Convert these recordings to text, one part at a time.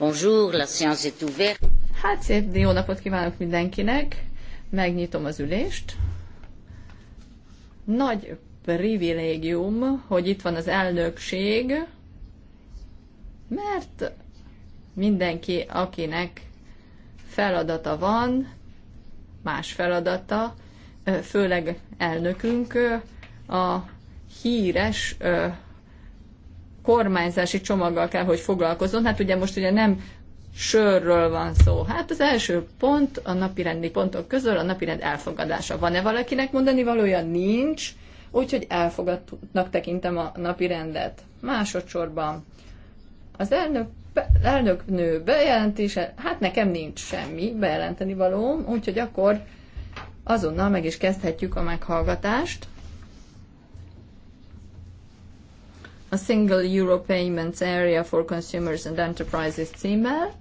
Bonjour, la science est ouverte. Hát szép jó napot kívánok mindenkinek. Megnyitom az ülést. Nagy privilégium, hogy itt van az elnökség, mert mindenki, akinek feladata van, más feladata, főleg elnökünk a híres kormányzási csomaggal kell, hogy foglalkozzon. Hát ugye most ugye nem sörről van szó. Hát az első pont a napirendi pontok közül a napirend elfogadása. Van-e valakinek mondani valója? Nincs. Úgyhogy elfogadnak tekintem a napirendet. Másodszorban az elnök nő bejelentése, hát nekem nincs semmi bejelenteni valóm, úgyhogy akkor azonnal meg is kezdhetjük a meghallgatást. a Single Euro Payments Area for Consumers and Enterprises címmel,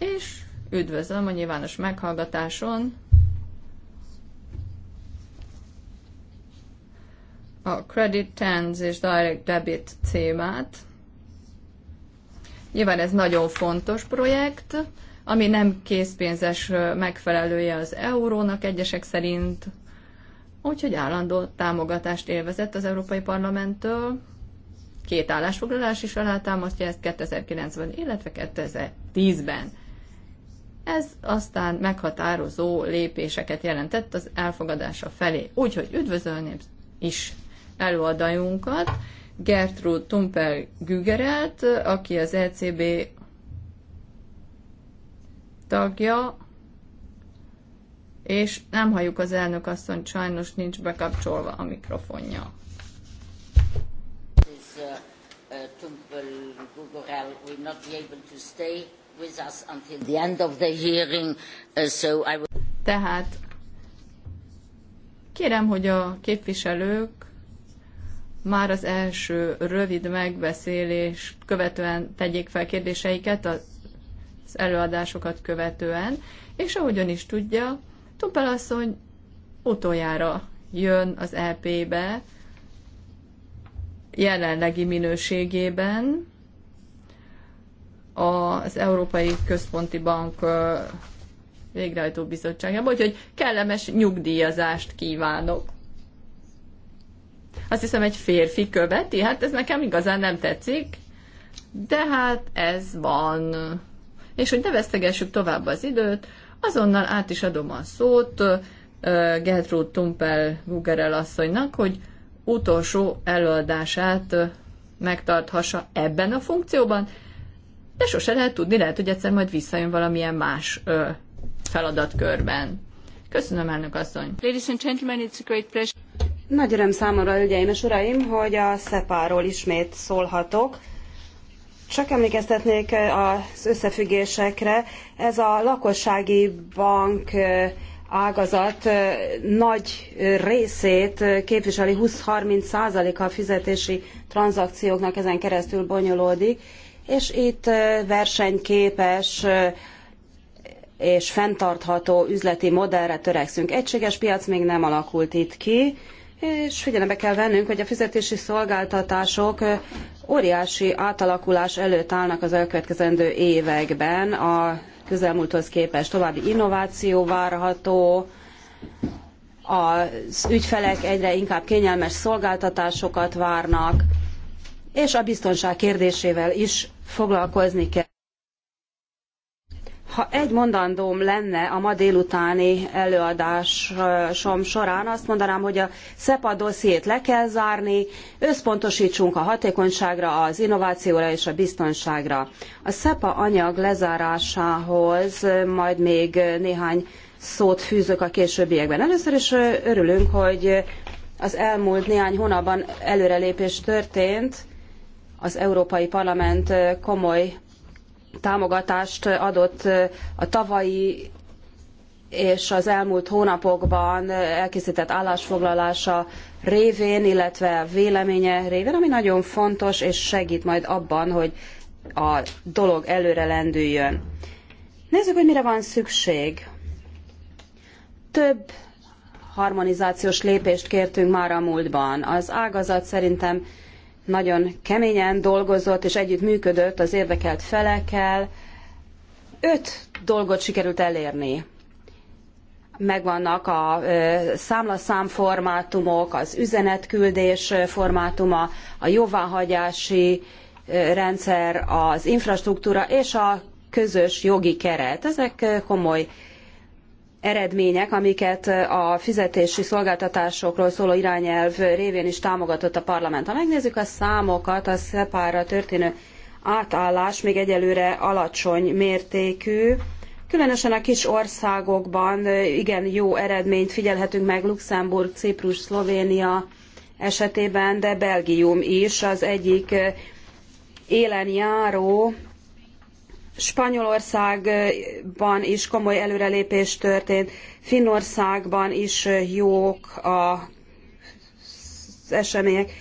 és üdvözlöm a nyilvános meghallgatáson a Credit Tens és Direct Debit témát. Nyilván ez nagyon fontos projekt, ami nem készpénzes megfelelője az eurónak egyesek szerint, úgyhogy állandó támogatást élvezett az Európai Parlamenttől. Két állásfoglalás is alátámasztja ezt 2009-ben, illetve 2010-ben. Ez aztán meghatározó lépéseket jelentett az elfogadása felé. Úgyhogy üdvözölném is előadajunkat, Gertrud Tumpel Gügeret, aki az ECB tagja, és nem halljuk az elnök asszonyt, sajnos nincs bekapcsolva a mikrofonja. Uh, uh, uh, Tehát kérem, hogy a képviselők már az első rövid megbeszélés követően tegyék fel kérdéseiket az előadásokat követően, és ahogyan is tudja, Tumpel asszony utoljára jön az EP-be, jelenlegi minőségében az Európai Központi Bank végrehajtó bizottságában, úgyhogy kellemes nyugdíjazást kívánok. Azt hiszem, egy férfi követi, hát ez nekem igazán nem tetszik, de hát ez van. És hogy ne vesztegessük tovább az időt, Azonnal át is adom a szót Gertrude Tumpel Gugerel asszonynak, hogy utolsó előadását megtarthassa ebben a funkcióban, de sose lehet tudni, lehet, hogy egyszer majd visszajön valamilyen más feladatkörben. Köszönöm, elnök asszony! Ladies and gentlemen, it's a great pleasure. Nagy öröm számomra, hölgyeim és uraim, hogy a SEPA-ról ismét szólhatok. Csak emlékeztetnék eh, az összefüggésekre. Ez a lakossági bank eh, ágazat eh, nagy részét képviseli 20-30 százaléka a fizetési tranzakcióknak ezen keresztül bonyolódik, és itt versenyképes és fenntartható üzleti modellre törekszünk. Egységes piac még nem alakult itt ki, és figyelembe kell vennünk, hogy a fizetési szolgáltatások óriási átalakulás előtt állnak az elkövetkezendő években. A közelmúlthoz képest további innováció várható, az ügyfelek egyre inkább kényelmes szolgáltatásokat várnak, és a biztonság kérdésével is foglalkozni kell. Ha egy mondandóm lenne a ma délutáni előadásom során, azt mondanám, hogy a SEPA dossziét le kell zárni, összpontosítsunk a hatékonyságra, az innovációra és a biztonságra. A SEPA anyag lezárásához majd még néhány szót fűzök a későbbiekben. Először is örülünk, hogy az elmúlt néhány hónapban előrelépés történt, az Európai Parlament komoly támogatást adott a tavalyi és az elmúlt hónapokban elkészített állásfoglalása révén, illetve véleménye révén, ami nagyon fontos, és segít majd abban, hogy a dolog előre lendüljön. Nézzük, hogy mire van szükség. Több harmonizációs lépést kértünk már a múltban. Az ágazat szerintem nagyon keményen dolgozott és együtt működött az érdekelt felekkel. Öt dolgot sikerült elérni. Megvannak a számlaszám formátumok, az üzenetküldés formátuma, a jóváhagyási rendszer, az infrastruktúra és a közös jogi keret. Ezek komoly eredmények, amiket a fizetési szolgáltatásokról szóló irányelv révén is támogatott a parlament. Ha megnézzük a számokat, a SEPÁ-ra történő átállás még egyelőre alacsony mértékű, Különösen a kis országokban igen jó eredményt figyelhetünk meg Luxemburg, Ciprus, Szlovénia esetében, de Belgium is az egyik élen járó Spanyolországban is komoly előrelépés történt, Finnországban is jók a az események.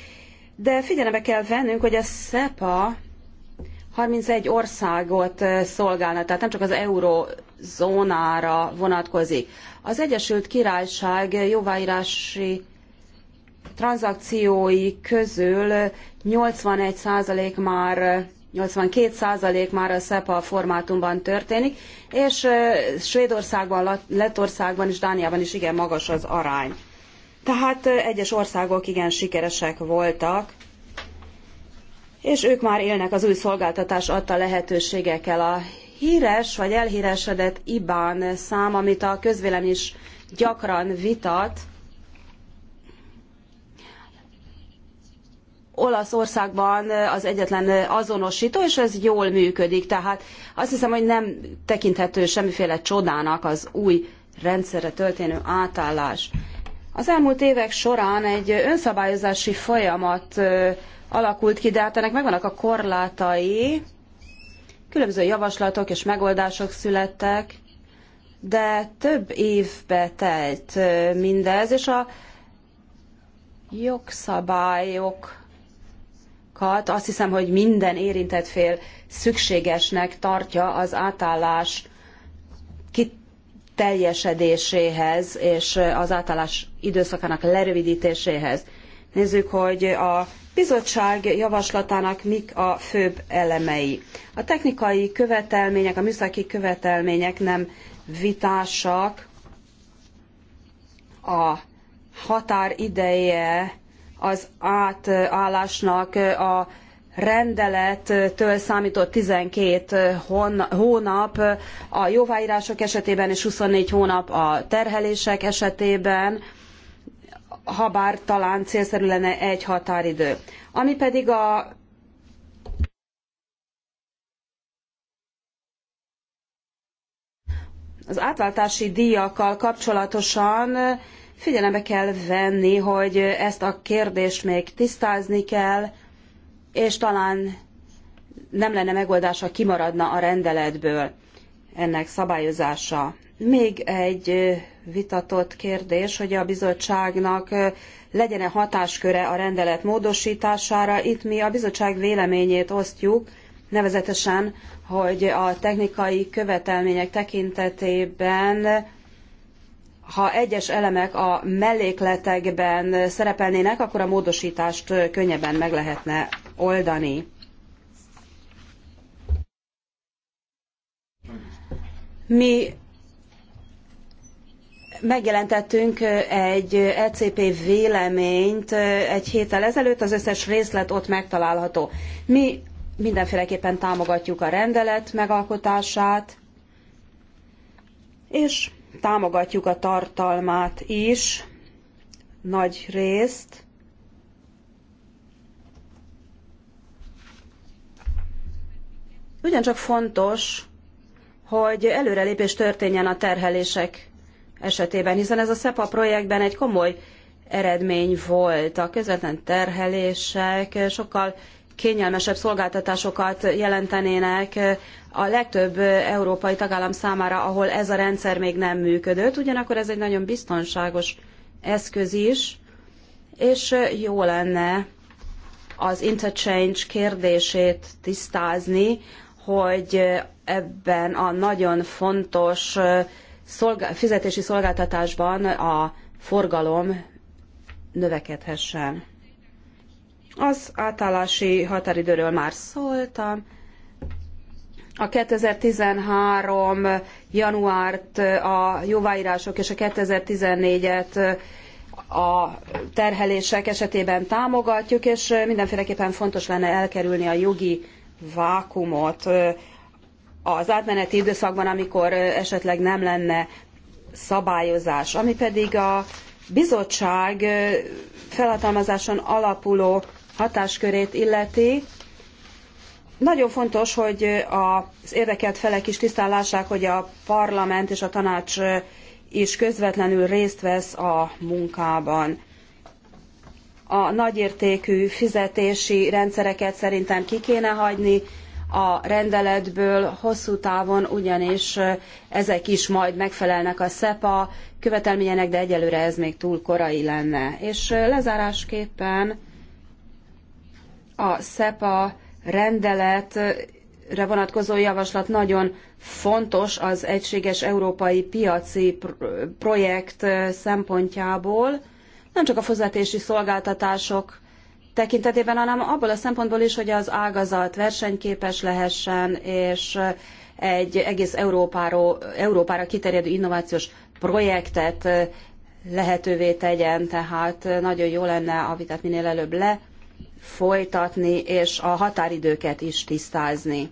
De figyelembe kell vennünk, hogy a SEPA 31 országot szolgálna, tehát nem csak az eurózónára vonatkozik. Az Egyesült Királyság jóváírási tranzakciói közül 81% már 82% már a SEPA formátumban történik, és Svédországban, Lettországban és Dániában is igen magas az arány. Tehát egyes országok igen sikeresek voltak, és ők már élnek az új szolgáltatás adta lehetőségekkel. A híres vagy elhíresedett IBAN szám, amit a közvélemény is gyakran vitat, Olaszországban az egyetlen azonosító, és ez jól működik. Tehát azt hiszem, hogy nem tekinthető semmiféle csodának az új rendszerre történő átállás. Az elmúlt évek során egy önszabályozási folyamat alakult ki, de hát ennek megvannak a korlátai. Különböző javaslatok és megoldások születtek, de több évbe telt mindez, és a jogszabályok programokat. Azt hiszem, hogy minden érintett fél szükségesnek tartja az átállás kiteljesedéséhez és az átállás időszakának lerövidítéséhez. Nézzük, hogy a bizottság javaslatának mik a főbb elemei. A technikai követelmények, a műszaki követelmények nem vitásak, a határideje az átállásnak a rendelettől számított 12 hónap a jóváírások esetében és 24 hónap a terhelések esetében, habár talán célszerű lenne egy határidő. Ami pedig a az átváltási díjakkal kapcsolatosan Figyelembe kell venni, hogy ezt a kérdést még tisztázni kell, és talán nem lenne megoldás, ha kimaradna a rendeletből ennek szabályozása. Még egy vitatott kérdés, hogy a bizottságnak legyen-e hatásköre a rendelet módosítására. Itt mi a bizottság véleményét osztjuk, nevezetesen, hogy a technikai követelmények tekintetében ha egyes elemek a mellékletekben szerepelnének, akkor a módosítást könnyebben meg lehetne oldani. Mi megjelentettünk egy ECP véleményt egy héttel ezelőtt, az összes részlet ott megtalálható. Mi mindenféleképpen támogatjuk a rendelet megalkotását, és támogatjuk a tartalmát is, nagy részt. Ugyancsak fontos, hogy előrelépés történjen a terhelések esetében, hiszen ez a SEPA projektben egy komoly eredmény volt. A közvetlen terhelések sokkal kényelmesebb szolgáltatásokat jelentenének a legtöbb európai tagállam számára, ahol ez a rendszer még nem működött, ugyanakkor ez egy nagyon biztonságos eszköz is, és jó lenne az interchange kérdését tisztázni, hogy ebben a nagyon fontos fizetési szolgáltatásban a forgalom növekedhessen. Az átállási határidőről már szóltam, a 2013 januárt a jóváírások és a 2014-et a terhelések esetében támogatjuk, és mindenféleképpen fontos lenne elkerülni a jogi vákumot az átmeneti időszakban, amikor esetleg nem lenne szabályozás, ami pedig a bizottság felhatalmazáson alapuló hatáskörét illeti, nagyon fontos, hogy az érdekelt felek is tisztán lássák, hogy a parlament és a tanács is közvetlenül részt vesz a munkában. A nagyértékű fizetési rendszereket szerintem ki kéne hagyni a rendeletből, hosszú távon ugyanis ezek is majd megfelelnek a SEPA követelményenek, de egyelőre ez még túl korai lenne. És lezárásképpen a SEPA rendelet vonatkozó javaslat nagyon fontos az egységes európai piaci projekt szempontjából, nem csak a fizetési szolgáltatások tekintetében, hanem abból a szempontból is, hogy az ágazat versenyképes lehessen, és egy egész Európáról, Európára kiterjedő innovációs projektet lehetővé tegyen, tehát nagyon jó lenne a vitát minél előbb le folytatni, és a határidőket is tisztázni.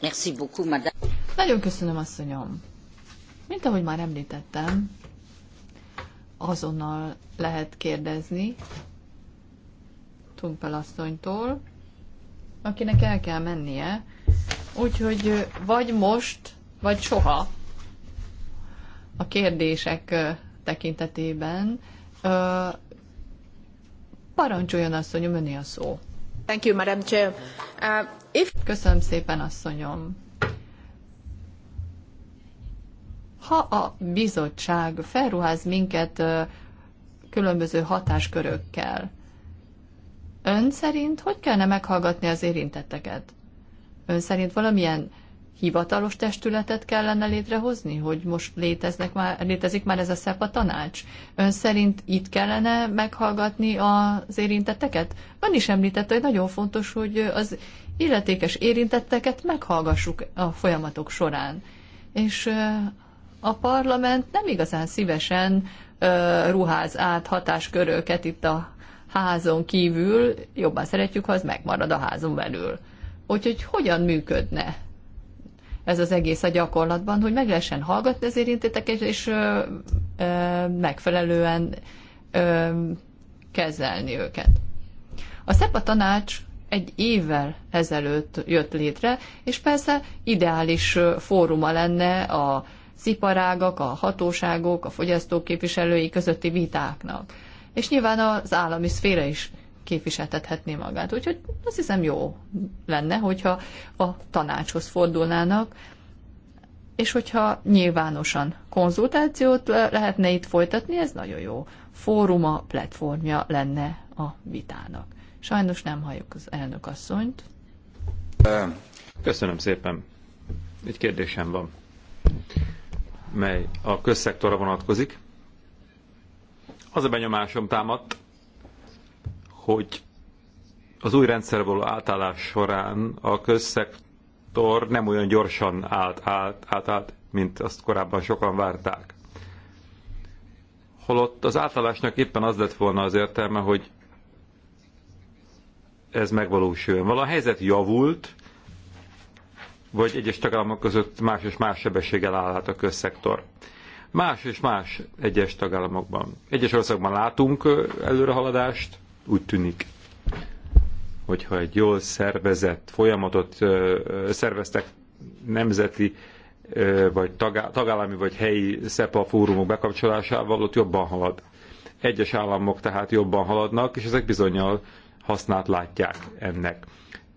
Merci beaucoup, madame. Nagyon köszönöm, asszonyom. Mint ahogy már említettem, azonnal lehet kérdezni Tumpel asszonytól, akinek el kell mennie, úgyhogy vagy most, vagy soha a kérdések tekintetében Parancsoljon, asszonyom, öné a szó. Thank you, Madam Chair. Uh, if... Köszönöm szépen, asszonyom. Ha a bizottság felruház minket különböző hatáskörökkel, ön szerint hogy kellene meghallgatni az érintetteket? Ön szerint valamilyen hivatalos testületet kellene létrehozni, hogy most léteznek már, létezik már ez a SZEPA tanács? Ön szerint itt kellene meghallgatni az érintetteket? Ön is említette, hogy nagyon fontos, hogy az illetékes érintetteket meghallgassuk a folyamatok során. És a parlament nem igazán szívesen ruház át hatásköröket itt a házon kívül, jobban szeretjük, ha az megmarad a házon belül. Úgyhogy hogyan működne ez az egész a gyakorlatban, hogy meg lehessen hallgatni az érintetteket, és ö, ö, megfelelően ö, kezelni őket. A SZEPA tanács egy évvel ezelőtt jött létre, és persze ideális fóruma lenne a sziparágak, a hatóságok, a fogyasztóképviselői közötti vitáknak. És nyilván az állami szféra is képviseltethetné magát. Úgyhogy azt hiszem jó lenne, hogyha a tanácshoz fordulnának, és hogyha nyilvánosan konzultációt lehetne itt folytatni, ez nagyon jó fóruma, platformja lenne a vitának. Sajnos nem halljuk az elnök asszonyt. Köszönöm szépen. Egy kérdésem van, mely a közszektorra vonatkozik. Az a benyomásom támadt, hogy az új rendszer való átállás során a közszektor nem olyan gyorsan állt, állt, állt, állt mint azt korábban sokan várták. Holott az átállásnak éppen az lett volna az értelme, hogy ez megvalósuljon. Vala a helyzet javult, vagy egyes tagállamok között más és más sebességgel áll át a közszektor. Más és más egyes tagállamokban. Egyes országban látunk előrehaladást, úgy tűnik, hogyha egy jól szervezett folyamatot szerveztek nemzeti vagy tagállami vagy helyi SEPA fórumok bekapcsolásával, ott jobban halad. Egyes államok tehát jobban haladnak, és ezek bizonyal hasznát látják ennek.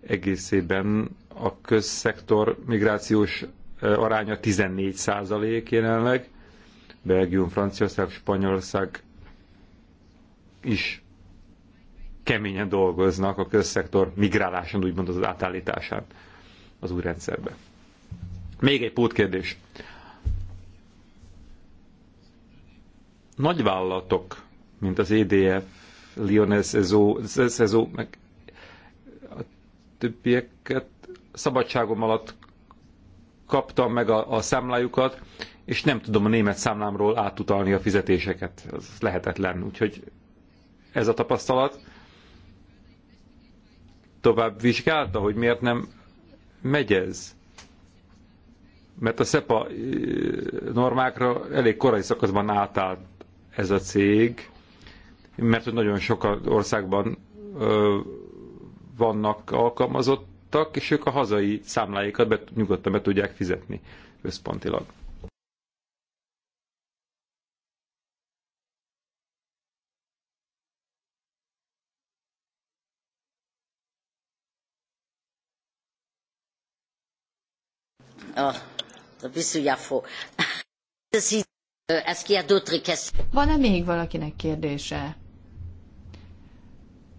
Egészében a közszektor migrációs aránya 14 százalék jelenleg, Belgium, Franciaország, Spanyolország is keményen dolgoznak a közszektor migráláson, úgymond az átállításán az új rendszerbe. Még egy pótkérdés. Nagyvállalatok, mint az EDF, Lionel Szezó, meg a többieket szabadságom alatt kaptam meg a, a számlájukat, és nem tudom a német számlámról átutalni a fizetéseket. Ez lehetetlen. Úgyhogy ez a tapasztalat tovább vizsgálta, hogy miért nem megy ez? Mert a SEPA eh, normákra elég korai szakaszban átállt ez a cég, mert hogy nagyon sok országban ö, vannak alkalmazottak, és ők a hazai számláikat be, nyugodtan be tudják fizetni központilag. Ah, Van-e még valakinek kérdése?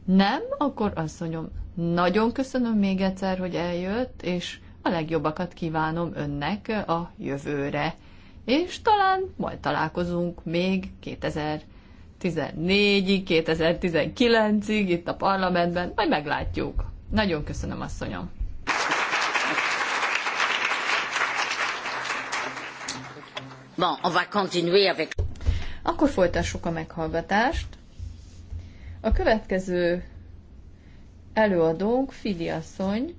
Nem? Akkor mondom, nagyon köszönöm még egyszer, hogy eljött, és a legjobbakat kívánom önnek a jövőre. És talán majd találkozunk még 2014-ig, 2019-ig itt a parlamentben, majd meglátjuk. Nagyon köszönöm, asszonyom. Bon, on va continuer avec... Akkor folytassuk a meghallgatást. A következő előadónk Fili asszony,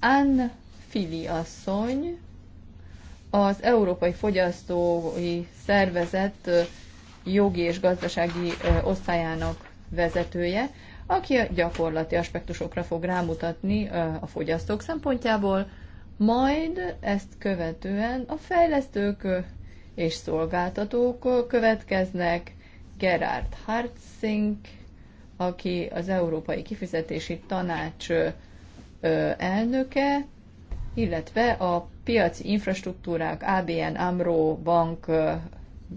Anne Fili asszony, az Európai Fogyasztói Szervezet jogi és gazdasági osztályának vezetője, aki a gyakorlati aspektusokra fog rámutatni a fogyasztók szempontjából, majd ezt követően a fejlesztők és szolgáltatók következnek, Gerard Hartzink, aki az Európai Kifizetési Tanács elnöke, illetve a piaci infrastruktúrák ABN AMRO bank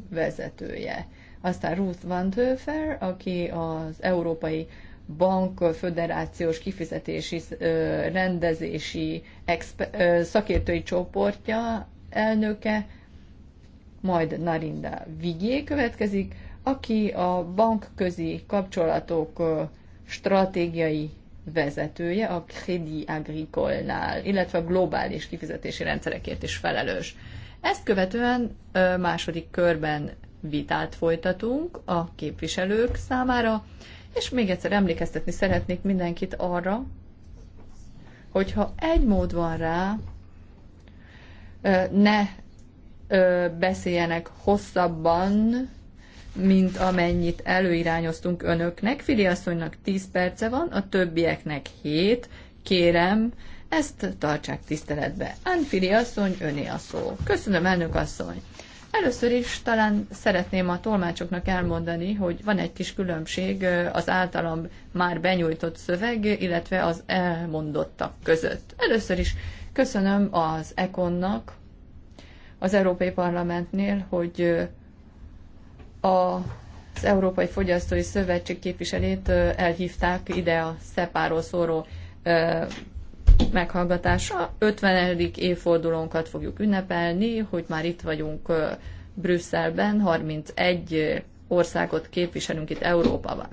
vezetője. Aztán Ruth Van Töfer, aki az Európai bankföderációs kifizetési rendezési szakértői csoportja elnöke, majd Narinda Vigyé következik, aki a bankközi kapcsolatok stratégiai vezetője a Crédit Agricole-nál, illetve a globális kifizetési rendszerekért is felelős. Ezt követően második körben vitát folytatunk a képviselők számára, és még egyszer emlékeztetni szeretnék mindenkit arra, hogyha egy mód van rá, ne beszéljenek hosszabban, mint amennyit előirányoztunk önöknek. Fili asszonynak 10 perce van, a többieknek 7. Kérem, ezt tartsák tiszteletbe. Anfili asszony, öné a szó. Köszönöm, elnök asszony. Először is talán szeretném a tolmácsoknak elmondani, hogy van egy kis különbség az általam már benyújtott szöveg, illetve az elmondottak között. Először is köszönöm az Ekonnak, az Európai Parlamentnél, hogy az Európai Fogyasztói Szövetség képviselét elhívták ide a szepáról szóró Meghallgatása 50. évfordulónkat fogjuk ünnepelni, hogy már itt vagyunk Brüsszelben, 31 országot képviselünk itt Európában.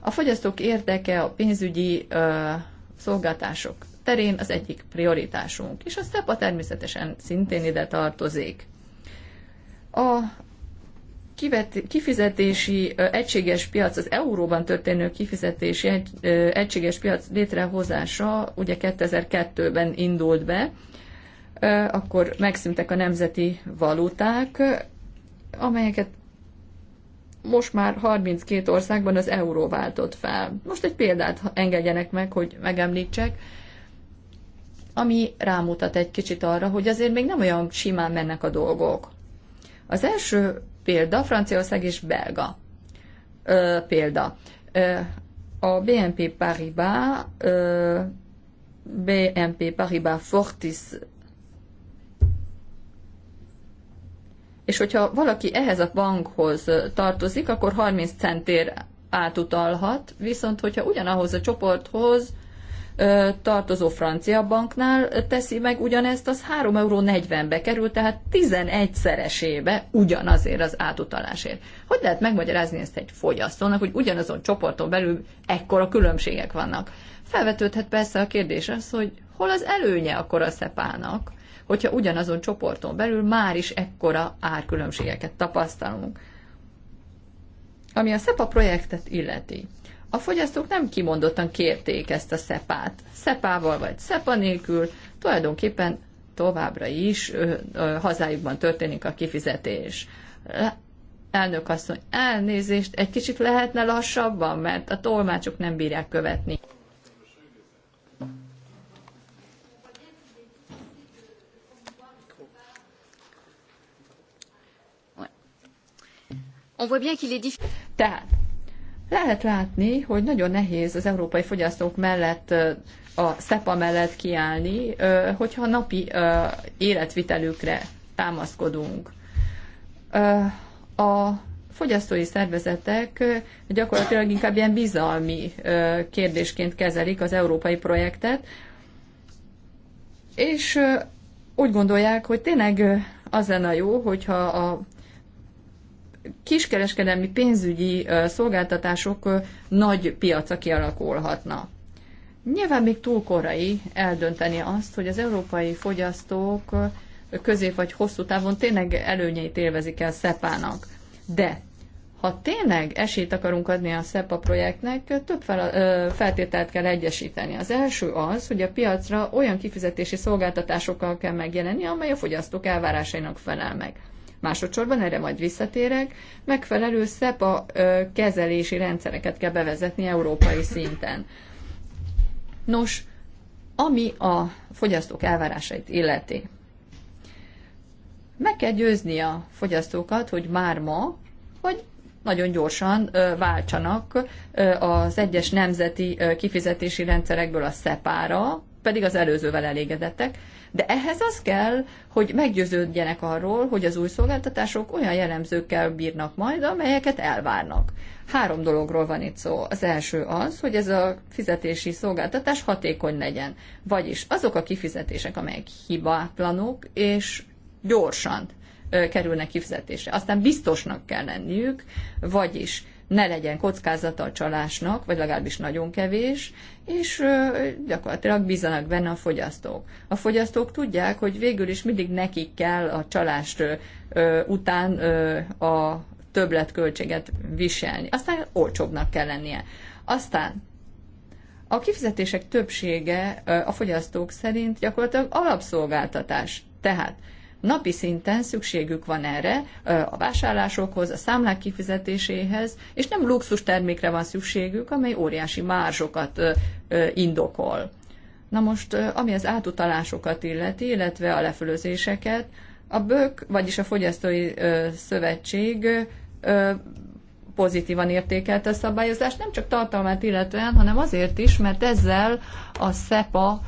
A fogyasztók érdeke a pénzügyi ö, szolgáltások terén az egyik prioritásunk, és a SZEPA természetesen szintén ide tartozik. A kifizetési egységes piac, az euróban történő kifizetési egységes piac létrehozása ugye 2002-ben indult be, akkor megszűntek a nemzeti valuták, amelyeket most már 32 országban az euró váltott fel. Most egy példát engedjenek meg, hogy megemlítsek, ami rámutat egy kicsit arra, hogy azért még nem olyan simán mennek a dolgok. Az első példa, Franciaország és belga ö, példa. Ö, a BNP Paribas, ö, BNP Paribas Fortis és hogyha valaki ehhez a bankhoz tartozik, akkor 30 centért átutalhat, viszont hogyha ugyanahoz a csoporthoz tartozó francia banknál teszi meg ugyanezt, az 3,40 euró be kerül, tehát 11 szeresébe ugyanazért az átutalásért. Hogy lehet megmagyarázni ezt egy fogyasztónak, hogy ugyanazon csoporton belül ekkora különbségek vannak? Felvetődhet persze a kérdés az, hogy hol az előnye akkor a szepának, hogyha ugyanazon csoporton belül már is ekkora árkülönbségeket tapasztalunk. Ami a SEPA projektet illeti, a fogyasztók nem kimondottan kérték ezt a szepát. Szepával vagy szepa nélkül tulajdonképpen továbbra is ö, ö, hazájukban történik a kifizetés. Elnök asszony, elnézést, egy kicsit lehetne lassabban, mert a tolmácsok nem bírják követni. Tehát lehet látni, hogy nagyon nehéz az európai fogyasztók mellett, a SZEPA mellett kiállni, hogyha napi életvitelükre támaszkodunk. A fogyasztói szervezetek gyakorlatilag inkább ilyen bizalmi kérdésként kezelik az európai projektet, és úgy gondolják, hogy tényleg az lenne jó, hogyha a kiskereskedelmi pénzügyi szolgáltatások nagy piaca kialakulhatna. Nyilván még túl korai eldönteni azt, hogy az európai fogyasztók közép vagy hosszú távon tényleg előnyeit élvezik el SEPA-nak. De ha tényleg esélyt akarunk adni a SEPA projektnek, több fel, feltételt kell egyesíteni. Az első az, hogy a piacra olyan kifizetési szolgáltatásokkal kell megjelenni, amely a fogyasztók elvárásainak felel meg. Másodszorban, erre majd visszatérek, megfelelő a kezelési rendszereket kell bevezetni európai szinten. Nos, ami a fogyasztók elvárásait illeti. Meg kell győzni a fogyasztókat, hogy már ma, hogy nagyon gyorsan váltsanak az egyes nemzeti kifizetési rendszerekből a SZEPÁRA, pedig az előzővel elégedettek, de ehhez az kell, hogy meggyőződjenek arról, hogy az új szolgáltatások olyan jellemzőkkel bírnak majd, amelyeket elvárnak. Három dologról van itt szó. Az első az, hogy ez a fizetési szolgáltatás hatékony legyen. Vagyis azok a kifizetések, amelyek hibátlanok és gyorsan kerülnek kifizetésre. Aztán biztosnak kell lenniük, vagyis ne legyen kockázata a csalásnak, vagy legalábbis nagyon kevés, és gyakorlatilag bízanak benne a fogyasztók. A fogyasztók tudják, hogy végül is mindig nekik kell a csalást után a többletköltséget viselni. Aztán olcsóbbnak kell lennie. Aztán a kifizetések többsége a fogyasztók szerint gyakorlatilag alapszolgáltatás. Tehát napi szinten szükségük van erre a vásárlásokhoz, a számlák kifizetéséhez, és nem luxus termékre van szükségük, amely óriási mársokat indokol. Na most, ami az átutalásokat illeti, illetve a lefölözéseket, a BÖK, vagyis a Fogyasztói Szövetség pozitívan értékelte a szabályozást, nem csak tartalmát illetően, hanem azért is, mert ezzel a SEPA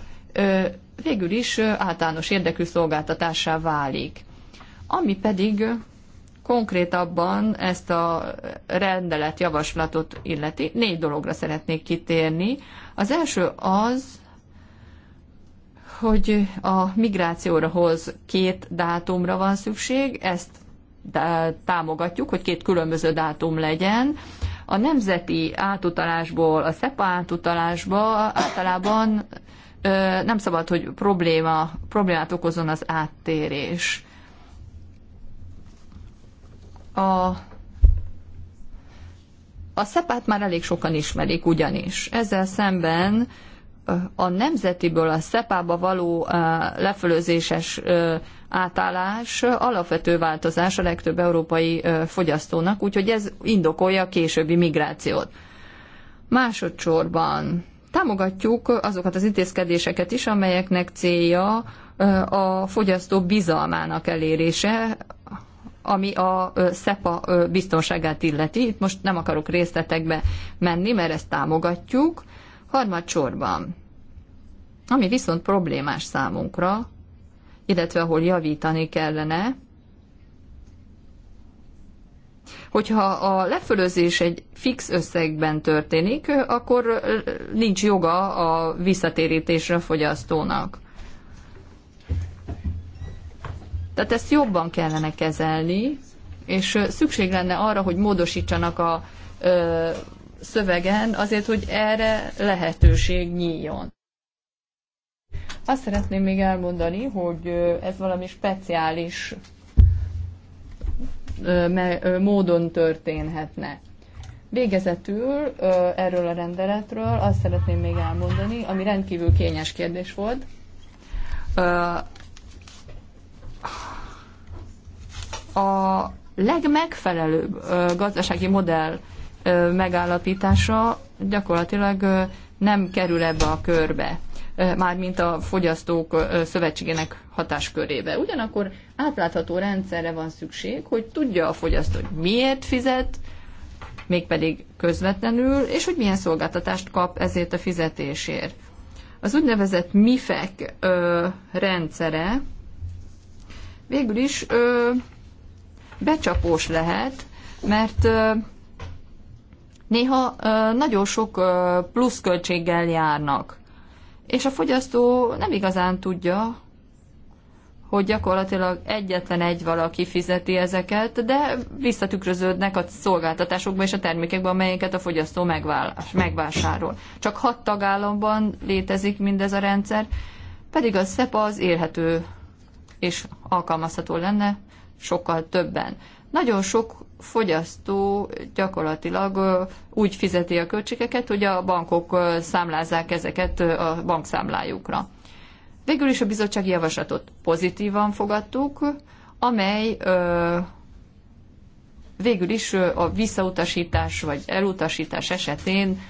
végül is általános érdekű szolgáltatássá válik. Ami pedig konkrétabban ezt a rendelet javaslatot illeti, négy dologra szeretnék kitérni. Az első az, hogy a migrációra hoz két dátumra van szükség, ezt támogatjuk, hogy két különböző dátum legyen. A nemzeti átutalásból a SEPA átutalásba általában nem szabad, hogy probléma, problémát okozon az áttérés. A a szepát már elég sokan ismerik ugyanis. Ezzel szemben a nemzetiből a szepába való lefölözéses átállás alapvető változás a legtöbb európai fogyasztónak, úgyhogy ez indokolja a későbbi migrációt. Másodszorban támogatjuk azokat az intézkedéseket is, amelyeknek célja a fogyasztó bizalmának elérése, ami a SEPA biztonságát illeti. Itt most nem akarok részletekbe menni, mert ezt támogatjuk. Harmadsorban, ami viszont problémás számunkra, illetve ahol javítani kellene, Hogyha a lefölözés egy fix összegben történik, akkor nincs joga a visszatérítésre a fogyasztónak. Tehát ezt jobban kellene kezelni, és szükség lenne arra, hogy módosítsanak a ö, szövegen azért, hogy erre lehetőség nyíljon. Azt szeretném még elmondani, hogy ez valami speciális módon történhetne. Végezetül erről a rendeletről azt szeretném még elmondani, ami rendkívül kényes kérdés volt. A legmegfelelőbb gazdasági modell megállapítása gyakorlatilag nem kerül ebbe a körbe mármint a fogyasztók szövetségének hatáskörébe. Ugyanakkor átlátható rendszerre van szükség, hogy tudja a fogyasztó, hogy miért fizet, mégpedig közvetlenül, és hogy milyen szolgáltatást kap ezért a fizetésért. Az úgynevezett MIFEC ö, rendszere végül is ö, becsapós lehet, mert ö, néha ö, nagyon sok ö, pluszköltséggel járnak és a fogyasztó nem igazán tudja, hogy gyakorlatilag egyetlen egy valaki fizeti ezeket, de visszatükröződnek a szolgáltatásokba és a termékekbe, amelyeket a fogyasztó megvásárol. Csak hat tagállamban létezik mindez a rendszer, pedig a SZEPA az élhető és alkalmazható lenne sokkal többen. Nagyon sok fogyasztó gyakorlatilag úgy fizeti a költségeket, hogy a bankok számlázzák ezeket a bankszámlájukra. Végül is a bizottsági javaslatot pozitívan fogadtuk, amely végül is a visszautasítás vagy elutasítás esetén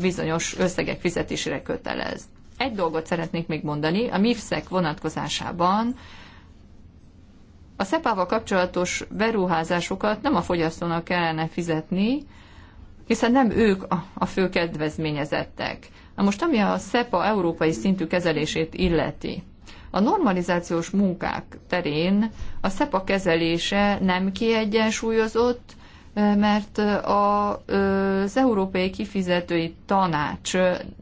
bizonyos összegek fizetésére kötelez. Egy dolgot szeretnék még mondani, a MIFSZEK vonatkozásában a szepával kapcsolatos beruházásokat nem a fogyasztónak kellene fizetni, hiszen nem ők a fő kedvezményezettek. Na most, ami a SEPA európai szintű kezelését illeti, a normalizációs munkák terén a SEPA kezelése nem kiegyensúlyozott, mert az Európai Kifizetői Tanács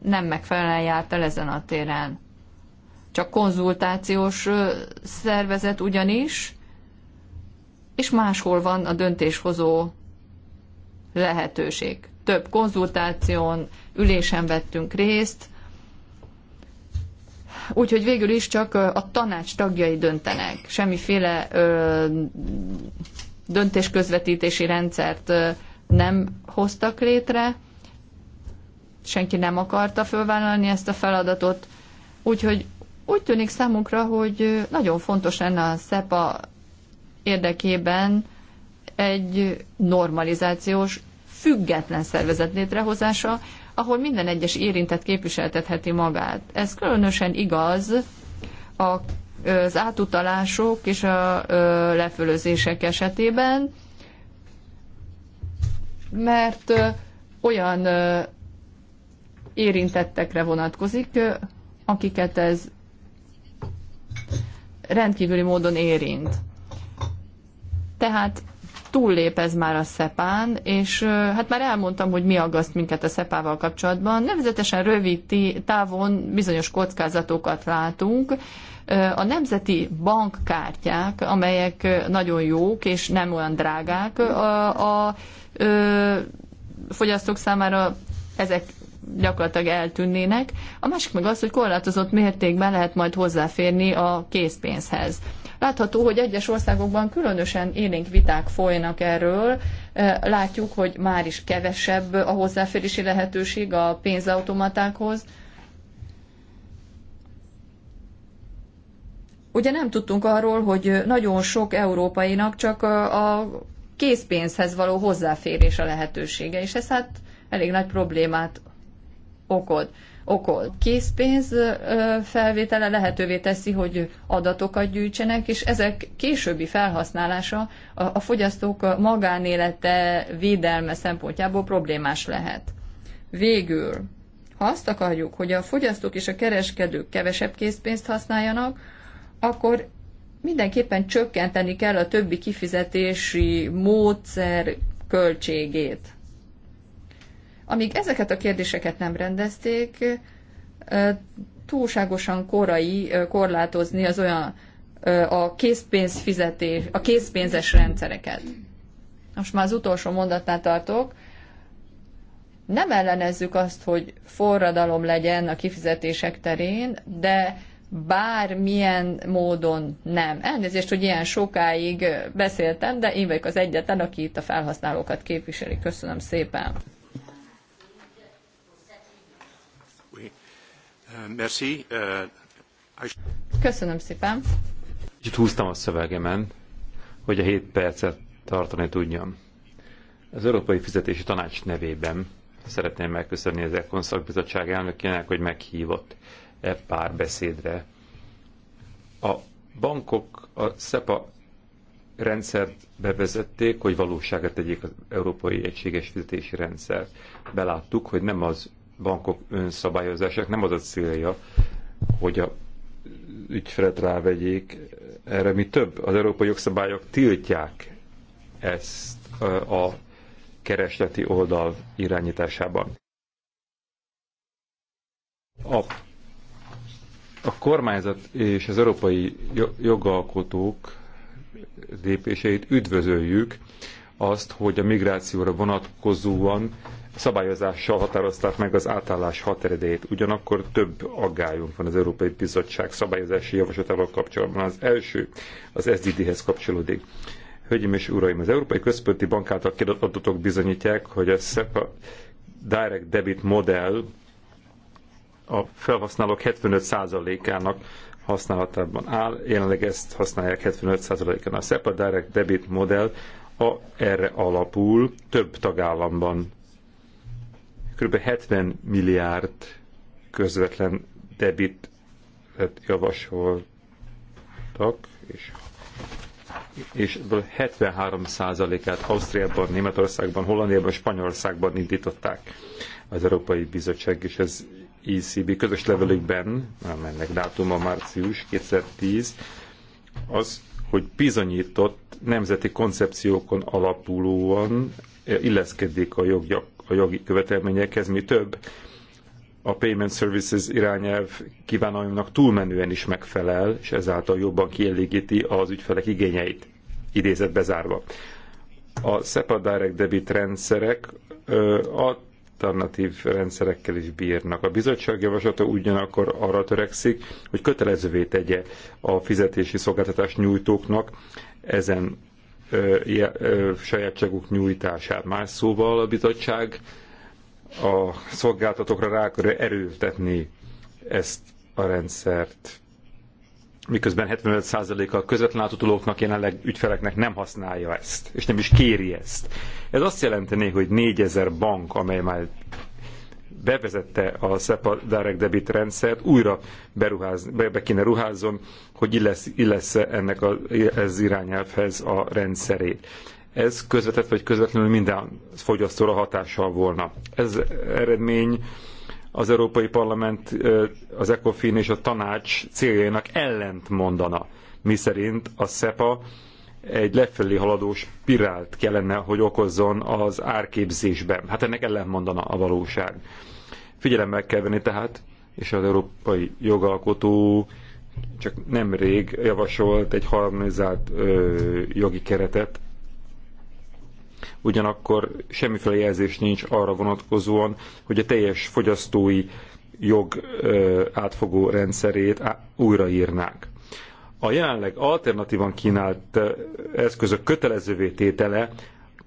nem megfelelően járt el ezen a téren. Csak konzultációs szervezet ugyanis, és máshol van a döntéshozó lehetőség. Több konzultáción, ülésen vettünk részt, úgyhogy végül is csak a tanács tagjai döntenek. Semmiféle ö, döntésközvetítési rendszert ö, nem hoztak létre, senki nem akarta fölvállalni ezt a feladatot, úgyhogy úgy tűnik számunkra, hogy nagyon fontos lenne a SEPA érdekében egy normalizációs, független szervezet létrehozása, ahol minden egyes érintett képviseltetheti magát. Ez különösen igaz a az átutalások és a lefölözések esetében, mert olyan érintettekre vonatkozik, akiket ez rendkívüli módon érint. Tehát túllép ez már a szepán, és hát már elmondtam, hogy mi aggaszt minket a szepával kapcsolatban. Nevezetesen rövid távon bizonyos kockázatokat látunk. A nemzeti bankkártyák, amelyek nagyon jók és nem olyan drágák, a, a a fogyasztók számára ezek gyakorlatilag eltűnnének. A másik meg az, hogy korlátozott mértékben lehet majd hozzáférni a készpénzhez. Látható, hogy egyes országokban különösen élénk viták folynak erről. Látjuk, hogy már is kevesebb a hozzáférési lehetőség a pénzautomatákhoz. Ugye nem tudtunk arról, hogy nagyon sok európainak csak a készpénzhez való hozzáférés a lehetősége, és ez hát elég nagy problémát okod okol. Készpénz felvétele lehetővé teszi, hogy adatokat gyűjtsenek, és ezek későbbi felhasználása a fogyasztók magánélete védelme szempontjából problémás lehet. Végül, ha azt akarjuk, hogy a fogyasztók és a kereskedők kevesebb készpénzt használjanak, akkor mindenképpen csökkenteni kell a többi kifizetési módszer költségét. Amíg ezeket a kérdéseket nem rendezték, túlságosan korai korlátozni az olyan a készpénz fizetés, a készpénzes rendszereket. Most már az utolsó mondatnál tartok. Nem ellenezzük azt, hogy forradalom legyen a kifizetések terén, de bármilyen módon nem. Elnézést, hogy ilyen sokáig beszéltem, de én vagyok az egyetlen, aki itt a felhasználókat képviseli. Köszönöm szépen. Uh, Köszönöm szépen. Kicsit húztam a szövegemen, hogy a 7 percet tartani tudjam. Az Európai Fizetési Tanács nevében szeretném megköszönni az Econ szakbizottság elnökének, hogy meghívott e párbeszédre. A bankok a SEPA rendszert bevezették, hogy valóságot tegyék az Európai Egységes Fizetési Rendszer. Beláttuk, hogy nem az bankok önszabályozásának nem az a célja, hogy a ügyfelet rávegyék erre, mi több. Az európai jogszabályok tiltják ezt a keresleti oldal irányításában. A, a kormányzat és az európai jogalkotók lépéseit üdvözöljük, azt, hogy a migrációra vonatkozóan szabályozással határozták meg az átállás határidejét. Ugyanakkor több aggályunk van az Európai Bizottság szabályozási javaslatával kapcsolatban. Az első az SDD-hez kapcsolódik. Hölgyeim és uraim, az Európai Központi Bank által kiadott adatok bizonyítják, hogy a SEPA Direct Debit modell a felhasználók 75%-ának használatában áll. Jelenleg ezt használják 75%-án. A SEPA Direct Debit modell a, erre alapul több tagállamban kb. 70 milliárd közvetlen debit eh, javasoltak, és és 73%-át Ausztriában, Németországban, Hollandiában, Spanyolországban indították az Európai Bizottság és az ECB közös levelükben, ennek dátuma március 2010, az, hogy bizonyított nemzeti koncepciókon alapulóan eh, illeszkedik a jogjak a jogi követelményekhez, mi több, a Payment Services irányelv kívánalmunknak túlmenően is megfelel, és ezáltal jobban kielégíti az ügyfelek igényeit, idézet bezárva. A SEPA Direct Debit rendszerek alternatív rendszerekkel is bírnak. A bizottság javaslata ugyanakkor arra törekszik, hogy kötelezővé tegye a fizetési szolgáltatás nyújtóknak ezen sajátságuk nyújtását. Más szóval a bizottság a szolgáltatókra rá akarja erőltetni ezt a rendszert. Miközben 75% a közvetlen átutulóknak jelenleg ügyfeleknek nem használja ezt, és nem is kéri ezt. Ez azt jelenteni, hogy 4000 bank, amely már bevezette a SEPA Direct Debit rendszert, újra beruház, be, be kéne ruházzon hogy illesz, -e ennek a, ez irányelvhez a rendszerét. Ez közvetett vagy közvetlenül minden fogyasztóra hatással volna. Ez eredmény az Európai Parlament, az ECOFIN és a tanács céljainak ellent mondana, miszerint a SEPA egy lefelé haladó spirált kellene, hogy okozzon az árképzésben. Hát ennek mondana a valóság. Figyelemmel kell venni tehát, és az európai jogalkotó csak nemrég javasolt egy harmonizált ö, jogi keretet, ugyanakkor semmiféle jelzés nincs arra vonatkozóan, hogy a teljes fogyasztói jog ö, átfogó rendszerét á, újraírnák. A jelenleg alternatívan kínált eszközök kötelezővé tétele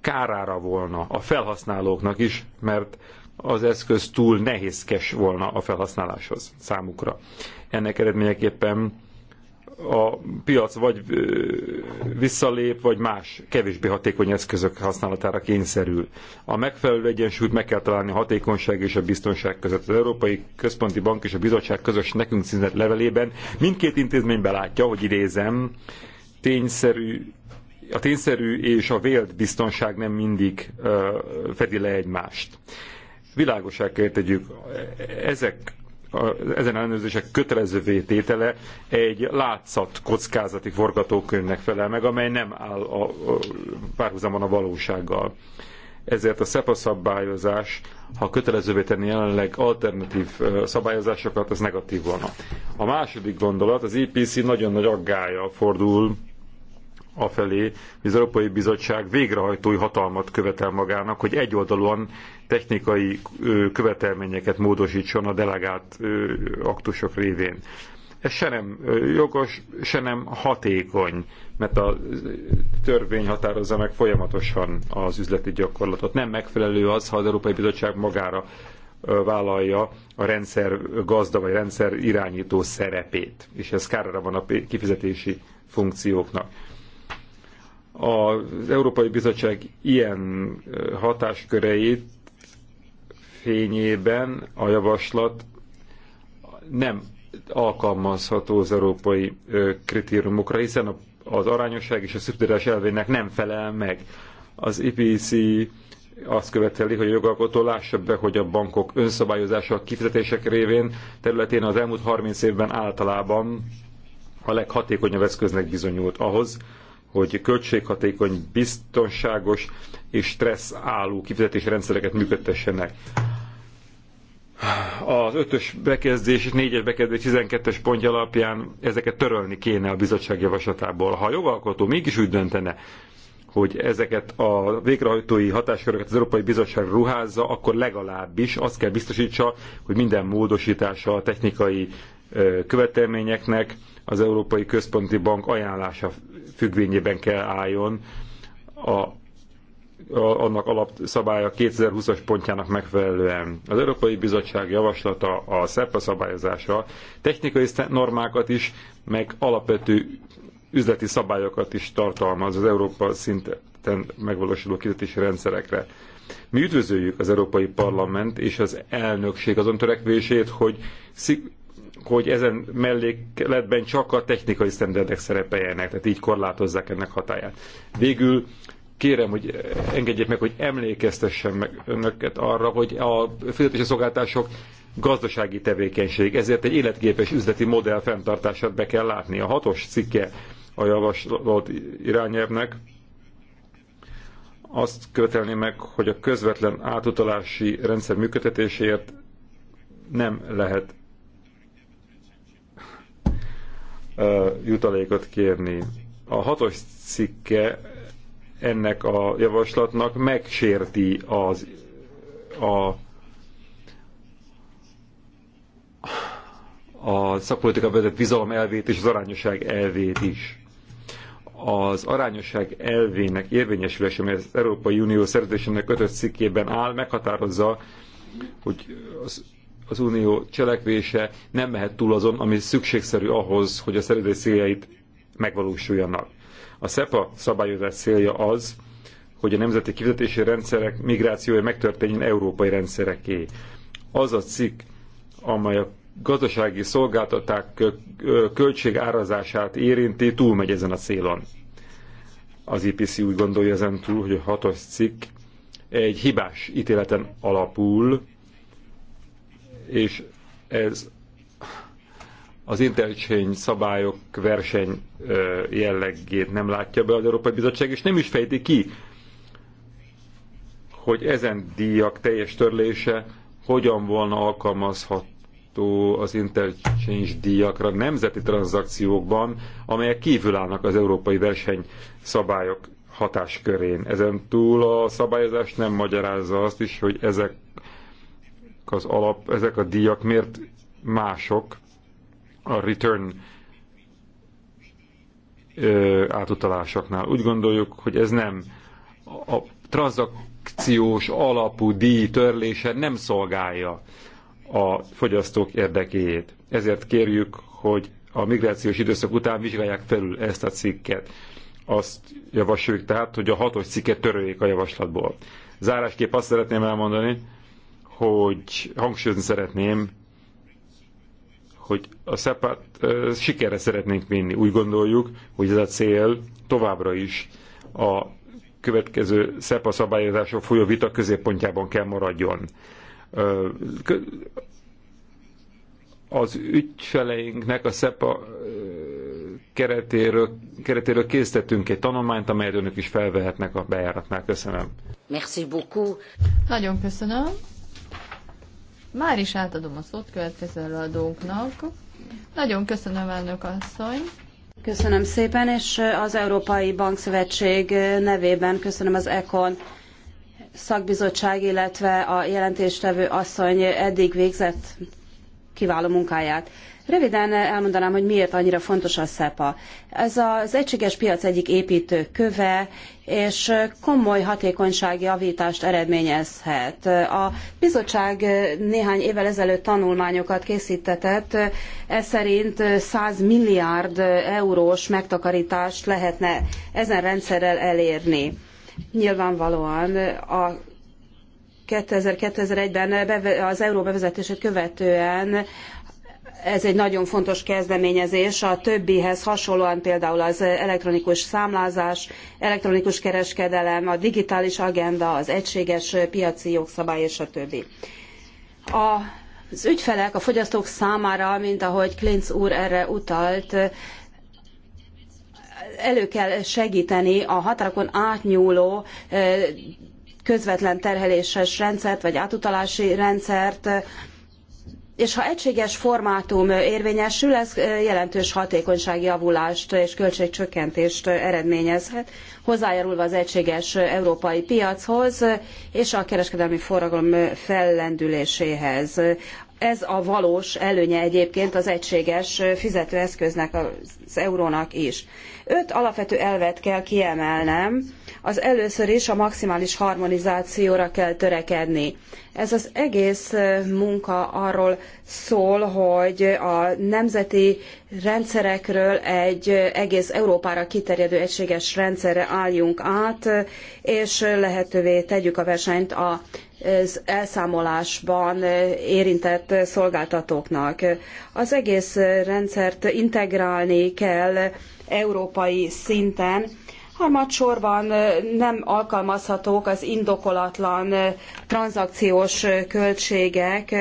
kárára volna a felhasználóknak is, mert az eszköz túl nehézkes volna a felhasználáshoz számukra. Ennek eredményeképpen a piac vagy visszalép, vagy más kevésbé hatékony eszközök használatára kényszerül. A megfelelő egyensúlyt meg kell találni a hatékonyság és a biztonság között. Az Európai Központi Bank és a Bizottság közös nekünk színzett levelében mindkét intézmény belátja, hogy idézem, tényszerű, a tényszerű és a vélt biztonság nem mindig uh, fedi le egymást. Világosá kell tegyük, ezek ezen ellenőrzések kötelezővé tétele egy látszat kockázati forgatókönyvnek felel meg, amely nem áll a, a párhuzamon a valósággal. Ezért a SEPA szabályozás, ha kötelezővé tenni jelenleg alternatív szabályozásokat, az negatív volna. A második gondolat, az EPC nagyon nagy aggája fordul afelé, hogy az Európai Bizottság végrehajtói hatalmat követel magának, hogy egyoldalúan technikai követelményeket módosítson a delegált aktusok révén. Ez se nem jogos, se nem hatékony, mert a törvény határozza meg folyamatosan az üzleti gyakorlatot. Nem megfelelő az, ha az Európai Bizottság magára vállalja a rendszer gazda vagy rendszer irányító szerepét, és ez kárra van a kifizetési funkcióknak. Az Európai Bizottság ilyen hatásköreit fényében a javaslat nem alkalmazható az európai kritériumokra, hiszen az arányosság és a szubtidás elvének nem felel meg. Az IPC e azt követeli, hogy a jogalkotó lássa be, hogy a bankok önszabályozása a kifizetések révén területén az elmúlt 30 évben általában a leghatékonyabb eszköznek bizonyult ahhoz, hogy költséghatékony, biztonságos és stressz álló kifizetési rendszereket működtessenek. Az ötös bekezdés és négyes bekezdés 12-es pontja alapján ezeket törölni kéne a bizottság javaslatából. Ha a jogalkotó mégis úgy döntene, hogy ezeket a végrehajtói hatásköröket az Európai Bizottság ruházza, akkor legalábbis azt kell biztosítsa, hogy minden módosítása a technikai követelményeknek az Európai Központi Bank ajánlása függvényében kell álljon a, a, annak alapszabálya 2020-as pontjának megfelelően. Az Európai Bizottság javaslata a SZEPA szabályozása technikai normákat is, meg alapvető üzleti szabályokat is tartalmaz az Európa szinten megvalósuló kizetési rendszerekre. Mi üdvözöljük az Európai Parlament és az elnökség azon törekvését, hogy hogy ezen mellékletben csak a technikai sztenderdek szerepeljenek, tehát így korlátozzák ennek hatáját. Végül kérem, hogy engedjék meg, hogy emlékeztessem meg önöket arra, hogy a fizetési szolgáltások gazdasági tevékenység, ezért egy életképes üzleti modell fenntartását be kell látni. A hatos cikke a javaslat irányelvnek azt követelni meg, hogy a közvetlen átutalási rendszer működtetéséért nem lehet jutalékot kérni. A hatos cikke ennek a javaslatnak megsérti az a, a szakpolitika vezet bizalom elvét és az arányosság elvét is. Az arányosság elvének érvényesülése, mert az Európai Unió szerződésének kötött cikkében áll, meghatározza, hogy az az unió cselekvése nem mehet túl azon, ami szükségszerű ahhoz, hogy a szerződés céljait megvalósuljanak. A SEPA szabályozás célja az, hogy a nemzeti kifizetési rendszerek migrációja megtörténjen európai rendszereké. Az a cikk, amely a gazdasági szolgáltaták költségárazását érinti, túlmegy ezen a célon. Az IPC úgy gondolja ezen túl, hogy a hatos cikk egy hibás ítéleten alapul, és ez az interchange szabályok verseny jellegét nem látja be az Európai Bizottság, és nem is fejti ki, hogy ezen díjak teljes törlése hogyan volna alkalmazható az interchange díjakra nemzeti tranzakciókban, amelyek kívül állnak az európai verseny szabályok hatáskörén. Ezen túl a szabályozás nem magyarázza azt is, hogy ezek az alap, ezek a díjak miért mások a return ö, átutalásoknál. Úgy gondoljuk, hogy ez nem a tranzakciós alapú díj törlése nem szolgálja a fogyasztók érdekéjét. Ezért kérjük, hogy a migrációs időszak után vizsgálják felül ezt a cikket. Azt javasoljuk tehát, hogy a hatos cikket töröljék a javaslatból. Zárásképp azt szeretném elmondani, hogy hangsúlyozni szeretném, hogy a szepát sikerre szeretnénk vinni. Úgy gondoljuk, hogy ez a cél továbbra is a következő SZEPA szabályozások folyó vita középpontjában kell maradjon. Az ügyfeleinknek a SZEPA keretéről, keretéről készítettünk egy tanulmányt, amelyet önök is felvehetnek a bejáratnál. Köszönöm. Merci beaucoup. Nagyon köszönöm. Már is átadom a szót következő előadónknak. Nagyon köszönöm, elnök asszony. Köszönöm szépen, és az Európai Bankszövetség nevében köszönöm az ECON szakbizottság, illetve a jelentéstevő asszony eddig végzett kiváló munkáját. Röviden elmondanám, hogy miért annyira fontos a SEPA. Ez az egységes piac egyik építő köve, és komoly hatékonysági javítást eredményezhet. A bizottság néhány évvel ezelőtt tanulmányokat készítetett, ez szerint 100 milliárd eurós megtakarítást lehetne ezen rendszerrel elérni. Nyilvánvalóan a 2001 ben az euró bevezetését követően ez egy nagyon fontos kezdeményezés. A többihez hasonlóan például az elektronikus számlázás, elektronikus kereskedelem, a digitális agenda, az egységes piaci jogszabály és a többi. A az ügyfelek a fogyasztók számára, mint ahogy Klinz úr erre utalt, elő kell segíteni a határokon átnyúló eh, közvetlen terheléses rendszert, vagy átutalási rendszert, és ha egységes formátum érvényesül, ez jelentős hatékonyságjavulást és költségcsökkentést eredményezhet, hozzájárulva az egységes európai piachoz és a kereskedelmi forgalom fellendüléséhez. Ez a valós előnye egyébként az egységes fizetőeszköznek, az eurónak is. Öt alapvető elvet kell kiemelnem, az először is a maximális harmonizációra kell törekedni. Ez az egész munka arról szól, hogy a nemzeti rendszerekről egy egész Európára kiterjedő egységes rendszerre álljunk át, és lehetővé tegyük a versenyt a az elszámolásban érintett szolgáltatóknak. Az egész rendszert integrálni kell európai szinten, Harmadsorban nem alkalmazhatók az indokolatlan tranzakciós költségek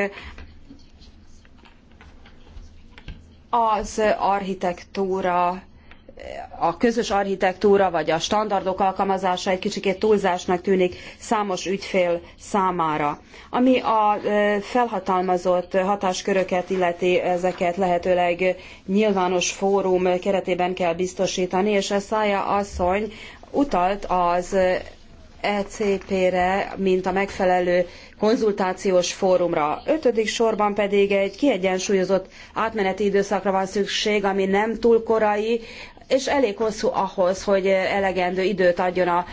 az architektúra a közös architektúra vagy a standardok alkalmazása egy kicsikét túlzásnak tűnik számos ügyfél számára. Ami a felhatalmazott hatásköröket illeti, ezeket lehetőleg nyilvános fórum keretében kell biztosítani, és a Szája asszony utalt az ECP-re, mint a megfelelő konzultációs fórumra. Ötödik sorban pedig egy kiegyensúlyozott átmeneti időszakra van szükség, ami nem túl korai, és elég hosszú ahhoz, hogy elegendő időt adjon a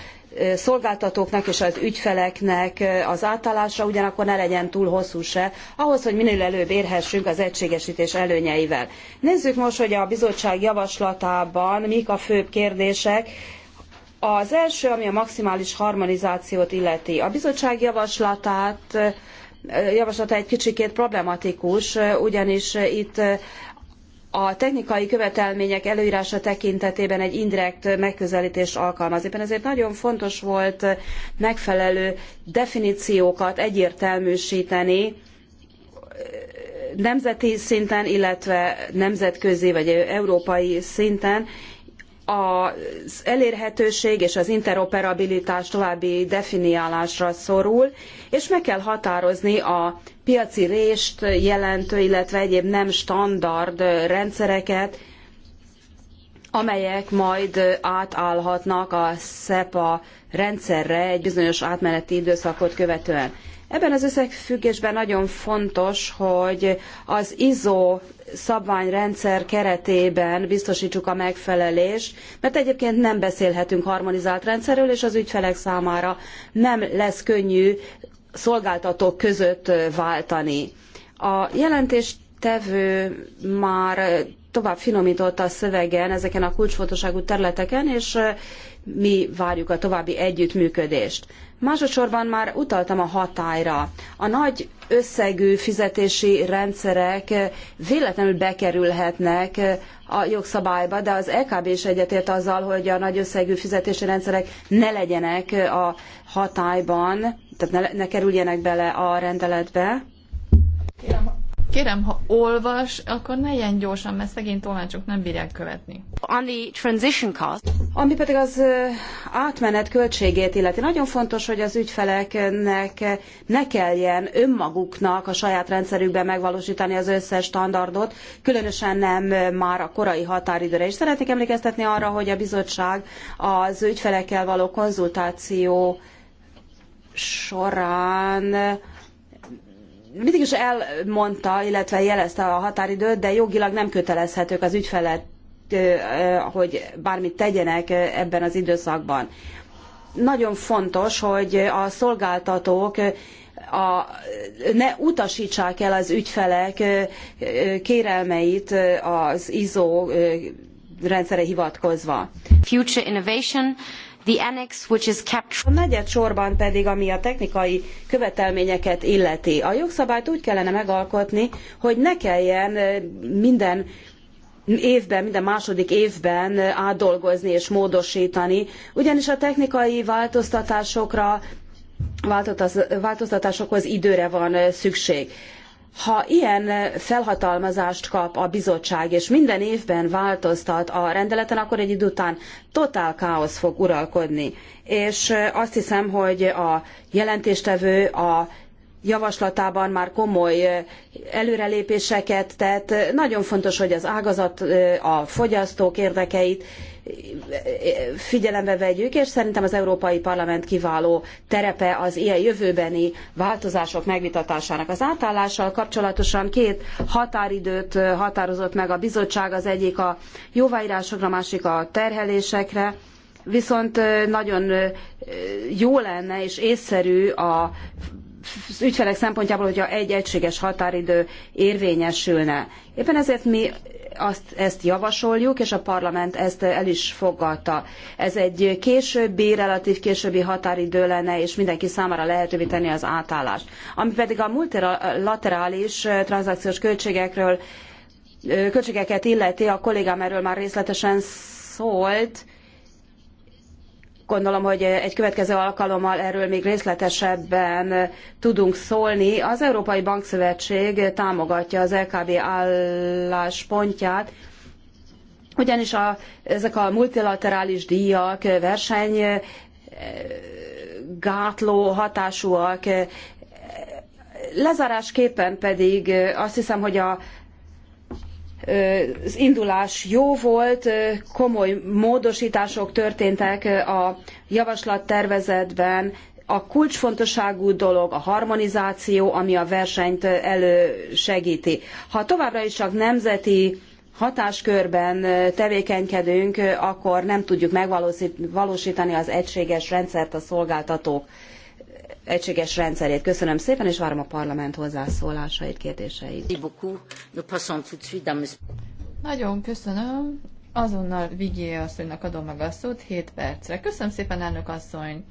szolgáltatóknak és az ügyfeleknek az átállásra, ugyanakkor ne legyen túl hosszú se, ahhoz, hogy minél előbb érhessünk az egységesítés előnyeivel. Nézzük most, hogy a bizottság javaslatában mik a főbb kérdések. Az első, ami a maximális harmonizációt illeti. A bizottság javaslatát javaslata egy kicsikét problematikus, ugyanis itt a technikai követelmények előírása tekintetében egy indirekt megközelítés alkalmaz. Éppen ezért nagyon fontos volt megfelelő definíciókat egyértelműsíteni nemzeti szinten, illetve nemzetközi vagy európai szinten, az elérhetőség és az interoperabilitás további definiálásra szorul, és meg kell határozni a piaci rést jelentő, illetve egyéb nem standard rendszereket, amelyek majd átállhatnak a SEPA rendszerre egy bizonyos átmeneti időszakot követően. Ebben az összefüggésben nagyon fontos, hogy az ISO szabványrendszer keretében biztosítsuk a megfelelést, mert egyébként nem beszélhetünk harmonizált rendszerről, és az ügyfelek számára nem lesz könnyű szolgáltatók között váltani. A jelentéstevő már tovább finomította a szövegen ezeken a kulcsfontosságú területeken, és mi várjuk a további együttműködést. Másodszorban már utaltam a hatályra. A nagy összegű fizetési rendszerek véletlenül bekerülhetnek a jogszabályba, de az EKB is egyetért azzal, hogy a nagy összegű fizetési rendszerek ne legyenek a hatályban, tehát ne, ne kerüljenek bele a rendeletbe. Kérem, Kérem, ha olvas, akkor ne ilyen gyorsan, mert szegény tolmácsok nem bírják követni. On the transition cost. Ami pedig az átmenet költségét illeti. Nagyon fontos, hogy az ügyfeleknek ne kelljen önmaguknak a saját rendszerükben megvalósítani az összes standardot, különösen nem már a korai határidőre. És szeretnék emlékeztetni arra, hogy a bizottság az ügyfelekkel való konzultáció során mindig is elmondta, illetve jelezte a határidőt, de jogilag nem kötelezhetők az ügyfelet, hogy bármit tegyenek ebben az időszakban. Nagyon fontos, hogy a szolgáltatók a, ne utasítsák el az ügyfelek kérelmeit az ISO rendszere hivatkozva. Future Innovation The annex, which is kept... A negyed sorban pedig, ami a technikai követelményeket illeti. A jogszabályt úgy kellene megalkotni, hogy ne kelljen minden évben, minden második évben átdolgozni és módosítani, ugyanis a technikai változtatásokra változtatásokhoz időre van szükség. Ha ilyen felhatalmazást kap a bizottság, és minden évben változtat a rendeleten, akkor egy idő után totál káosz fog uralkodni. És azt hiszem, hogy a jelentéstevő, a javaslatában már komoly előrelépéseket tett. Nagyon fontos, hogy az ágazat a fogyasztók érdekeit figyelembe vegyük, és szerintem az Európai Parlament kiváló terepe az ilyen jövőbeni változások megvitatásának. Az átállással kapcsolatosan két határidőt határozott meg a bizottság, az egyik a jóváírásokra, a másik a terhelésekre viszont nagyon jó lenne és észszerű a az ügyfelek szempontjából, hogyha egy egységes határidő érvényesülne. Éppen ezért mi azt, ezt javasoljuk, és a parlament ezt el is fogadta. Ez egy későbbi, relatív későbbi határidő lenne, és mindenki számára lehetővé tenni az átállást. Ami pedig a multilaterális eh, tranzakciós költségekről, eh, költségeket illeti, a kollégám erről már részletesen szólt, gondolom, hogy egy következő alkalommal erről még részletesebben tudunk szólni. Az Európai Bankszövetség támogatja az LKB álláspontját, ugyanis a, ezek a multilaterális díjak verseny eh, gátló hatásúak, eh, lezárásképpen pedig eh, azt hiszem, hogy a az indulás jó volt, komoly módosítások történtek a javaslattervezetben, a kulcsfontosságú dolog a harmonizáció, ami a versenyt elősegíti. Ha továbbra is csak nemzeti hatáskörben tevékenykedünk, akkor nem tudjuk megvalósítani az egységes rendszert a szolgáltatók egységes rendszerét. Köszönöm szépen, és várom a parlament hozzászólásait, kérdéseit. Nagyon köszönöm. Azonnal Vigyé asszonynak adom meg a szót 7 percre. Köszönöm szépen, elnök asszony.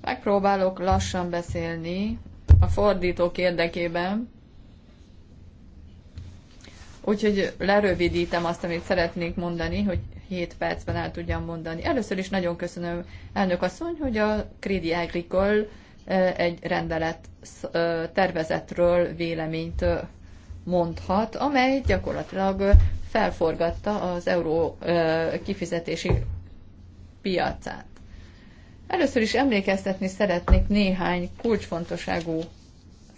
Megpróbálok lassan beszélni a fordítók érdekében. Úgyhogy lerövidítem azt, amit szeretnék mondani, hogy 7 percben el tudjam mondani. Először is nagyon köszönöm, elnök asszony, hogy a Crédit Agricole egy rendelet tervezetről véleményt mondhat, amely gyakorlatilag felforgatta az euró kifizetési piacát. Először is emlékeztetni szeretnék néhány kulcsfontosságú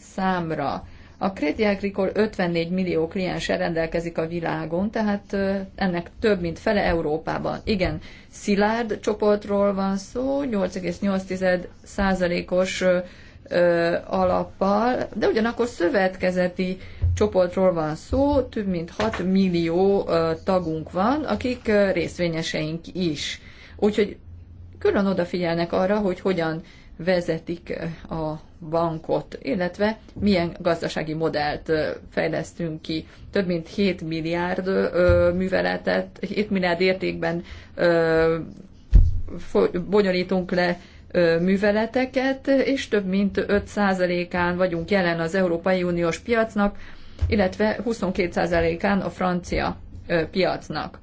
számra. A Crédit Agricole 54 millió kliense rendelkezik a világon, tehát ennek több mint fele Európában. Igen, szilárd csoportról van szó, 8,8%-os alappal, de ugyanakkor szövetkezeti csoportról van szó, több mint 6 millió tagunk van, akik részvényeseink is. Úgyhogy külön odafigyelnek arra, hogy hogyan vezetik eh, a bankot, illetve milyen gazdasági modellt eh, fejlesztünk ki. Több mint 7 milliárd eh, műveletet, 7 milliárd értékben bonyolítunk le műveleteket, és több mint 5%-án vagyunk jelen az Európai Uniós piacnak, illetve 22%-án a francia piacnak.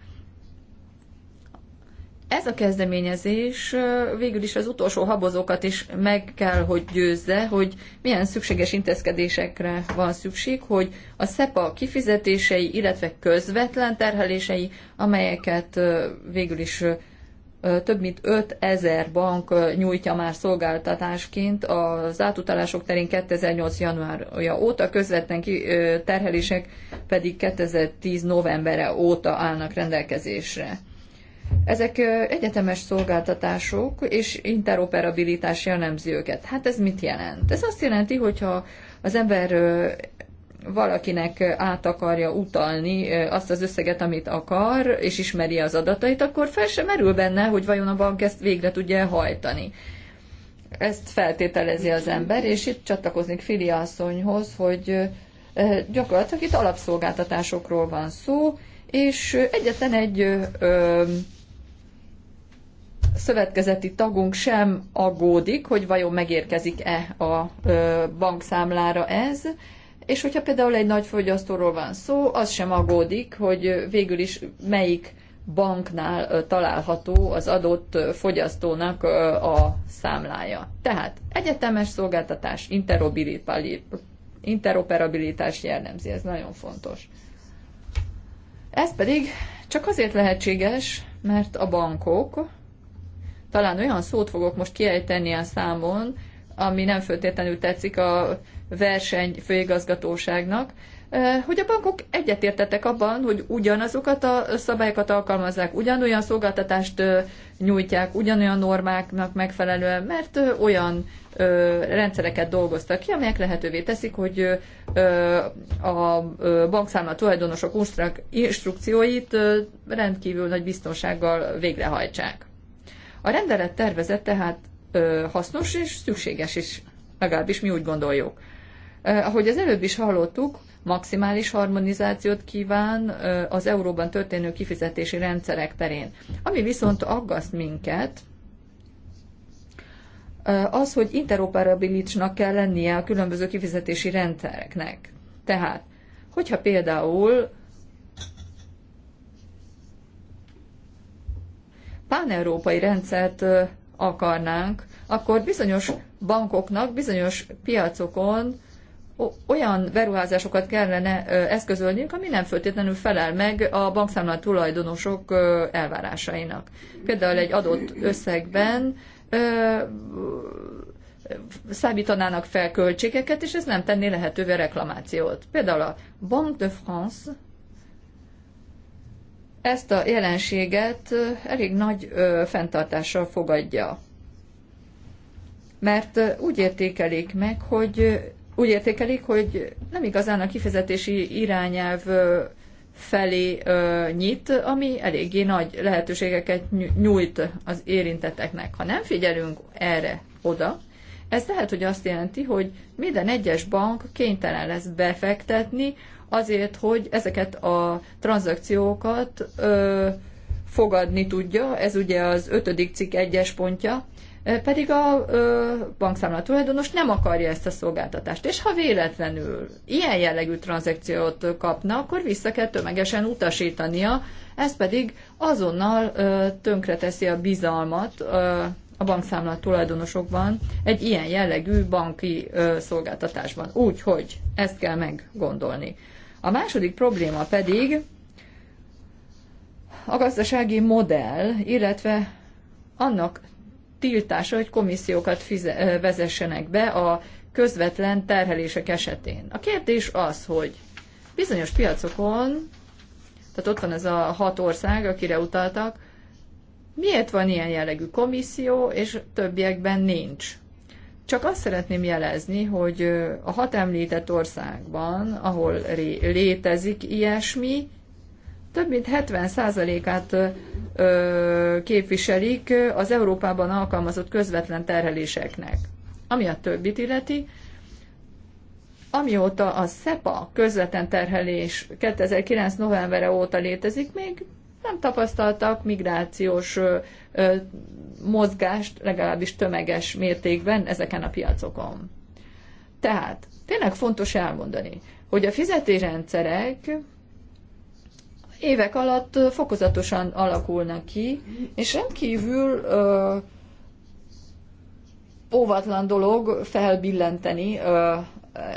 Ez a kezdeményezés végül is az utolsó habozókat is meg kell, hogy győzze, hogy milyen szükséges intézkedésekre van szükség, hogy a SEPA kifizetései, illetve közvetlen terhelései, amelyeket végül is több mint 5000 bank nyújtja már szolgáltatásként az átutalások terén 2008. januárja óta, közvetlen terhelések pedig 2010. novembere óta állnak rendelkezésre. Ezek egyetemes szolgáltatások, és interoperabilitás jellemzi őket. Hát ez mit jelent? Ez azt jelenti, hogyha az ember valakinek át akarja utalni azt az összeget, amit akar, és ismeri az adatait, akkor fel sem merül benne, hogy vajon a bank ezt végre tudja hajtani. Ezt feltételezi az ember, és itt csatlakoznék Fili asszonyhoz, hogy gyakorlatilag itt alapszolgáltatásokról van szó, és egyetlen egy szövetkezeti tagunk sem aggódik, hogy vajon megérkezik-e a bankszámlára ez, és hogyha például egy nagy fogyasztóról van szó, az sem aggódik, hogy végül is melyik banknál található az adott fogyasztónak a számlája. Tehát egyetemes szolgáltatás, interoperabilitás jellemzi, ez nagyon fontos. Ez pedig csak azért lehetséges, mert a bankok talán olyan szót fogok most kiejteni a számon, ami nem föltétlenül tetszik a verseny főigazgatóságnak, hogy a bankok egyetértettek abban, hogy ugyanazokat a szabályokat alkalmazzák, ugyanolyan szolgáltatást nyújtják, ugyanolyan normáknak megfelelően, mert olyan rendszereket dolgoztak ki, amelyek lehetővé teszik, hogy a bankszámla tulajdonosok instrukcióit rendkívül nagy biztonsággal végrehajtsák. A rendelet tervezet tehát ö, hasznos és szükséges is, legalábbis mi úgy gondoljuk. Ö, ahogy az előbb is hallottuk, maximális harmonizációt kíván ö, az euróban történő kifizetési rendszerek terén. Ami viszont aggaszt minket, az, hogy interoperabilisnak kell lennie a különböző kifizetési rendszereknek. Tehát, hogyha például páneurópai rendszert akarnánk, akkor bizonyos bankoknak, bizonyos piacokon olyan beruházásokat kellene eszközölniük, ami nem föltétlenül felel meg a bankszámla tulajdonosok elvárásainak. Például egy adott összegben számítanának fel költségeket, és ez nem tenné lehetővé reklamációt. Például a Banque de France ezt a jelenséget elég nagy fenntartással fogadja. Mert úgy értékelik meg, hogy úgy értékelik, hogy nem igazán a kifizetési irányelv felé ö, nyit, ami eléggé nagy lehetőségeket nyújt az érinteteknek. Ha nem figyelünk erre oda, ez lehet, hogy azt jelenti, hogy minden egyes bank kénytelen lesz befektetni azért, hogy ezeket a tranzakciókat ö, fogadni tudja, ez ugye az ötödik cikk egyes pontja, pedig a ö, bankszámla tulajdonos nem akarja ezt a szolgáltatást. És ha véletlenül ilyen jellegű tranzakciót kapna, akkor vissza kell tömegesen utasítania, ez pedig azonnal ö, tönkreteszi a bizalmat ö, a bankszámla tulajdonosokban egy ilyen jellegű banki ö, szolgáltatásban. Úgyhogy ezt kell meggondolni. A második probléma pedig a gazdasági modell, illetve annak tiltása, hogy komissziókat fize- vezessenek be a közvetlen terhelések esetén. A kérdés az, hogy bizonyos piacokon, tehát ott van ez a hat ország, akire utaltak, miért van ilyen jellegű komisszió, és többiekben nincs? Csak azt szeretném jelezni, hogy a hat említett országban, ahol létezik ilyesmi, több mint 70%-át képviselik az Európában alkalmazott közvetlen terheléseknek. Ami a többit illeti, amióta a SEPA közvetlen terhelés 2009. novembere óta létezik, még nem tapasztaltak migrációs mozgást, legalábbis tömeges mértékben ezeken a piacokon. Tehát tényleg fontos elmondani, hogy a fizetésrendszerek évek alatt fokozatosan alakulnak ki, és rendkívül ö, óvatlan dolog felbillenteni ö,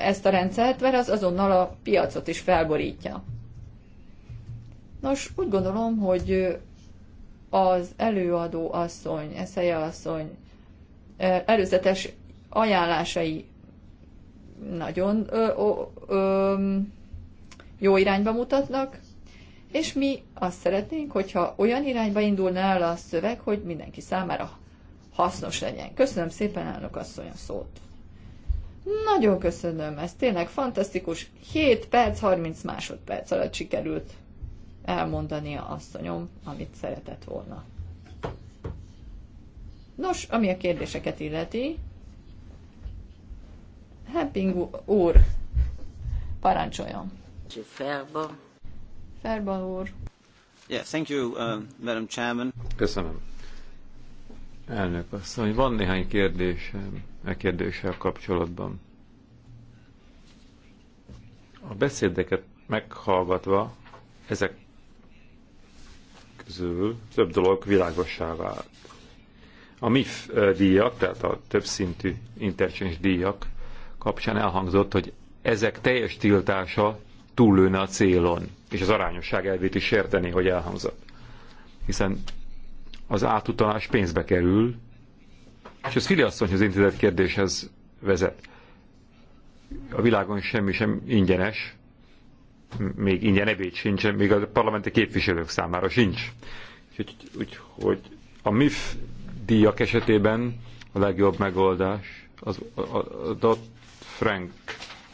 ezt a rendszert, mert az azonnal a piacot is felborítja. Nos, úgy gondolom, hogy az előadó asszony, eszeje asszony előzetes ajánlásai nagyon ö, ö, ö, jó irányba mutatnak, és mi azt szeretnénk, hogyha olyan irányba indulna el a szöveg, hogy mindenki számára hasznos legyen. Köszönöm szépen, elnök asszony, a szót. Nagyon köszönöm, ez tényleg fantasztikus. 7 perc, 30 másodperc alatt sikerült elmondani a asszonyom, amit szeretett volna. Nos, ami a kérdéseket illeti, Hepping úr, parancsoljon. Ferba. Ferba úr. Yeah, thank you, uh, Madam Chairman. Köszönöm. Elnök asszony, van néhány kérdésem e kérdéssel kapcsolatban. A beszédeket meghallgatva ezek közül több dolog világossá vált. A MIF eh, díjak, tehát a többszintű interchange díjak kapcsán elhangzott, hogy ezek teljes tiltása túllőne a célon, és az arányosság elvét is érteni, hogy elhangzott. Hiszen az átutalás pénzbe kerül, és ez az intézet kérdéshez vezet. A világon semmi sem ingyenes, még ingyen ebéd sincs, még a parlamenti képviselők számára sincs. Úgyhogy a MIF díjak esetében a legjobb megoldás az a, a, a Dodd-Frank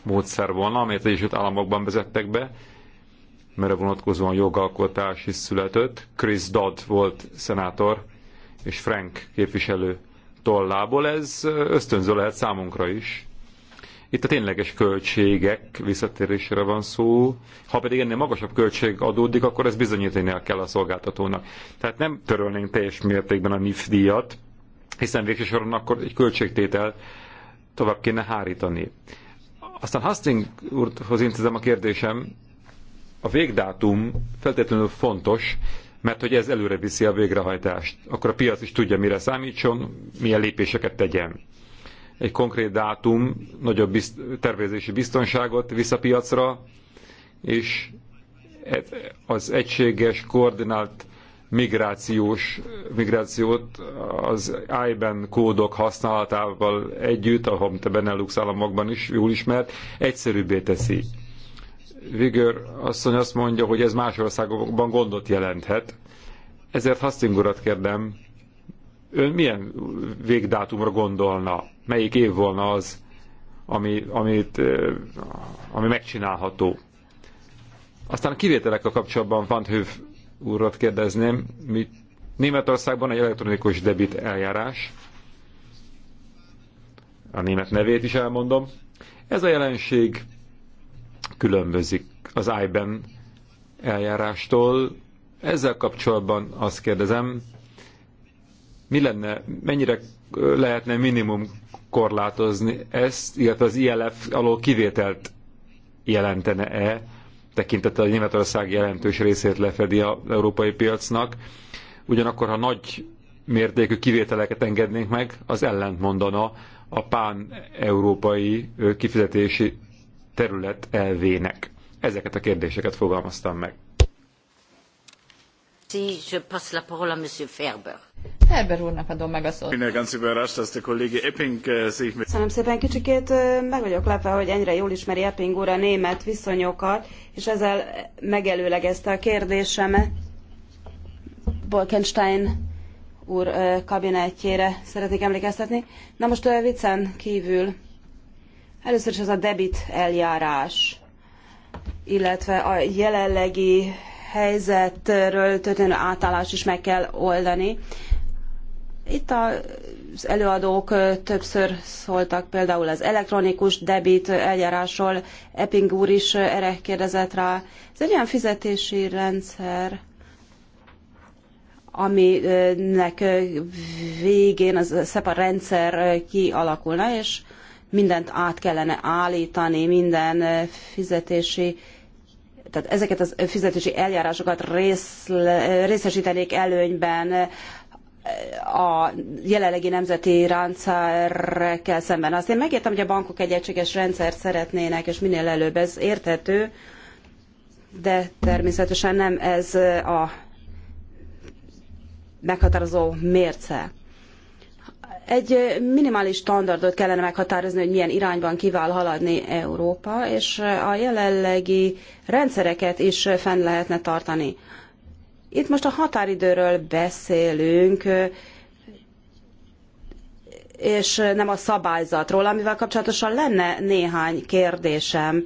módszer volna, amelyet az Egyesült Államokban vezettek be, mert a vonatkozóan jogalkotás is született. Chris Dodd volt szenátor, és Frank képviselő tollából. Ez ösztönző lehet számunkra is, itt a tényleges költségek visszatérésére van szó. Ha pedig ennél magasabb költség adódik, akkor ez bizonyítani kell a szolgáltatónak. Tehát nem törölnénk teljes mértékben a NIF díjat, hiszen végső soron akkor egy költségtétel tovább kéne hárítani. Aztán Hastings úrhoz intézem a kérdésem, a végdátum feltétlenül fontos, mert hogy ez előre viszi a végrehajtást. Akkor a piac is tudja, mire számítson, milyen lépéseket tegyen egy konkrét dátum nagyobb bizt, tervezési biztonságot visz a piacra, és az egységes, koordinált migrációs, migrációt az IBAN kódok használatával együtt, ahol a Benelux államokban is jól ismert, egyszerűbbé teszi. Vigör asszony azt mondja, hogy ez más országokban gondot jelenthet. Ezért Hastingurat kérdem, Ön milyen végdátumra gondolna? Melyik év volna az, ami, amit, ami megcsinálható? Aztán a a kapcsolatban Van Hőv úrat kérdezném, mi Németországban egy elektronikus debit eljárás, a német nevét is elmondom. Ez a jelenség különbözik az IBAN eljárástól. Ezzel kapcsolatban azt kérdezem, mi lenne, mennyire lehetne minimum korlátozni ezt, illetve az ILF alól kivételt jelentene-e, tekintettel a Németország jelentős részét lefedi az európai piacnak. Ugyanakkor, ha nagy mértékű kivételeket engednénk meg, az ellent mondana a pán-európai kifizetési terület elvének. Ezeket a kérdéseket fogalmaztam meg. Merci. Je passe la parole à Monsieur Ferber. Ferber úrnak adom meg a szót. Eh, Köszönöm szépen, kicsikét eh, meg vagyok lepve, hogy ennyire jól ismeri Epping úr a német viszonyokat, és ezzel megelőlegezte a kérdésemet. Bolkenstein úr eh, kabinetjére szeretnék emlékeztetni. Na most viccen kívül először is az a debit eljárás, illetve a jelenlegi helyzetről történő átállást is meg kell oldani. Itt az előadók többször szóltak például az elektronikus debit eljárásról, Epping úr is erre kérdezett rá. Ez egy olyan fizetési rendszer, aminek végén az SEPA rendszer kialakulna, és mindent át kellene állítani, minden fizetési tehát ezeket a fizetési eljárásokat részle, részesítenék előnyben a jelenlegi nemzeti rendszerekkel szemben. Azt én megértem, hogy a bankok egy egységes rendszert szeretnének, és minél előbb ez érthető, de természetesen nem ez a meghatározó mérce. Egy minimális standardot kellene meghatározni, hogy milyen irányban kíván haladni Európa, és a jelenlegi rendszereket is fenn lehetne tartani. Itt most a határidőről beszélünk, és nem a szabályzatról, amivel kapcsolatosan lenne néhány kérdésem.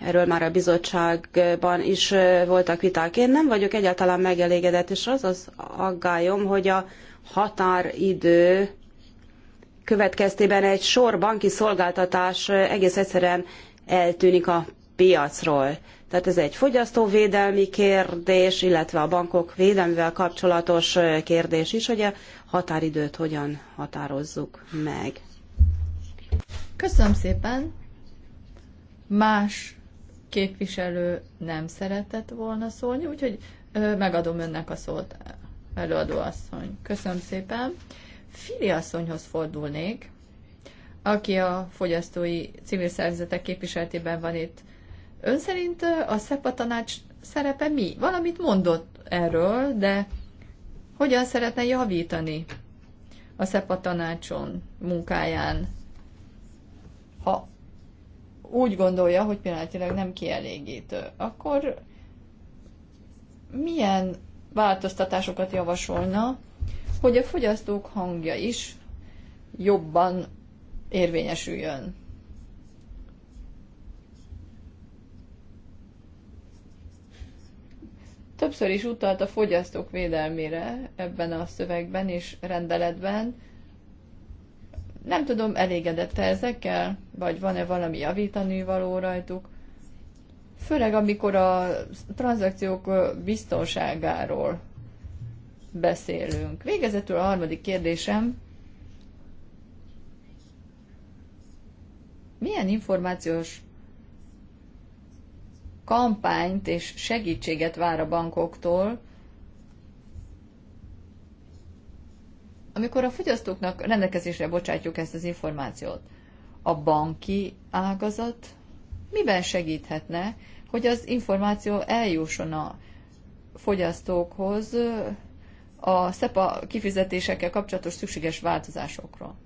Erről már a bizottságban is voltak viták. Én nem vagyok egyáltalán megelégedett, és az az aggályom, hogy a határidő következtében egy sor banki szolgáltatás egész egyszerűen eltűnik a piacról. Tehát ez egy fogyasztóvédelmi kérdés, illetve a bankok védelmével kapcsolatos kérdés is, hogy a határidőt hogyan határozzuk meg. Köszönöm szépen. Más képviselő nem szeretett volna szólni, úgyhogy megadom önnek a szót, előadó asszony. Köszönöm szépen. Fili asszonyhoz fordulnék, aki a fogyasztói civil szervezetek képviseletében van itt. Ön szerint a SZEPA tanács szerepe mi? Valamit mondott erről, de hogyan szeretne javítani a SZEPA tanácson munkáján, ha úgy gondolja, hogy pillanatilag nem kielégítő, akkor milyen változtatásokat javasolna, hogy a fogyasztók hangja is jobban érvényesüljön. Többször is utalt a fogyasztók védelmére ebben a szövegben és rendeletben. Nem tudom, -e ezekkel, vagy van-e valami javítani való rajtuk. Főleg amikor a tranzakciók biztonságáról beszélünk. Végezetül a harmadik kérdésem, milyen információs kampányt és segítséget vár a bankoktól, amikor a fogyasztóknak rendelkezésre bocsátjuk ezt az információt. A banki ágazat miben segíthetne, hogy az információ eljusson a fogyasztókhoz a SEPA kifizetésekkel kapcsolatos szükséges változásokról.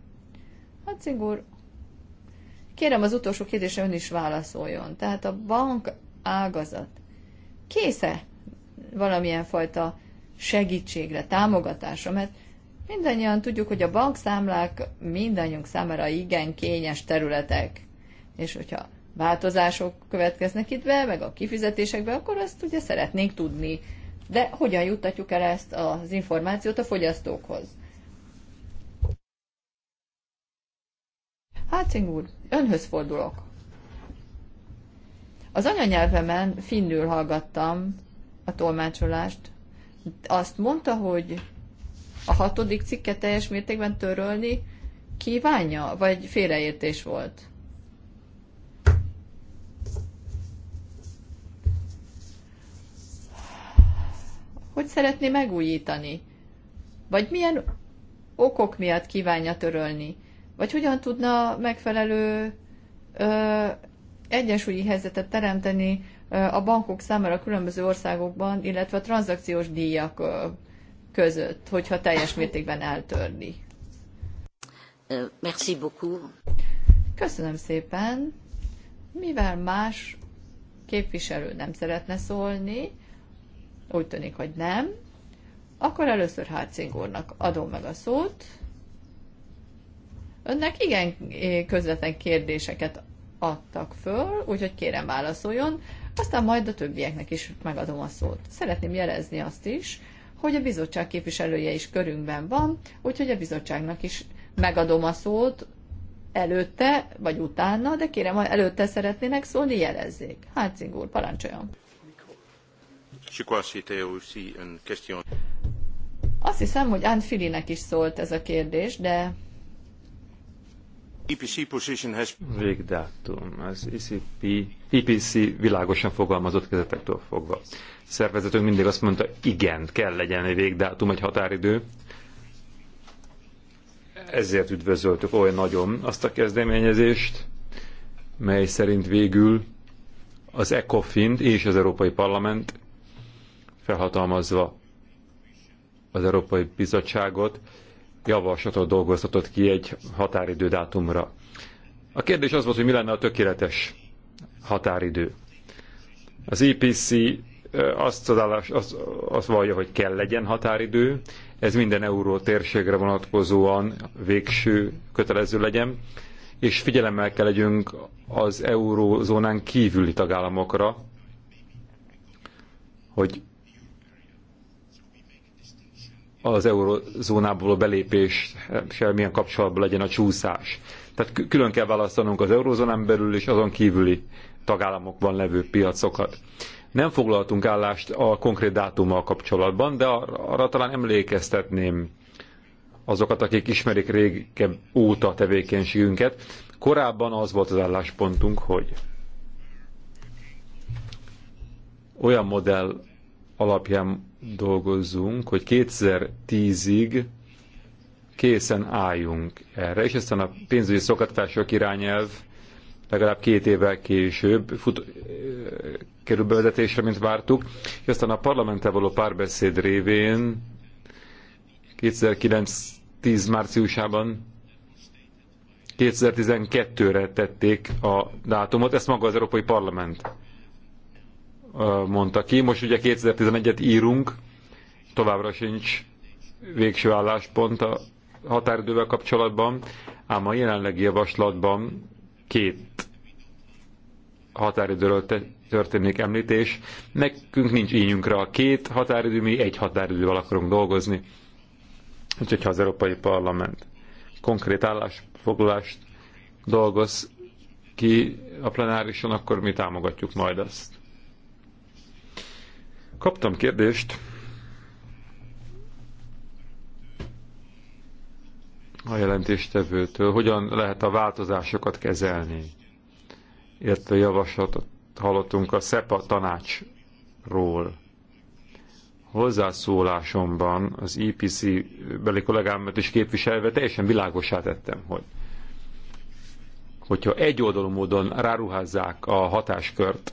Hát szigur, kérem az utolsó kérdésre ön is válaszoljon. Tehát a bank ágazat késze valamilyen fajta segítségre, támogatásra, mert mindannyian tudjuk, hogy a bankszámlák mindannyiunk számára igen kényes területek, és hogyha változások következnek itt be, meg a kifizetésekbe, akkor azt ugye szeretnénk tudni de hogyan juttatjuk el ezt az információt a fogyasztókhoz? Hácing úr, önhöz fordulok. Az anyanyelvemen finnül hallgattam a tolmácsolást. Azt mondta, hogy a hatodik cikket teljes mértékben törölni kívánja, vagy félreértés volt? hogy szeretné megújítani? Vagy milyen okok miatt kívánja törölni? Vagy hogyan tudna megfelelő ö, egyensúlyi helyzetet teremteni ö, a bankok számára a különböző országokban, illetve a tranzakciós díjak ö, között, hogyha teljes mértékben eltörni? Merci beaucoup. Köszönöm szépen. Mivel más képviselő nem szeretne szólni, úgy tűnik, hogy nem. Akkor először Hátszing úrnak adom meg a szót. Önnek igen közvetlen kérdéseket adtak föl, úgyhogy kérem válaszoljon, aztán majd a többieknek is megadom a szót. Szeretném jelezni azt is, hogy a bizottság képviselője is körünkben van, úgyhogy a bizottságnak is megadom a szót előtte vagy utána, de kérem, ha előtte szeretnének szólni, jelezzék. Hátszing úr, parancsoljon! Azt hiszem, hogy Anne Filinek is szólt ez a kérdés, de... EPC position has... Végdátum. Az ECP, EPC világosan fogalmazott kezetektől fogva. szervezetünk mindig azt mondta, igen, kell legyen egy végdátum, egy határidő. Ezért üdvözöltük olyan nagyon azt a kezdeményezést, mely szerint végül az ECOFIN és az Európai Parlament felhatalmazva az Európai Bizottságot, javaslatot dolgoztatott ki egy határidő dátumra. A kérdés az volt, hogy mi lenne a tökéletes határidő. Az EPC azt, az állás, azt, azt vallja, hogy kell legyen határidő, ez minden euró térségre vonatkozóan végső kötelező legyen, és figyelemmel kell legyünk az eurózónán kívüli tagállamokra, hogy az eurozónából belépéssel milyen kapcsolatban legyen a csúszás. Tehát külön kell választanunk az eurozónán belül és azon kívüli tagállamokban levő piacokat. Nem foglaltunk állást a konkrét dátummal kapcsolatban, de arra talán emlékeztetném azokat, akik ismerik régebb óta tevékenységünket. Korábban az volt az álláspontunk, hogy olyan modell alapján dolgozzunk, hogy 2010-ig készen álljunk erre, és aztán a pénzügyi szokatások irányelv legalább két évvel később fut, kerül bevezetésre, mint vártuk, és aztán a parlamenttel való párbeszéd révén 2009-10 márciusában 2012-re tették a dátumot, ezt maga az Európai Parlament mondta ki. Most ugye 2011-et írunk, továbbra sincs végső álláspont a határidővel kapcsolatban, ám a jelenlegi javaslatban két határidőről történik említés. Nekünk nincs ínyünkre a két határidő, mi egy határidővel akarunk dolgozni. Úgyhogy ha az Európai Parlament konkrét állásfoglalást dolgoz ki a plenárison, akkor mi támogatjuk majd azt. Kaptam kérdést a jelentéstevőtől, hogyan lehet a változásokat kezelni. Értő javaslatot hallottunk a SEPA tanácsról hozzászólásomban az IPC e beli kollégámat is képviselve teljesen világosá tettem, hogy hogyha egyoldalú módon ráruházzák a hatáskört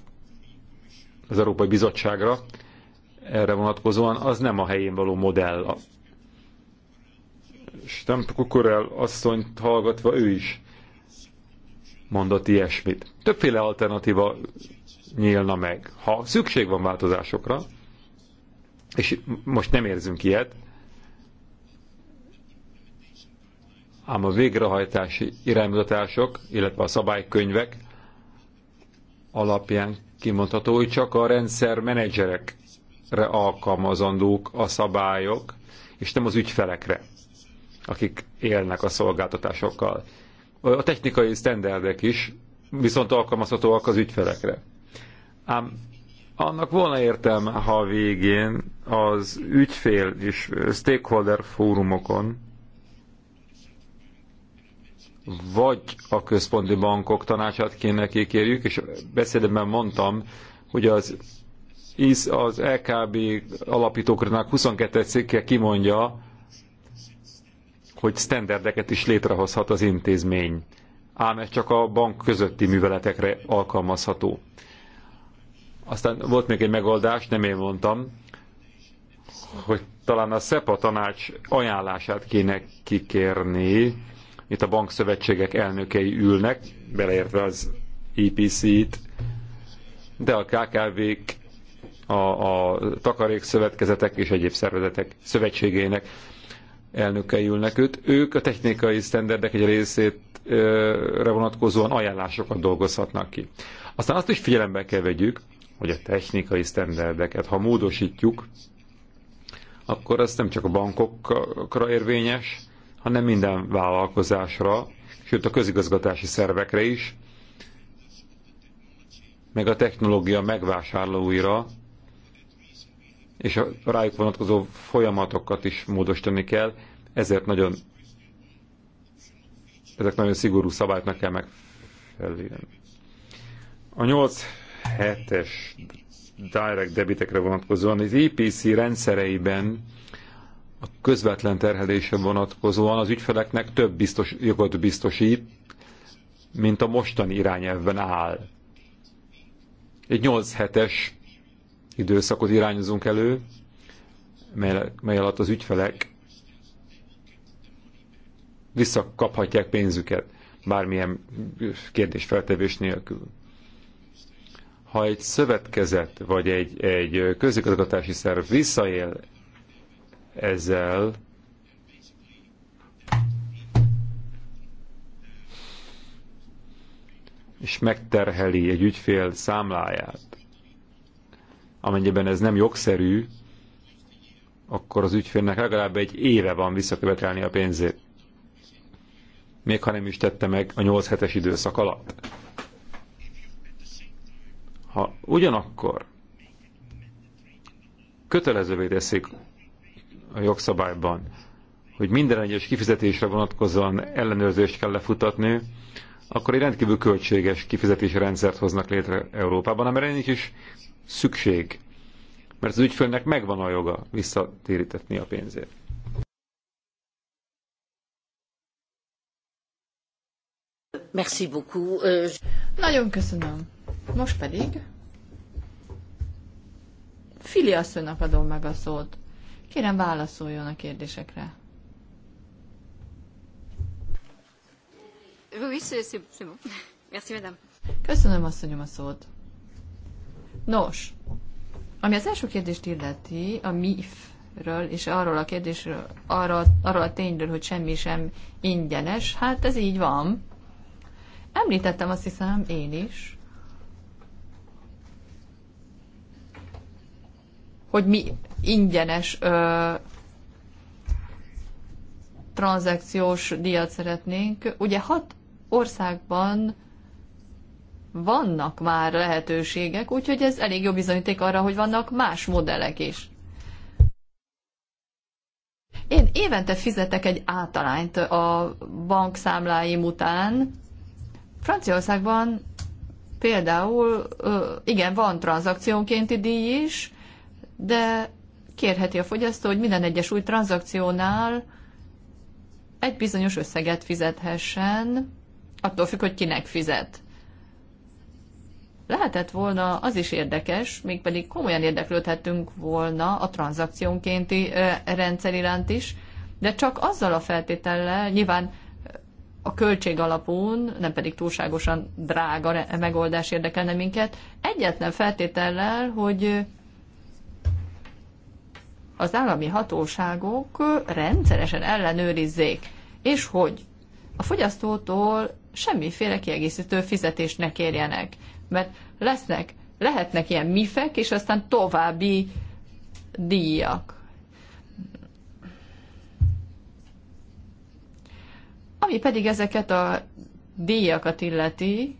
az Európai Bizottságra, erre vonatkozóan, az nem a helyén való modell. Stamp Kukorel asszonyt hallgatva ő is mondott ilyesmit. Többféle alternatíva nyílna meg. Ha szükség van változásokra, és most nem érzünk ilyet, ám a végrehajtási iránymutatások, illetve a szabálykönyvek alapján kimondható, hogy csak a rendszer menedzserek ügyfelekre alkalmazandók a szabályok, és nem az ügyfelekre, akik élnek a szolgáltatásokkal. A technikai sztenderdek is viszont alkalmazhatóak az ügyfelekre. Ám annak volna értelme, ha a végén az ügyfél és stakeholder fórumokon vagy a központi bankok tanácsát kéne kikérjük, és beszédemben mondtam, hogy az az LKB alapítókörnek 22. cikke kimondja, hogy sztenderdeket is létrehozhat az intézmény, ám ez csak a bank közötti műveletekre alkalmazható. Aztán volt még egy megoldás, nem én mondtam, hogy talán a SZEPA tanács ajánlását kéne kikérni. Itt a bankszövetségek elnökei ülnek, beleértve az EPC-t, de a KKV-k a, a takarékszövetkezetek és egyéb szervezetek szövetségének elnökei ülnek őt. Ők a technikai sztenderdek egy részét vonatkozóan ajánlásokat dolgozhatnak ki. Aztán azt is figyelembe kell vegyük, hogy a technikai sztenderdeket, ha módosítjuk, akkor ez nem csak a bankokra érvényes, hanem minden vállalkozásra, sőt a közigazgatási szervekre is, meg a technológia megvásárlóira, és a rájuk vonatkozó folyamatokat is módosítani kell, ezért nagyon ezek nagyon szigorú szabályoknak kell megfelelni. A 8 hetes direct debitekre vonatkozóan az EPC rendszereiben a közvetlen terhelése vonatkozóan az ügyfeleknek több biztos, jogot biztosít, mint a mostani irányelvben áll. Egy 8 hetes időszakot irányozunk elő, mely, mely alatt az ügyfelek visszakaphatják pénzüket bármilyen kérdésfeltevés nélkül. Ha egy szövetkezet vagy egy, egy közigazgatási szerv visszaél ezzel, és megterheli egy ügyfél számláját, Amennyiben ez nem jogszerű, akkor az ügyfélnek legalább egy éve van visszakövetelni a pénzét. Még ha nem is tette meg a 8 hetes időszak alatt. Ha ugyanakkor kötelezővé teszik a jogszabályban, hogy minden egyes kifizetésre vonatkozóan ellenőrzést kell lefutatni, akkor egy rendkívül költséges kifizetési rendszert hoznak létre Európában, amire nincs is szükség, mert az ügyfélnek megvan a joga visszatérítetni a pénzét. Merci beaucoup. Euh, Nagyon köszönöm. Most pedig Fili asszonynak adom meg a szót. Kérem válaszoljon a kérdésekre. Oui, c'est bon. Merci, madame. Köszönöm, asszonyom, a szót. Nos, ami az első kérdést illeti, a MIF-ről és arról a kérdésről, arra, arról a tényről, hogy semmi sem ingyenes, hát ez így van. Említettem azt hiszem én is, hogy mi ingyenes ö, tranzakciós díjat szeretnénk. Ugye hat országban vannak már lehetőségek, úgyhogy ez elég jó bizonyíték arra, hogy vannak más modellek is. Én évente fizetek egy általányt a bankszámláim után. Franciaországban például, igen, van tranzakciónkénti díj is, de kérheti a fogyasztó, hogy minden egyes új tranzakciónál egy bizonyos összeget fizethessen, attól függ, hogy kinek fizet lehetett volna az is érdekes, mégpedig komolyan érdeklődhetünk volna a tranzakciónkénti rendszer iránt is, de csak azzal a feltétellel, nyilván a költség alapún, nem pedig túlságosan drága megoldás érdekelne minket, egyetlen feltétellel, hogy az állami hatóságok rendszeresen ellenőrizzék, és hogy a fogyasztótól semmiféle kiegészítő fizetést ne kérjenek mert lesznek, lehetnek ilyen mifek, és aztán további díjak. Ami pedig ezeket a díjakat illeti,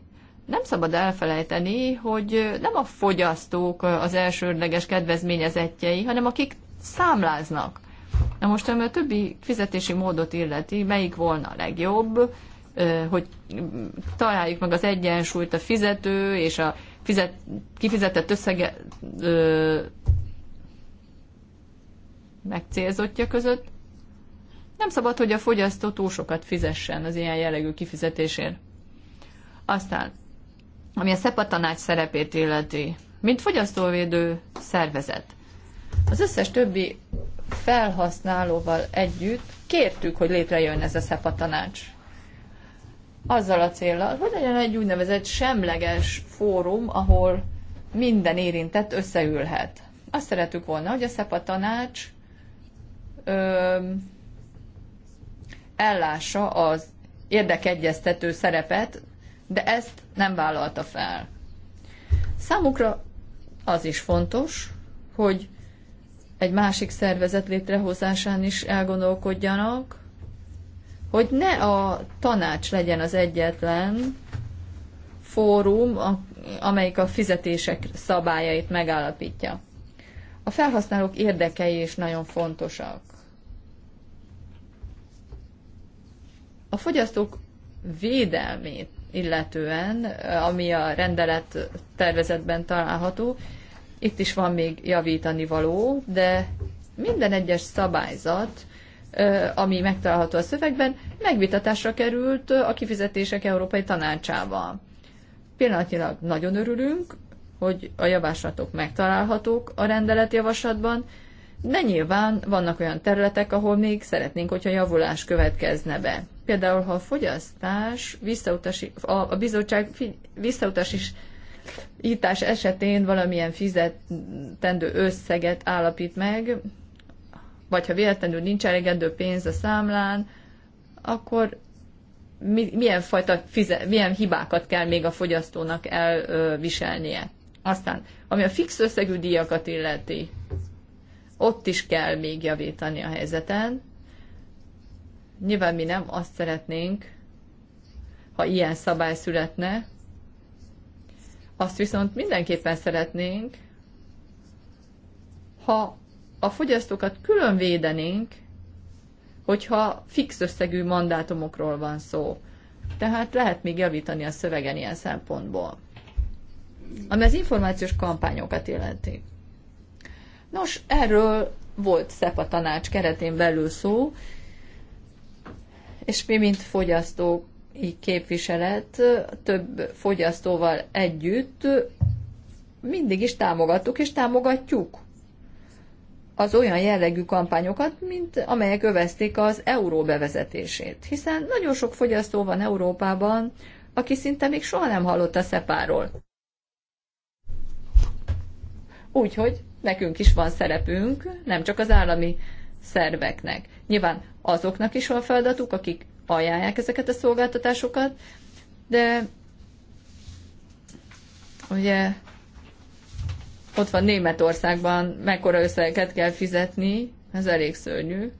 nem szabad elfelejteni, hogy nem a fogyasztók az elsődleges kedvezményezettjei, hanem akik számláznak. Na most, ami a többi fizetési módot illeti, melyik volna a legjobb, hogy találjuk meg az egyensúlyt a fizető és a fizet, kifizetett összege ö, megcélzottja között. Nem szabad, hogy a fogyasztó túl sokat fizessen az ilyen jellegű kifizetésért. Aztán, ami a SZEPA tanács szerepét illeti, mint fogyasztóvédő szervezet. Az összes többi felhasználóval együtt kértük, hogy létrejön ez a SZEPA tanács azzal a célral, hogy legyen egy úgynevezett semleges fórum, ahol minden érintett összeülhet. Azt szeretük volna, hogy a SZEPA tanács ö, ellássa az érdekegyeztető szerepet, de ezt nem vállalta fel. Számukra az is fontos, hogy egy másik szervezet létrehozásán is elgondolkodjanak, hogy ne a tanács legyen az egyetlen fórum, amelyik a fizetések szabályait megállapítja. A felhasználók érdekei is nagyon fontosak. A fogyasztók védelmét illetően, ami a rendelet tervezetben található, itt is van még javítani való, de minden egyes szabályzat ami megtalálható a szövegben, megvitatásra került a kifizetések Európai Tanácsával. Pillanatnyilag nagyon örülünk, hogy a javaslatok megtalálhatók a rendelet javaslatban. de nyilván vannak olyan területek, ahol még szeretnénk, hogyha javulás következne be. Például, ha a fogyasztás, visszautasi, a, a bizottság visszautasítás ítás esetén valamilyen fizetendő összeget állapít meg, vagy ha véletlenül nincs elegendő pénz a számlán, akkor mi, milyen, fajta fize, milyen hibákat kell még a fogyasztónak elviselnie. Aztán, ami a fix összegű díjakat illeti, ott is kell még javítani a helyzeten. Nyilván mi nem azt szeretnénk, ha ilyen szabály születne, azt viszont mindenképpen szeretnénk, ha a fogyasztókat külön védenénk, hogyha fix összegű mandátumokról van szó. Tehát lehet még javítani a szövegen ilyen szempontból. Ami az információs kampányokat illeti. Nos, erről volt SZEPA tanács keretén belül szó, és mi, mint fogyasztói képviselet, több fogyasztóval együtt mindig is támogattuk és támogatjuk az olyan jellegű kampányokat, mint amelyek övezték az euró bevezetését. Hiszen nagyon sok fogyasztó van Európában, aki szinte még soha nem hallott a szepáról. Úgyhogy nekünk is van szerepünk, nem csak az állami szerveknek. Nyilván azoknak is van feladatuk, akik ajánlják ezeket a szolgáltatásokat, de ugye ott van Németországban, mekkora összegeket kell fizetni, ez elég szörnyű.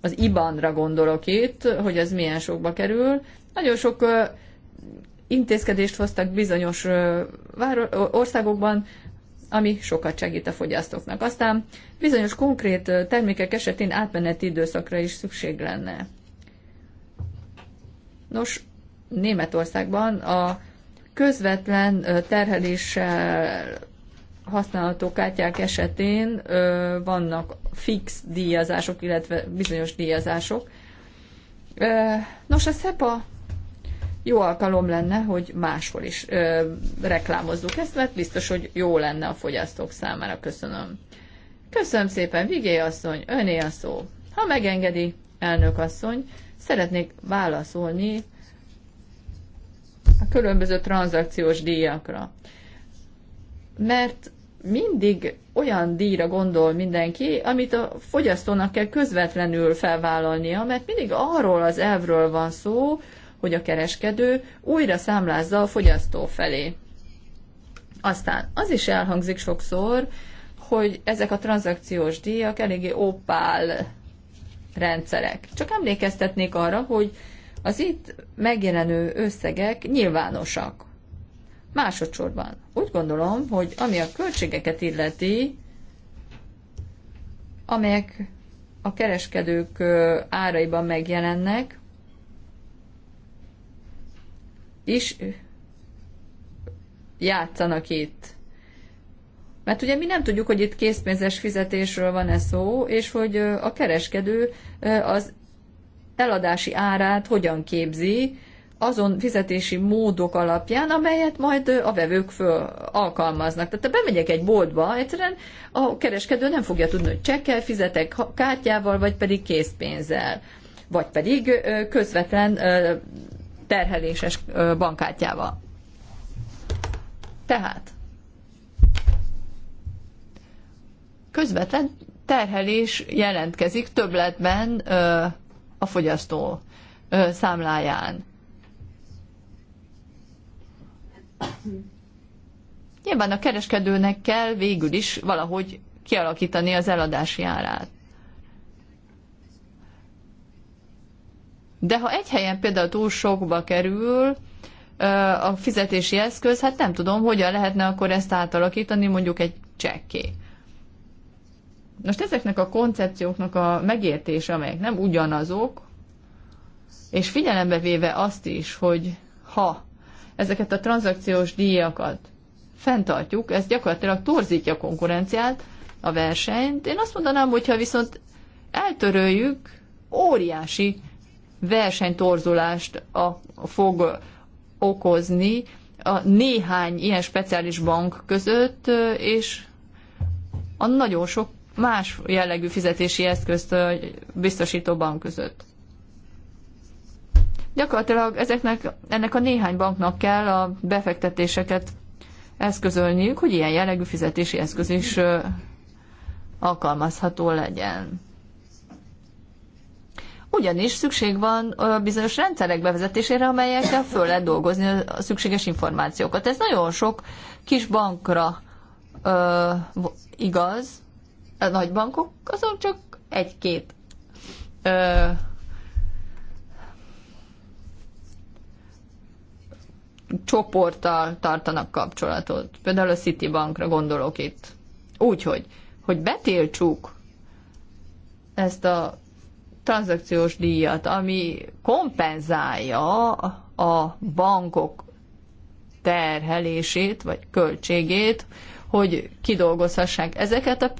Az IBAN-ra gondolok itt, hogy az milyen sokba kerül. Nagyon sok intézkedést hoztak bizonyos országokban, ami sokat segít a fogyasztóknak. Aztán bizonyos konkrét termékek esetén átmeneti időszakra is szükség lenne. Nos, Németországban a közvetlen terheléssel használható kártyák esetén vannak fix díjazások, illetve bizonyos díjazások. Nos, a SEPA jó alkalom lenne, hogy máshol is reklámozzuk ezt, mert biztos, hogy jó lenne a fogyasztók számára. Köszönöm. Köszönöm szépen, Vigé asszony, öné a szó. Ha megengedi, elnök asszony, szeretnék válaszolni a különböző tranzakciós díjakra. Mert mindig olyan díjra gondol mindenki, amit a fogyasztónak kell közvetlenül felvállalnia, mert mindig arról az elvről van szó, hogy a kereskedő újra számlázza a fogyasztó felé. Aztán az is elhangzik sokszor, hogy ezek a tranzakciós díjak eléggé opál rendszerek. Csak emlékeztetnék arra, hogy az itt megjelenő összegek nyilvánosak. Másodszorban úgy gondolom, hogy ami a költségeket illeti, amelyek a kereskedők áraiban megjelennek, is játszanak itt. Mert ugye mi nem tudjuk, hogy itt készpénzes fizetésről van-e szó, és hogy a kereskedő az eladási árát hogyan képzi azon fizetési módok alapján, amelyet majd a vevők föl alkalmaznak. Tehát ha bemegyek egy boltba, egyszerűen a kereskedő nem fogja tudni, hogy csekkel fizetek, kártyával, vagy pedig készpénzzel, vagy pedig közvetlen terheléses bankkártyával. Tehát közvetlen terhelés jelentkezik többletben a fogyasztó számláján. Nyilván a kereskedőnek kell végül is valahogy kialakítani az eladási árát. De ha egy helyen például túl sokba kerül a fizetési eszköz, hát nem tudom, hogyan lehetne akkor ezt átalakítani mondjuk egy csekké. Most ezeknek a koncepcióknak a megértése, amelyek nem ugyanazok, és figyelembe véve azt is, hogy ha ezeket a tranzakciós díjakat fenntartjuk, ez gyakorlatilag torzítja a konkurenciát, a versenyt. Én azt mondanám, hogyha viszont eltöröljük, óriási versenytorzulást a, fog okozni a néhány ilyen speciális bank között, és a nagyon sok más jellegű fizetési eszközt biztosító bank között. Gyakorlatilag ezeknek, ennek a néhány banknak kell a befektetéseket eszközölniük, hogy ilyen jellegű fizetési eszköz is alkalmazható legyen. Ugyanis szükség van bizonyos rendszerek bevezetésére, amelyekkel föl lehet dolgozni a szükséges információkat. Ez nagyon sok kis bankra ö, igaz, a nagy bankok azon csak egy-két ö, csoporttal tartanak kapcsolatot. Például a Citibankra gondolok itt. Úgyhogy, hogy betiltsuk ezt a tranzakciós díjat, ami kompenzálja a bankok terhelését vagy költségét, hogy kidolgozhassák ezeket a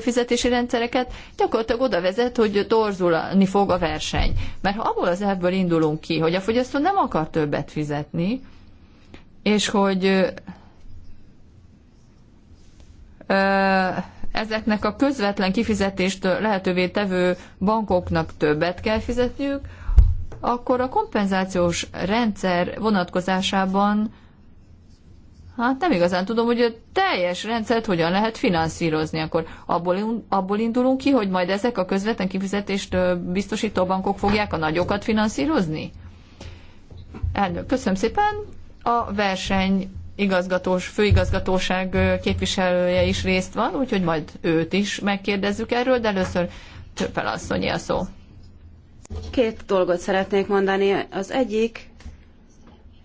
fizetési rendszereket, gyakorlatilag oda vezet, hogy torzulni fog a verseny. Mert ha abból az elvből indulunk ki, hogy a fogyasztó nem akar többet fizetni, és hogy ezeknek a közvetlen kifizetést lehetővé tevő bankoknak többet kell fizetniük, akkor a kompenzációs rendszer vonatkozásában Hát nem igazán tudom, hogy a teljes rendszert hogyan lehet finanszírozni. Akkor abból, abból indulunk ki, hogy majd ezek a közvetlen kifizetést biztosító bankok fogják a nagyokat finanszírozni? Elnök, köszönöm szépen. A verseny igazgatós, főigazgatóság képviselője is részt van, úgyhogy majd őt is megkérdezzük erről, de először Csöpel asszonyi a szó. Két dolgot szeretnék mondani. Az egyik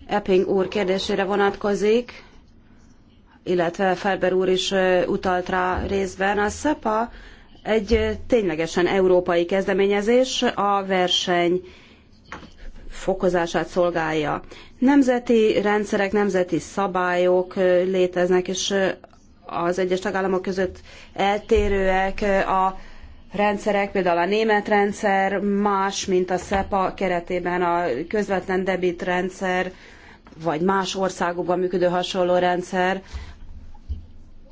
Epping úr kérdésére vonatkozik illetve Ferber úr is utalt rá részben. A SEPA egy ténylegesen európai kezdeményezés a verseny fokozását szolgálja. Nemzeti rendszerek, nemzeti szabályok léteznek, és az egyes tagállamok között eltérőek a rendszerek, például a német rendszer más, mint a SEPA keretében a közvetlen debit rendszer vagy más országokban működő hasonló rendszer.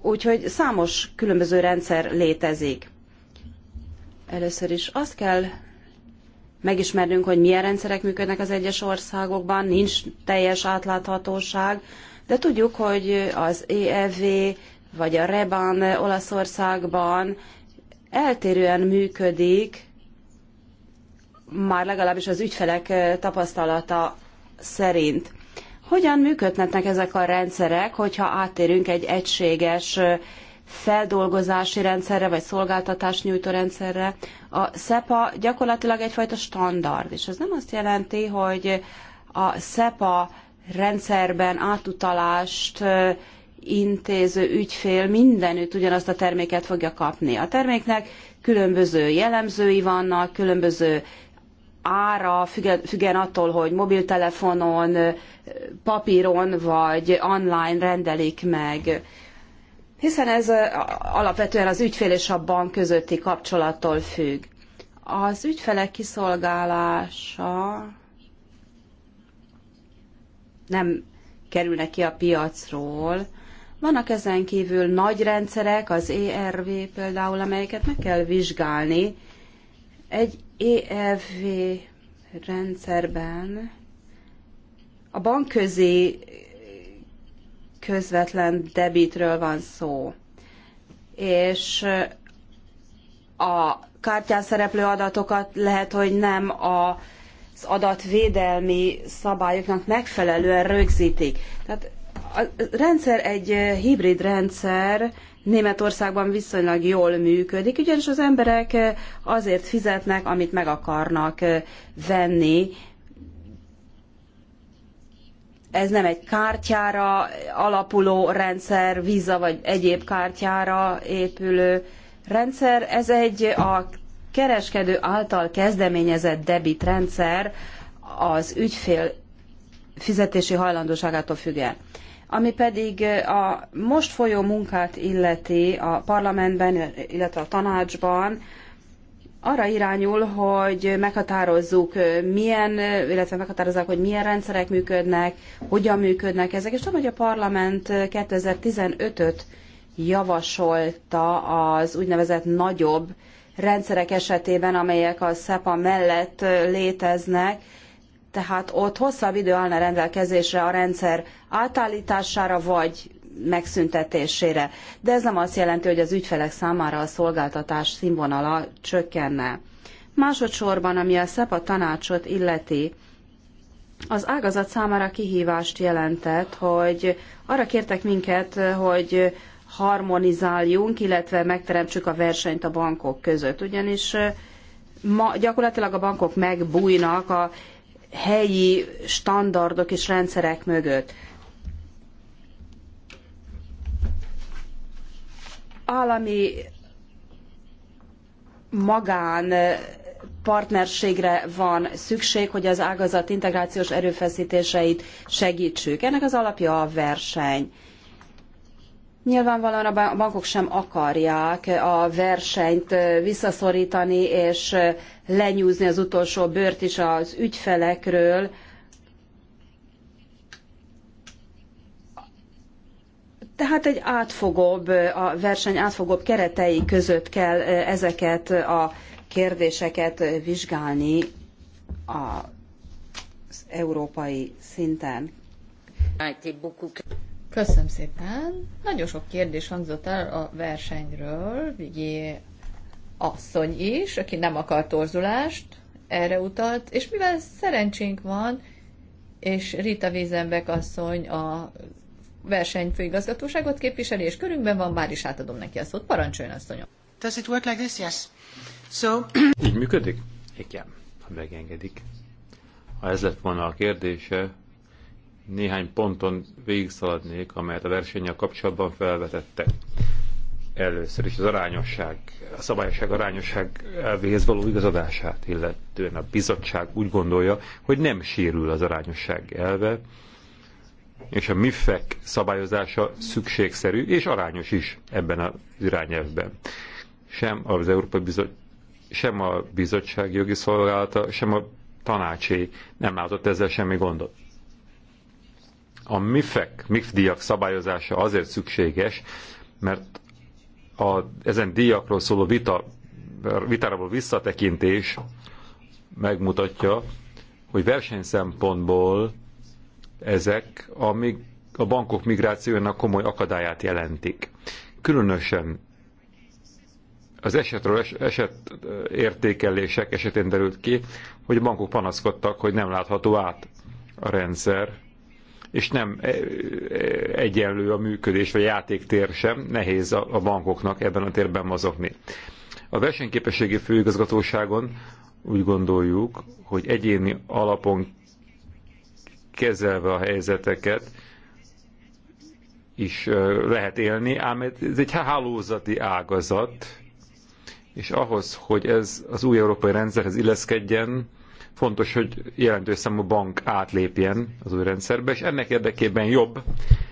Úgyhogy számos különböző rendszer létezik. Először is azt kell megismernünk, hogy milyen rendszerek működnek az egyes országokban, nincs teljes átláthatóság, de tudjuk, hogy az EFV vagy a Reban Olaszországban eltérően működik, már legalábbis az ügyfelek tapasztalata szerint. Hogyan működhetnek ezek a rendszerek, hogyha áttérünk egy egységes feldolgozási rendszerre, vagy szolgáltatásnyújtó rendszerre. A SEPA gyakorlatilag egyfajta standard, és ez nem azt jelenti, hogy a SEPA rendszerben átutalást intéző ügyfél mindenütt ugyanazt a terméket fogja kapni. A terméknek különböző jellemzői vannak, különböző ára függen attól, hogy mobiltelefonon, papíron vagy online rendelik meg. Hiszen ez alapvetően az ügyfél és a bank közötti kapcsolattól függ. Az ügyfelek kiszolgálása nem kerül ki a piacról. Vannak ezen kívül nagy rendszerek, az ERV például, amelyeket meg kell vizsgálni, egy EFV rendszerben a bankközi közvetlen debitről van szó, és a kártyán szereplő adatokat lehet, hogy nem a az adatvédelmi szabályoknak megfelelően rögzítik. Tehát a rendszer egy hibrid rendszer, Németországban viszonylag jól működik, ugyanis az emberek eh, azért fizetnek, amit meg akarnak eh, venni. Ez nem egy kártyára alapuló rendszer, Visa vagy egyéb kártyára épülő rendszer, ez egy a kereskedő által kezdeményezett debitrendszer az ügyfél fizetési hajlandóságától függően. Ami pedig a most folyó munkát illeti a parlamentben, illetve a tanácsban, arra irányul, hogy meghatározzuk, milyen, illetve meghatározzák, hogy milyen rendszerek működnek, hogyan működnek ezek, és tudom, hogy a parlament 2015-öt javasolta az úgynevezett nagyobb rendszerek esetében, amelyek a SEPA mellett léteznek, tehát ott hosszabb idő állna rendelkezésre a rendszer átállítására vagy megszüntetésére. De ez nem azt jelenti, hogy az ügyfelek számára a szolgáltatás színvonala csökkenne. Másodszorban, ami a SEPA tanácsot illeti, az ágazat számára kihívást jelentett, hogy arra kértek minket, hogy harmonizáljunk, illetve megteremtsük a versenyt a bankok között. Ugyanis ma gyakorlatilag a bankok megbújnak a helyi standardok és rendszerek mögött. Állami magán partnerségre van szükség, hogy az ágazat integrációs erőfeszítéseit segítsük. Ennek az alapja a verseny. Nyilvánvalóan a bankok sem akarják a versenyt visszaszorítani és lenyúzni az utolsó bőrt is az ügyfelekről. Tehát egy átfogóbb, a verseny átfogóbb keretei között kell ezeket a kérdéseket vizsgálni az európai szinten. Köszönöm szépen. Nagyon sok kérdés hangzott el a versenyről. Vigyé asszony is, aki nem akar torzulást, erre utalt, és mivel szerencsénk van, és Rita Vézenbek asszony a versenyfőigazgatóságot képviseli, és körünkben van, már is átadom neki a szót. Parancsoljon, asszonyom! Does it work like this? Yes. So... Így működik? Igen, ha megengedik. Ha ez lett volna a kérdése, néhány ponton végigszaladnék, amelyet a versennyel kapcsolatban felvetettek. Először is az arányosság, a szabályosság arányosság elvéhez való igazadását, illetően a bizottság úgy gondolja, hogy nem sérül az arányosság elve, és a MIFEK szabályozása szükségszerű és arányos is ebben az irányelvben. Sem az Európai Bizottság, sem a bizottság jogi szolgálata, sem a tanácsé nem látott ezzel semmi gondot. A MIFEK, MIF díjak szabályozása azért szükséges, mert a, ezen díjakról szóló vita, vitára való visszatekintés megmutatja, hogy versenyszempontból ezek a, a bankok migrációjának komoly akadályát jelentik. Különösen az esetről eset értékelések esetén derült ki, hogy a bankok panaszkodtak, hogy nem látható át a rendszer, és nem e, e, egyenlő a működés vagy játéktér sem, nehéz a bankoknak ebben a térben mozogni. A versenyképességi főigazgatóságon úgy gondoljuk, hogy egyéni alapon kezelve a helyzeteket is e, lehet élni, ám ez egy hálózati ágazat, és ahhoz, hogy ez az új európai rendszerhez illeszkedjen, Fontos, hogy jelentős számú bank átlépjen az új rendszerbe, és ennek érdekében jobb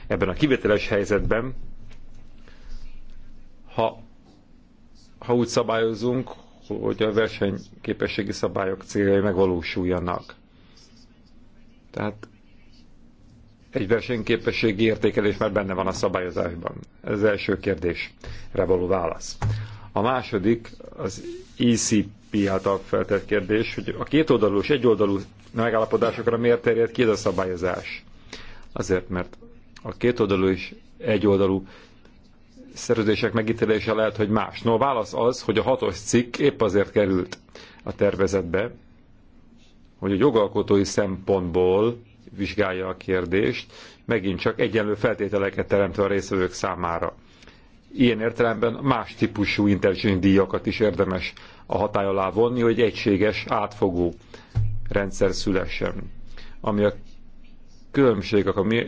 ebben a kivételes helyzetben, ha, ha úgy szabályozunk, hogy a versenyképességi szabályok céljai megvalósuljanak. Tehát egy versenyképességi értékelés már benne van a szabályozásban. Ez az első kérdésre való válasz. A második az ECP által feltett kérdés, hogy a kétoldalú és egyoldalú megállapodásokra miért terjed ki ez a szabályozás? Azért, mert a kétoldalú és egyoldalú szerződések megítélése lehet, hogy más. No, a válasz az, hogy a hatos cikk épp azért került a tervezetbe, hogy a jogalkotói szempontból vizsgálja a kérdést, megint csak egyenlő feltételeket teremtve a részvevők számára ilyen értelemben más típusú intelligent díjakat is érdemes a hatály alá vonni, hogy egységes, átfogó rendszer szülessen. Ami a különbségek a mi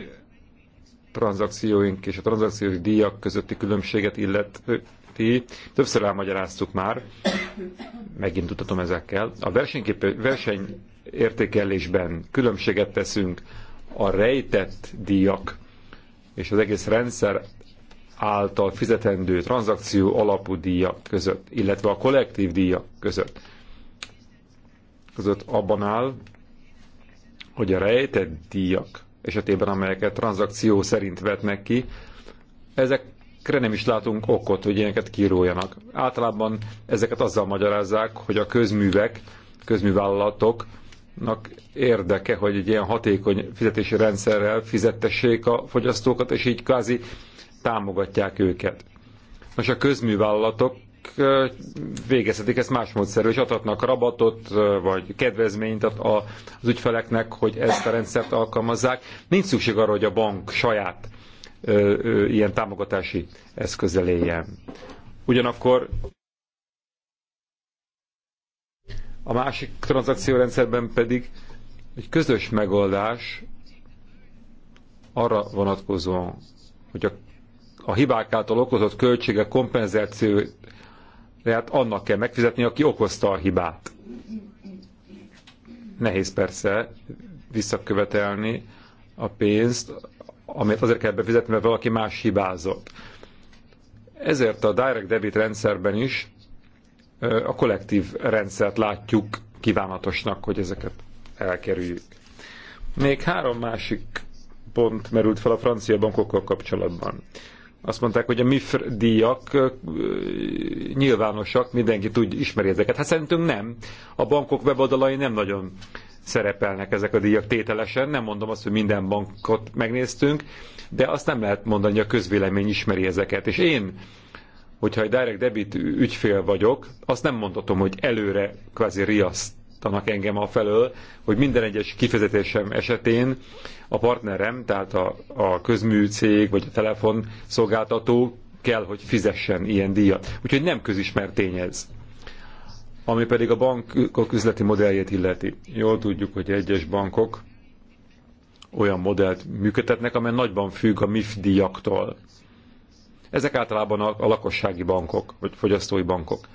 tranzakcióink és a tranzakciós díjak közötti különbséget illeti, többször elmagyaráztuk már, megint tudhatom ezekkel, a versenyértékelésben különbséget teszünk a rejtett díjak és az egész rendszer által fizetendő tranzakció alapú díjak között, illetve a kollektív díjak között, között abban áll, hogy a rejtett díjak esetében, amelyeket tranzakció szerint vetnek ki, ezekre nem is látunk okot, hogy ilyeneket kíróljanak. Általában ezeket azzal magyarázzák, hogy a közművek, közművállalatoknak érdeke, hogy egy ilyen hatékony fizetési rendszerrel fizettessék a fogyasztókat, és így kvázi támogatják őket. Most a közművállalatok végezhetik ezt más módszerű, és adhatnak rabatot vagy kedvezményt az ügyfeleknek, hogy ezt a rendszert alkalmazzák. Nincs szükség arra, hogy a bank saját ilyen támogatási eszközzel éljen. Ugyanakkor a másik tranzakciórendszerben pedig egy közös megoldás arra vonatkozóan, hogy a a hibák által okozott költségek kompenzációját annak kell megfizetni, aki okozta a hibát. Nehéz persze visszakövetelni a pénzt, amit azért kell befizetni, mert valaki más hibázott. Ezért a direct debit rendszerben is a kollektív rendszert látjuk kívánatosnak, hogy ezeket elkerüljük. Még három másik pont merült fel a francia bankokkal kapcsolatban azt mondták, hogy a MIF díjak nyilvánosak, mindenki tud, ismeri ezeket. Hát szerintünk nem. A bankok weboldalai nem nagyon szerepelnek ezek a díjak tételesen. Nem mondom azt, hogy minden bankot megnéztünk, de azt nem lehet mondani, hogy a közvélemény ismeri ezeket. És én, hogyha egy direct debit ügyfél vagyok, azt nem mondhatom, hogy előre kvázi riasztanak engem a felől, hogy minden egyes kifizetésem esetén a partnerem, tehát a, a közműcég vagy a telefonszolgáltató kell, hogy fizessen ilyen díjat. Úgyhogy nem közismert tény ez. Ami pedig a bankok üzleti modelljét illeti. Jól tudjuk, hogy egyes bankok olyan modellt működtetnek, amely nagyban függ a MIF díjaktól. Ezek általában a, a lakossági bankok, vagy fogyasztói bankok.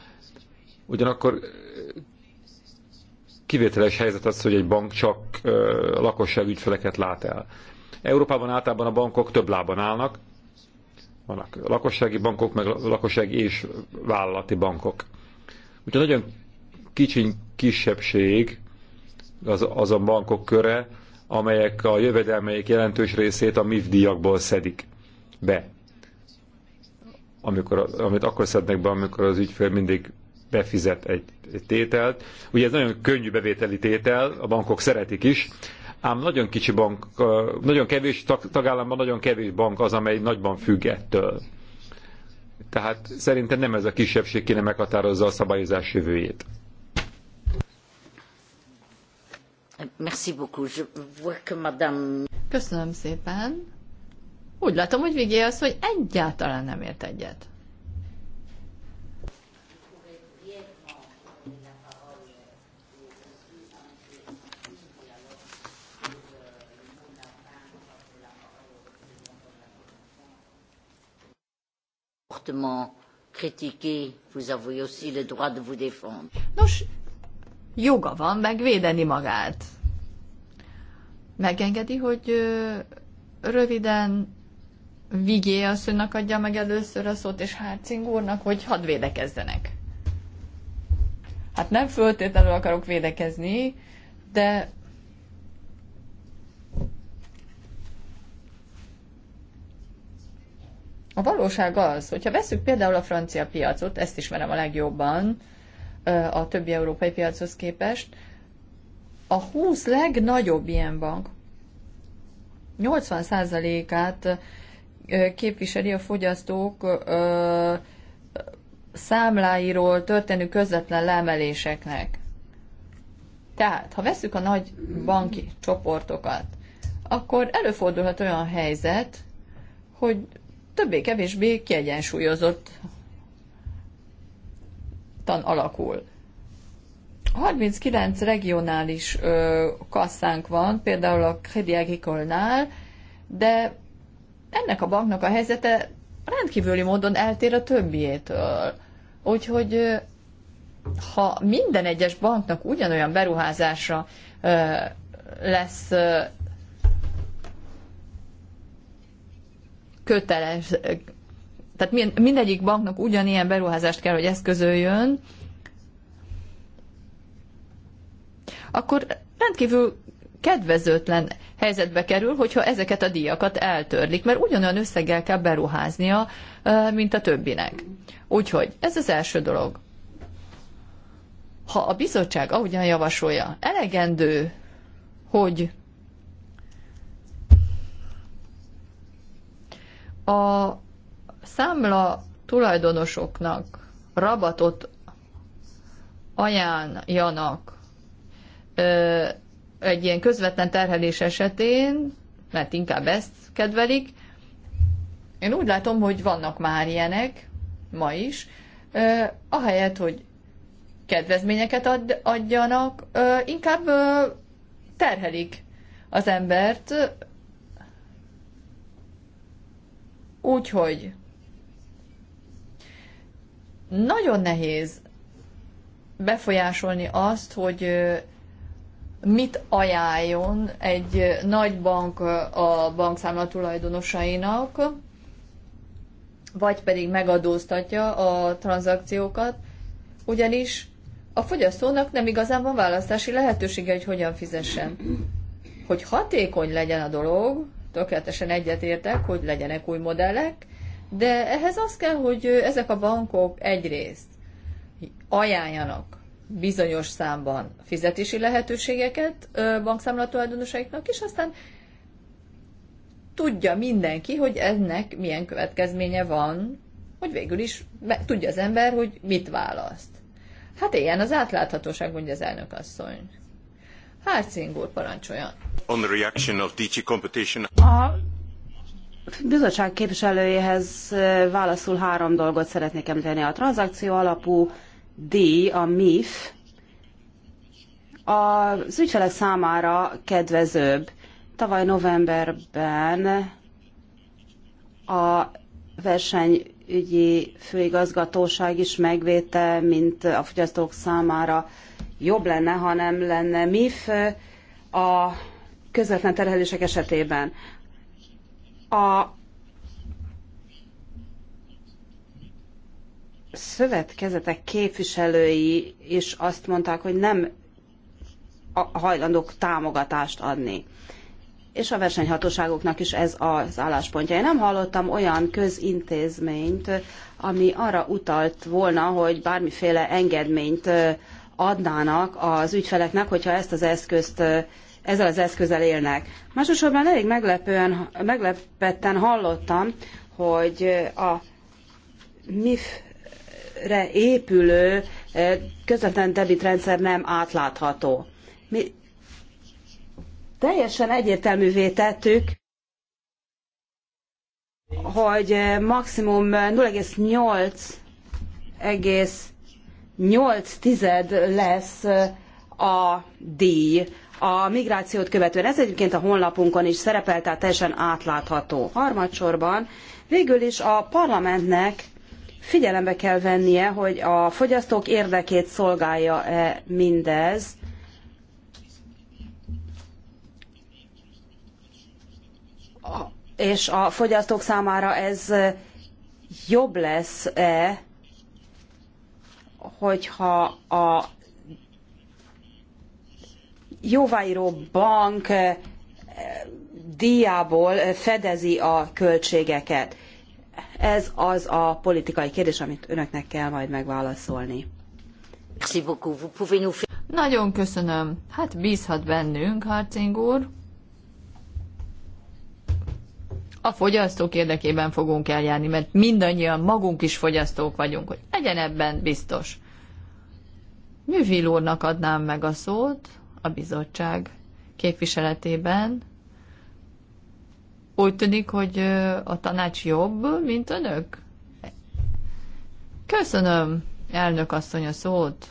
Ugyanakkor kivételes helyzet az, hogy egy bank csak lakosság ügyfeleket lát el. Európában általában a bankok több lában állnak, vannak lakossági bankok, meg lakossági és vállalati bankok. Úgyhogy nagyon kicsi kisebbség az, az a bankok köre, amelyek a jövedelmeik jelentős részét a MIF díjakból szedik be. Amikor, amit akkor szednek be, amikor az ügyfél mindig befizet egy, tételt. Ugye ez nagyon könnyű bevételi tétel, a bankok szeretik is, ám nagyon kicsi bank, nagyon kevés tagállamban nagyon kevés bank az, amely nagyban függ ettől. Tehát szerintem nem ez a kisebbség kéne meghatározza a szabályozás jövőjét. Merci beaucoup. Je vois que madame... Köszönöm szépen. Úgy látom, hogy végé az, hogy egyáltalán nem ért egyet. fortement critiqué, vous avez aussi le droit de vous défendre. Nos, joga van megvédeni magát. Megengedi, hogy ö, röviden a szönnek adja meg először a szót, és Hárcing úrnak, hogy hadd védekezzenek. Hát nem föltétlenül akarok védekezni, de A valóság az, hogyha veszük például a francia piacot, ezt ismerem a legjobban a többi európai piachoz képest, a 20 legnagyobb ilyen bank 80%-át képviseli a fogyasztók számláiról történő közvetlen leemeléseknek. Tehát, ha veszük a nagy banki csoportokat, akkor előfordulhat olyan helyzet, hogy többé-kevésbé kiegyensúlyozott tan alakul. 39 regionális ö, kasszánk van, például a Crédit agricole de ennek a banknak a helyzete rendkívüli módon eltér a többiétől. Úgyhogy ö, ha minden egyes banknak ugyanolyan beruházása ö, lesz köteles, tehát mindegyik banknak ugyanilyen beruházást kell, hogy eszközöljön, akkor rendkívül kedvezőtlen helyzetbe kerül, hogyha ezeket a díjakat eltörlik, mert ugyanolyan összeggel kell beruháznia, mint a többinek. Úgyhogy ez az első dolog. Ha a bizottság ahogyan javasolja, elegendő, hogy a számla tulajdonosoknak rabatot ajánljanak ö, egy ilyen közvetlen terhelés esetén, mert inkább ezt kedvelik. Én úgy látom, hogy vannak már ilyenek, ma is, ö, ahelyett, hogy kedvezményeket ad, adjanak, ö, inkább ö, terhelik az embert, Úgyhogy nagyon nehéz befolyásolni azt, hogy mit ajánljon egy nagy bank a bankszámla tulajdonosainak, vagy pedig megadóztatja a tranzakciókat, ugyanis a fogyasztónak nem igazán van választási lehetősége, hogy hogyan fizessen. Hogy hatékony legyen a dolog, tökéletesen egyetértek, hogy legyenek új modellek, de ehhez az kell, hogy ezek a bankok egyrészt ajánljanak bizonyos számban fizetési lehetőségeket bankszámlatulajdonosaiknak, és aztán tudja mindenki, hogy ennek milyen következménye van, hogy végül is tudja az ember, hogy mit választ. Hát ilyen az átláthatóság, mondja az elnök asszony. Hárcing úr parancsoljon. On the reaction of DG competition. A bizottság képviselőjéhez válaszul három dolgot szeretnék említeni. A tranzakció alapú díj, a MIF, az ügyfelek számára kedvezőbb. Tavaly novemberben a versenyügyi főigazgatóság is megvédte, mint a fogyasztók számára jobb lenne, hanem lenne MIF a közvetlen terhelések esetében. A szövetkezetek képviselői is azt mondták, hogy nem hajlandók támogatást adni. És a versenyhatóságoknak is ez az álláspontja. Én nem hallottam olyan közintézményt, ami arra utalt volna, hogy bármiféle engedményt adnának az ügyfeleknek, hogyha ezt az eszközt ezzel az eszközzel élnek. Másosorban elég meglepően, meglepetten hallottam, hogy a MIF-re épülő közvetlen debitrendszer nem átlátható. Mi teljesen egyértelművé tettük, hogy maximum 0,8 egész nyolc tized lesz a díj a migrációt követően. Ez egyébként a honlapunkon is szerepel, tehát teljesen átlátható. Harmadsorban végül is a parlamentnek figyelembe kell vennie, hogy a fogyasztók érdekét szolgálja-e mindez, és a fogyasztók számára ez jobb lesz-e, hogyha a jóváíró bank eh, díjából fedezi a költségeket. Ez az a politikai kérdés, amit önöknek kell majd megválaszolni. Nagyon köszönöm. Hát bízhat bennünk, Harcing úr a fogyasztók érdekében fogunk eljárni, mert mindannyian magunk is fogyasztók vagyunk, hogy legyen ebben biztos. Művil úrnak adnám meg a szót a bizottság képviseletében. Úgy tűnik, hogy a tanács jobb, mint önök? Köszönöm, elnök asszony a szót.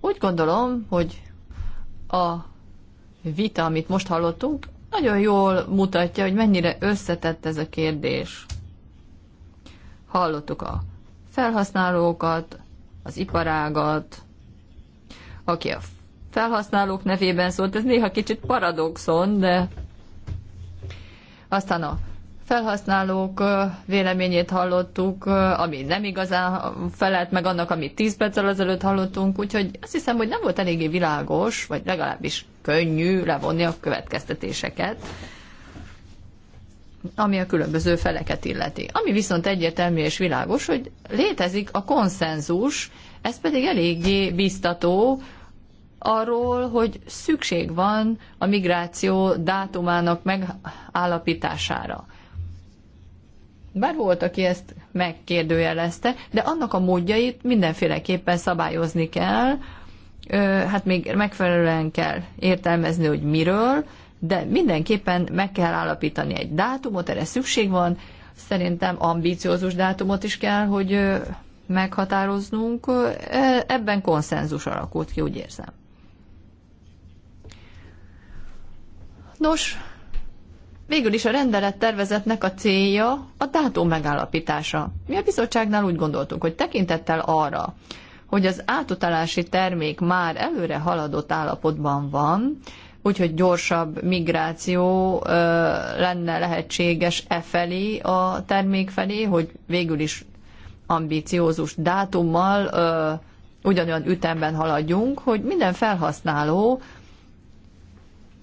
Úgy gondolom, hogy a vita, amit most hallottunk, nagyon jól mutatja, hogy mennyire összetett ez a kérdés. Hallottuk a felhasználókat, az iparágat, aki a felhasználók nevében szólt, ez néha kicsit paradoxon, de aztán a felhasználók véleményét hallottuk, ami nem igazán felelt meg annak, amit 10 perccel ezelőtt hallottunk, úgyhogy azt hiszem, hogy nem volt eléggé világos, vagy legalábbis könnyű levonni a következtetéseket, ami a különböző feleket illeti. Ami viszont egyértelmű és világos, hogy létezik a konszenzus, ez pedig eléggé biztató, arról, hogy szükség van a migráció dátumának megállapítására. Bár volt, aki ezt megkérdőjelezte, de annak a módjait mindenféleképpen szabályozni kell, hát még megfelelően kell értelmezni, hogy miről, de mindenképpen meg kell állapítani egy dátumot, erre szükség van, szerintem ambíciózus dátumot is kell, hogy meghatároznunk. Ebben konszenzus alakult ki, úgy érzem. Nos, végül is a rendelet tervezetnek a célja a dátum megállapítása. Mi a bizottságnál úgy gondoltunk, hogy tekintettel arra, hogy az átutalási termék már előre haladott állapotban van, úgyhogy gyorsabb migráció ö, lenne lehetséges e felé a termék felé, hogy végül is ambiciózus dátummal ö, ugyanolyan ütemben haladjunk, hogy minden felhasználó,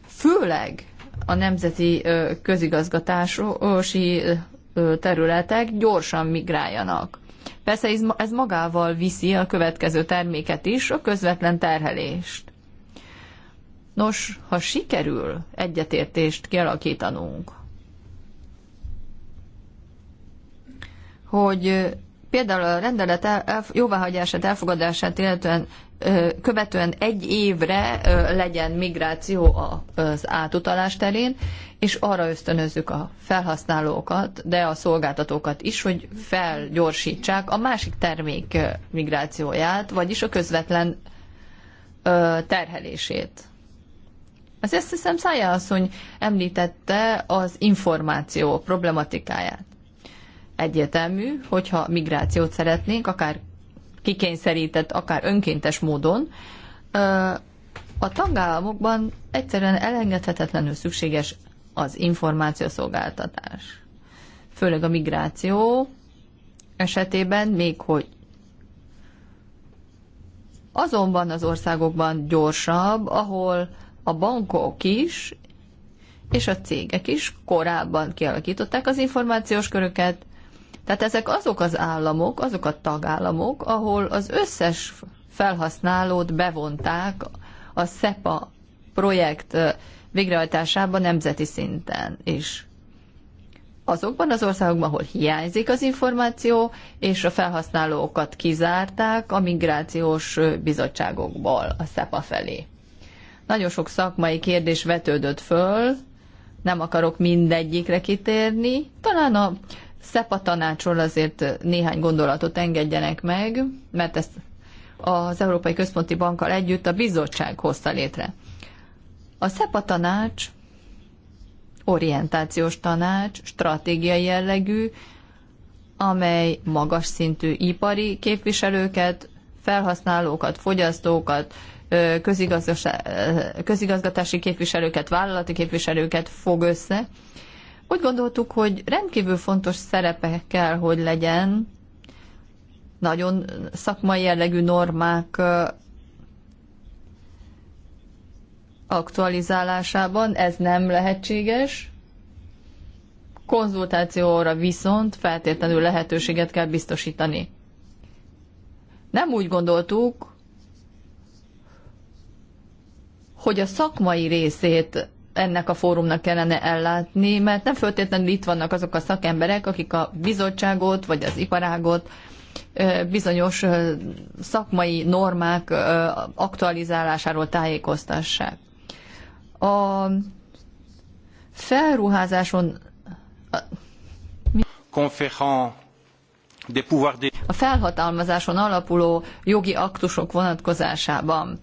főleg a nemzeti közigazgatási területek gyorsan migráljanak. Persze ez magával viszi a következő terméket is, a közvetlen terhelést. Nos, ha sikerül egyetértést kialakítanunk, hogy például a rendelet el, jóváhagyását, elfogadását illetően követően egy évre legyen migráció az átutalás terén, és arra ösztönözzük a felhasználókat, de a szolgáltatókat is, hogy felgyorsítsák a másik termék migrációját, vagyis a közvetlen terhelését. Az ezt hiszem Szája asszony említette az információ problematikáját. Egyértelmű, hogyha migrációt szeretnénk, akár kikényszerített, akár önkéntes módon, a tagállamokban egyszerűen elengedhetetlenül szükséges az információszolgáltatás. Főleg a migráció esetében, még hogy azonban az országokban gyorsabb, ahol a bankok is és a cégek is korábban kialakították az információs köröket. Tehát ezek azok az államok, azok a tagállamok, ahol az összes felhasználót bevonták a SEPA projekt végrehajtásában nemzeti szinten is. Azokban az országokban, ahol hiányzik az információ, és a felhasználókat kizárták a migrációs bizottságokból a SZEPA felé. Nagyon sok szakmai kérdés vetődött föl, nem akarok mindegyikre kitérni, talán a SZEPA tanácsról azért néhány gondolatot engedjenek meg, mert ezt az Európai Központi Bankkal együtt a bizottság hozta létre. A SZEPA tanács, orientációs tanács, stratégiai jellegű, amely magas szintű ipari képviselőket, felhasználókat, fogyasztókat, közigazgatási képviselőket, vállalati képviselőket fog össze. Úgy gondoltuk, hogy rendkívül fontos szerepe kell, hogy legyen, nagyon szakmai jellegű normák aktualizálásában ez nem lehetséges, konzultációra viszont feltétlenül lehetőséget kell biztosítani. Nem úgy gondoltuk, hogy a szakmai részét ennek a fórumnak kellene ellátni, mert nem feltétlenül itt vannak azok a szakemberek, akik a bizottságot vagy az iparágot bizonyos szakmai normák aktualizálásáról tájékoztassák a felruházáson a felhatalmazáson alapuló jogi aktusok vonatkozásában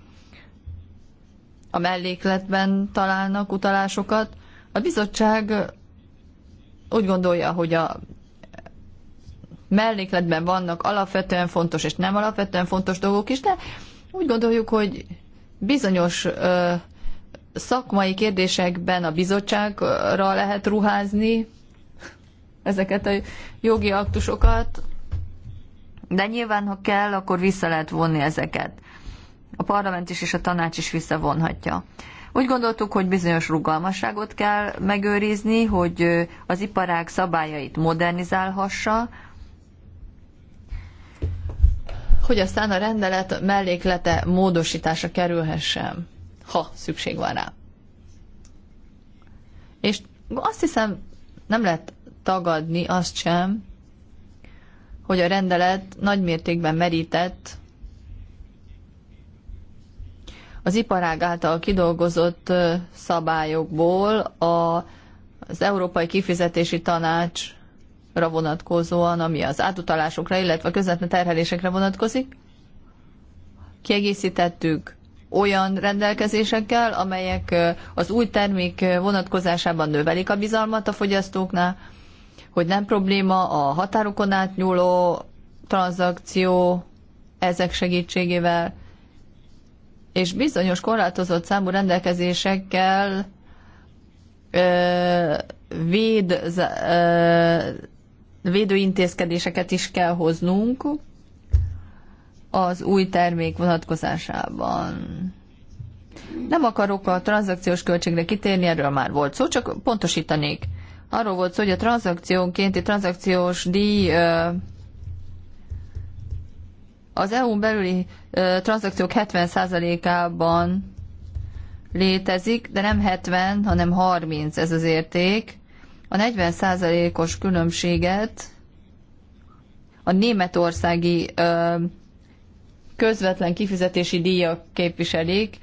a mellékletben találnak utalásokat. A bizottság úgy gondolja, hogy a mellékletben vannak alapvetően fontos és nem alapvetően fontos dolgok is, de úgy gondoljuk, hogy bizonyos szakmai kérdésekben a bizottságra lehet ruházni ezeket a jogi aktusokat, de nyilván, ha kell, akkor vissza lehet vonni ezeket. A parlament is és a tanács is visszavonhatja. Úgy gondoltuk, hogy bizonyos rugalmasságot kell megőrizni, hogy az iparág szabályait modernizálhassa, hogy aztán a rendelet melléklete módosítása kerülhessen ha szükség van rá. És azt hiszem, nem lehet tagadni azt sem, hogy a rendelet nagymértékben merített az iparág által kidolgozott szabályokból a, az Európai Kifizetési Tanácsra vonatkozóan, ami az átutalásokra, illetve közvetlen terhelésekre vonatkozik. Kiegészítettük olyan rendelkezésekkel, amelyek az új termék vonatkozásában növelik a bizalmat a fogyasztóknál, hogy nem probléma a határokon átnyúló tranzakció ezek segítségével, és bizonyos korlátozott számú rendelkezésekkel ö, véd, ö, védőintézkedéseket is kell hoznunk, az új termék vonatkozásában. Nem akarok a tranzakciós költségre kitérni, erről már volt szó, csak pontosítanék. Arról volt szó, hogy a tranzakciónkénti tranzakciós díj az eu belüli tranzakciók 70%-ában létezik, de nem 70, hanem 30 ez az érték. A 40%-os különbséget a németországi közvetlen kifizetési díjak képviselik,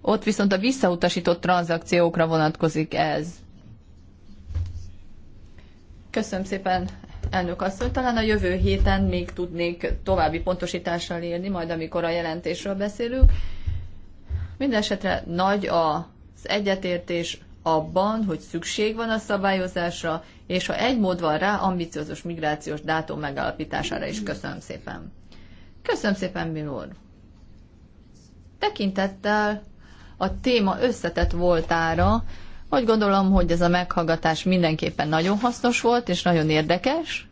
ott viszont a visszautasított tranzakciókra vonatkozik ez. Köszönöm szépen, elnök asszony. Talán a jövő héten még tudnék további pontosítással írni, majd amikor a jelentésről beszélünk. Mindenesetre nagy az egyetértés abban, hogy szükség van a szabályozásra, és ha egy mód van rá, ambiciózus migrációs dátum megállapítására is. Köszönöm szépen. Köszönöm szépen, Bill Tekintettel a téma összetett voltára, úgy gondolom, hogy ez a meghallgatás mindenképpen nagyon hasznos volt, és nagyon érdekes.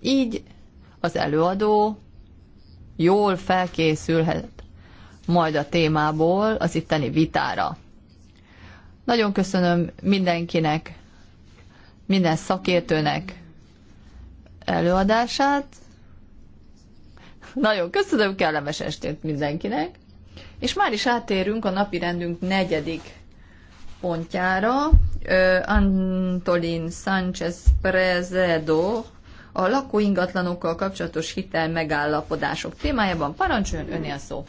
Így az előadó jól felkészülhet majd a témából az itteni vitára. Nagyon köszönöm mindenkinek, minden szakértőnek, előadását. Nagyon köszönöm, kellemes estét mindenkinek. És már is átérünk a napi rendünk negyedik pontjára. Antolin Sánchez Prezedo a lakóingatlanokkal kapcsolatos hitel megállapodások témájában. Parancsoljon önél szó!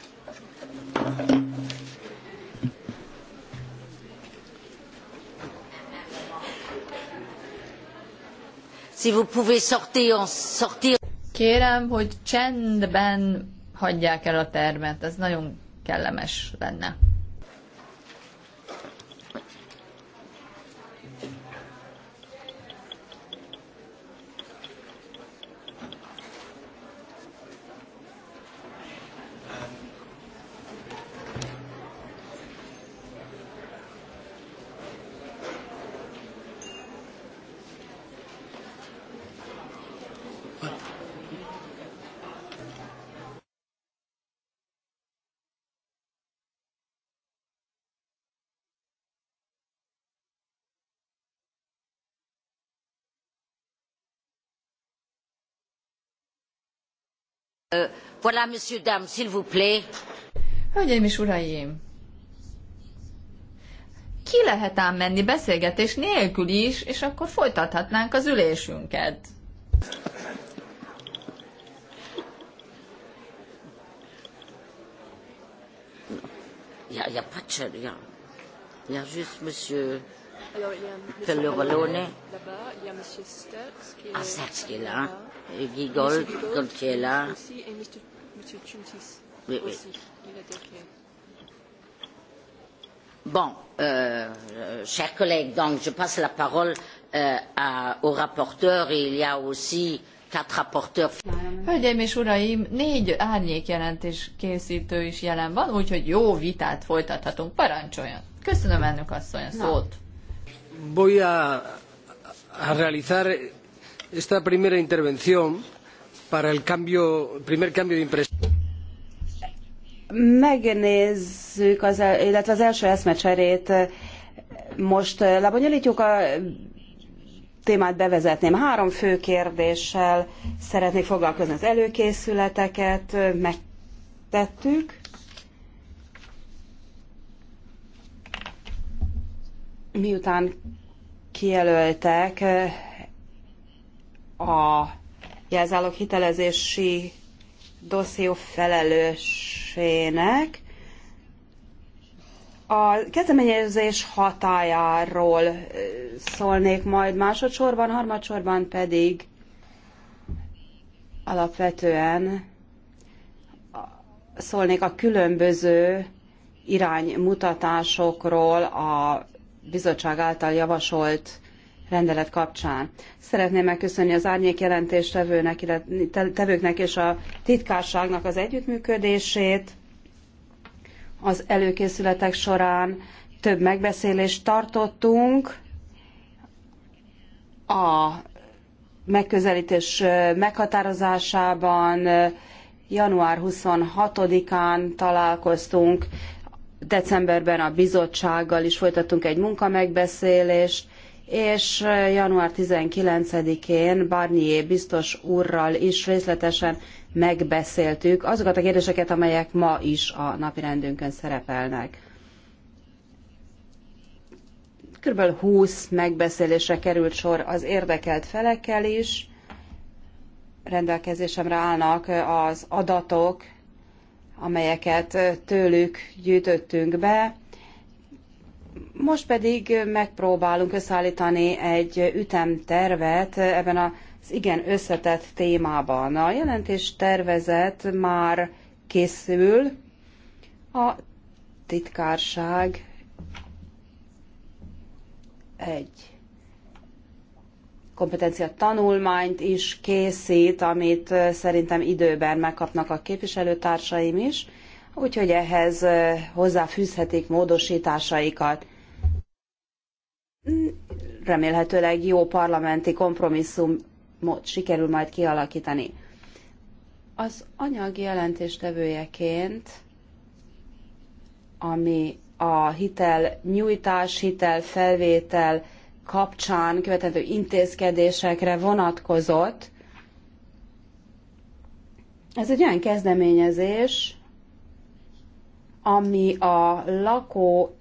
Kérem, hogy csendben hagyják el a termet, ez nagyon kellemes lenne. Euh, voilà, monsieur, dame, s'il vous plaît. Hölgyeim és uraim! Ki lehet ám menni beszélgetés nélkül is, és akkor folytathatnánk az ülésünket. Ja, ja, a, y a pas de... Il y a, monsieur te le vallone. Ah, Serge qui est là. Et Guy qui est là. Oui, oui. Bon, euh, chers collègues, donc je passe la parole euh, à, au rapporteur et il y a aussi quatre rapporteurs. Hölgyeim és uraim, négy árnyék jelentés készítő is jelen van, úgyhogy jó vitát folytathatunk. Parancsoljon! Köszönöm ennek asszony a szót! Na voy a, a realizar esta primera intervención para el cambio, primer cambio de impresión. Megnézzük, az, illetve az első eszmecserét most eh, lebonyolítjuk a témát bevezetném. Három fő kérdéssel szeretnék foglalkozni az előkészületeket, eh, megtettük. miután kijelöltek eh, a jelzálog hitelezési dosszió felelősének, a kezdeményezés hatájáról eh, szólnék majd másodszorban, harmadsorban pedig alapvetően szólnék a különböző iránymutatásokról, a bizottság által javasolt rendelet kapcsán. Szeretném megköszönni az árnyék tevőnek tevőknek és a titkárságnak az együttműködését. Az előkészületek során több megbeszélést tartottunk. A megközelítés meghatározásában január 26-án találkoztunk Decemberben a bizottsággal is folytattunk egy munkamegbeszélést, és január 19-én Barnier biztos úrral is részletesen megbeszéltük azokat a kérdéseket, amelyek ma is a napirendünkön szerepelnek. Körülbelül 20 megbeszélésre került sor az érdekelt felekkel is. Rendelkezésemre állnak az adatok amelyeket tőlük gyűjtöttünk be. Most pedig megpróbálunk összeállítani egy ütemtervet ebben az igen összetett témában. A jelentés tervezet már készül, a titkárság egy kompetencia tanulmányt is készít, amit szerintem időben megkapnak a képviselőtársaim is, úgyhogy ehhez hozzáfűzhetik módosításaikat. Mm, remélhetőleg jó parlamenti kompromisszumot sikerül majd kialakítani. Az anyag jelentéstevőjeként, ami a hitel nyújtás, hitel felvétel, kapcsán követendő intézkedésekre vonatkozott. Ez egy olyan kezdeményezés, ami a lakó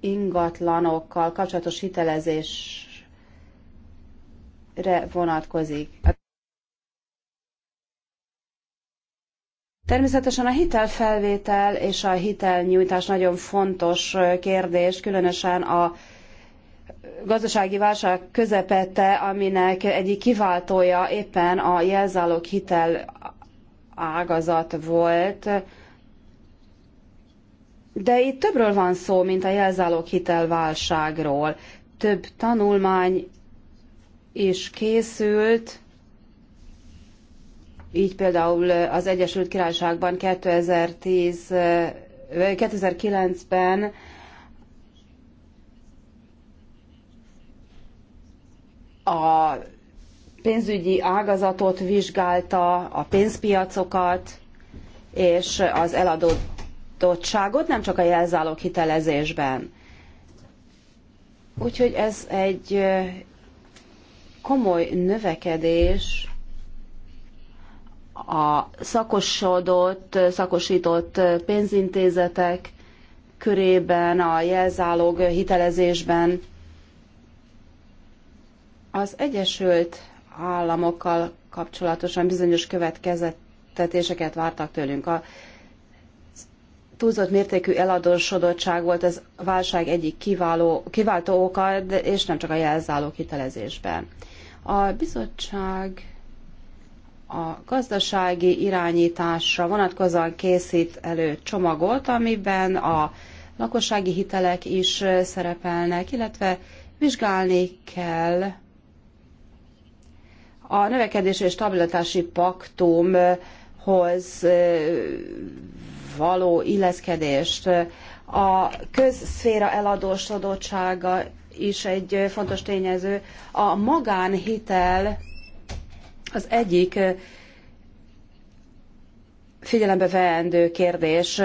ingatlanokkal kapcsolatos hitelezésre vonatkozik. Természetesen a hitelfelvétel és a hitelnyújtás nagyon fontos kérdés, különösen a gazdasági válság közepette, aminek egyik kiváltója éppen a jelzálók hitel ágazat volt. De itt többről van szó, mint a jelzálók hitel válságról. Több tanulmány is készült, így például az Egyesült Királyságban 2010 2009-ben a pénzügyi ágazatot vizsgálta, a pénzpiacokat és az eladottságot, nem csak a jelzálók hitelezésben. Úgyhogy ez egy komoly növekedés a szakosodott, szakosított pénzintézetek körében, a jelzálog hitelezésben az Egyesült Államokkal kapcsolatosan bizonyos következtetéseket vártak tőlünk. A túlzott mértékű eladósodottság volt ez válság egyik kiváló, kiváltó oka, és nem csak a jelzáló hitelezésben. A bizottság a gazdasági irányításra vonatkozóan készít elő csomagot, amiben a lakossági hitelek is szerepelnek, illetve vizsgálni kell a növekedés és stabilitási paktumhoz való illeszkedést, a közszféra eladósodottsága is egy fontos tényező. A magánhitel az egyik figyelembe veendő kérdés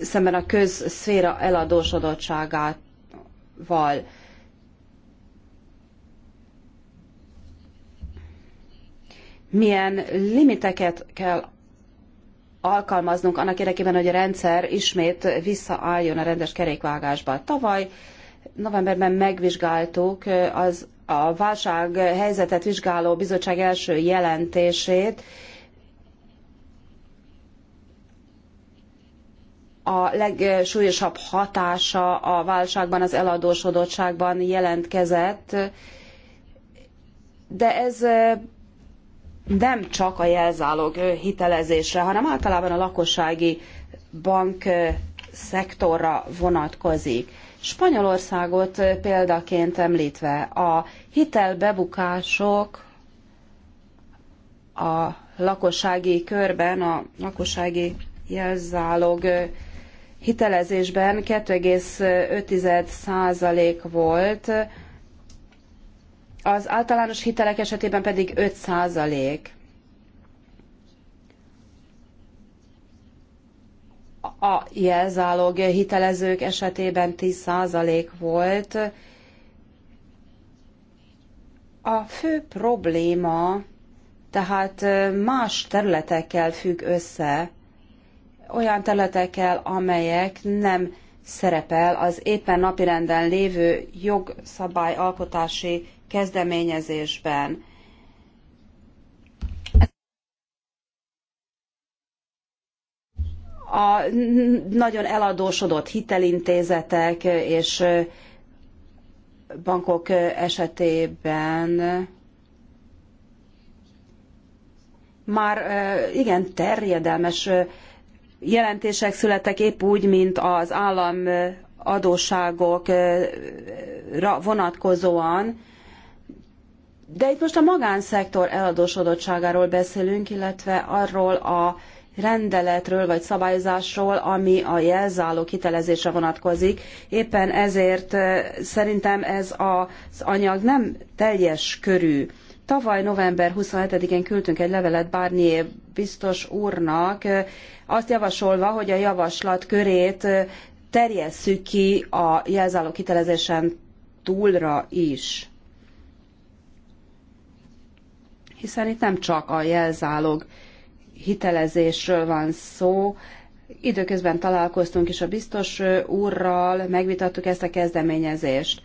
szemben a közszféra eladósodottságával. milyen limiteket kell alkalmaznunk annak érdekében, hogy a rendszer ismét visszaálljon a rendes kerékvágásba. Tavaly novemberben megvizsgáltuk az a válság helyzetet vizsgáló bizottság első jelentését, a legsúlyosabb hatása a válságban, az eladósodottságban jelentkezett, de ez nem csak a jelzálog hitelezésre, hanem általában a lakossági bank szektorra vonatkozik. Spanyolországot példaként említve a hitelbebukások a lakossági körben, a lakossági jelzálog hitelezésben 2,5% volt, az általános hitelek esetében pedig 5 százalék. A jelzálog hitelezők esetében 10 százalék volt. A fő probléma tehát más területekkel függ össze, olyan területekkel, amelyek nem szerepel az éppen napirenden lévő jogszabályalkotási kezdeményezésben. A nagyon eladósodott hitelintézetek és bankok esetében már igen terjedelmes jelentések születtek épp úgy, mint az állam adósságokra vonatkozóan, de itt most a magánszektor eladósodottságáról beszélünk, illetve arról a rendeletről vagy szabályozásról, ami a jelzáló kitelezésre vonatkozik. Éppen ezért szerintem ez az anyag nem teljes körű. Tavaly november 27-én küldtünk egy levelet Barnier biztos úrnak, azt javasolva, hogy a javaslat körét terjesszük ki a jelzáló kitelezésen túlra is hiszen itt nem csak a jelzálog hitelezésről van szó, időközben találkoztunk is a biztos úrral, megvitattuk ezt a kezdeményezést.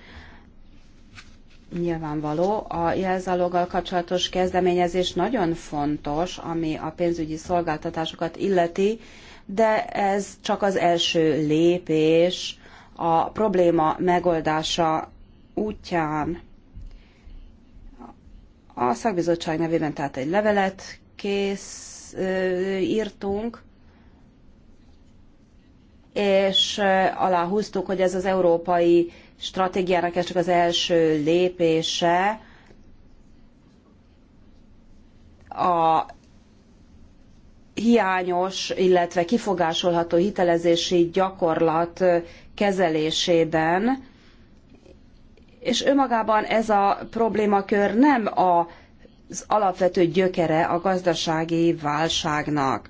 Nyilvánvaló, a jelzáloggal kapcsolatos kezdeményezés nagyon fontos, ami a pénzügyi szolgáltatásokat illeti, de ez csak az első lépés a probléma megoldása útján. A szakbizottság nevében tehát egy levelet kész írtunk, és aláhúztuk, hogy ez az európai stratégiának ez csak az első lépése. A hiányos, illetve kifogásolható hitelezési gyakorlat kezelésében és önmagában ez a problémakör nem a az alapvető gyökere a gazdasági válságnak.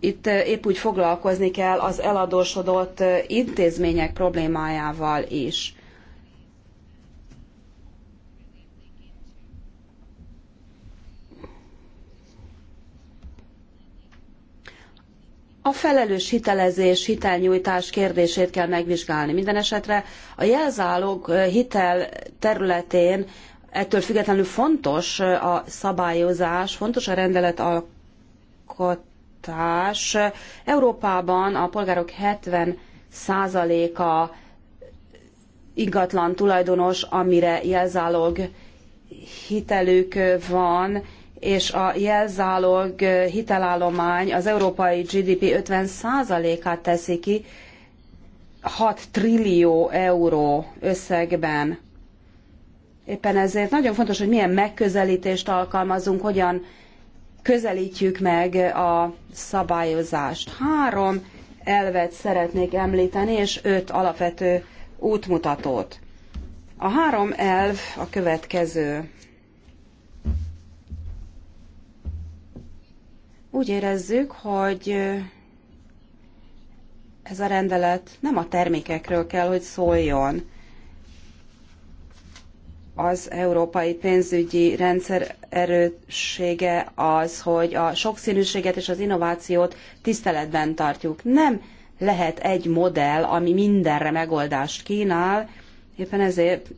Itt eh, épp úgy foglalkozni kell az eladósodott eh, intézmények problémájával is. a felelős hitelezés, hitelnyújtás kérdését kell megvizsgálni. Minden esetre a jelzálog hitel területén ettől függetlenül fontos a szabályozás, fontos a rendeletalkotás. Európában a polgárok 70 százaléka ingatlan tulajdonos, amire jelzálog hitelük van, és a jelzálog hitelállomány az európai GDP 50%-át teszi ki 6 trillió euró összegben. Éppen ezért nagyon fontos, hogy milyen megközelítést alkalmazunk, hogyan közelítjük meg a szabályozást. Három elvet szeretnék említeni, és öt alapvető útmutatót. A három elv a következő. Úgy érezzük, hogy ez a rendelet nem a termékekről kell, hogy szóljon. Az európai pénzügyi rendszer erőssége az, hogy a sokszínűséget és az innovációt tiszteletben tartjuk. Nem lehet egy modell, ami mindenre megoldást kínál, éppen ezért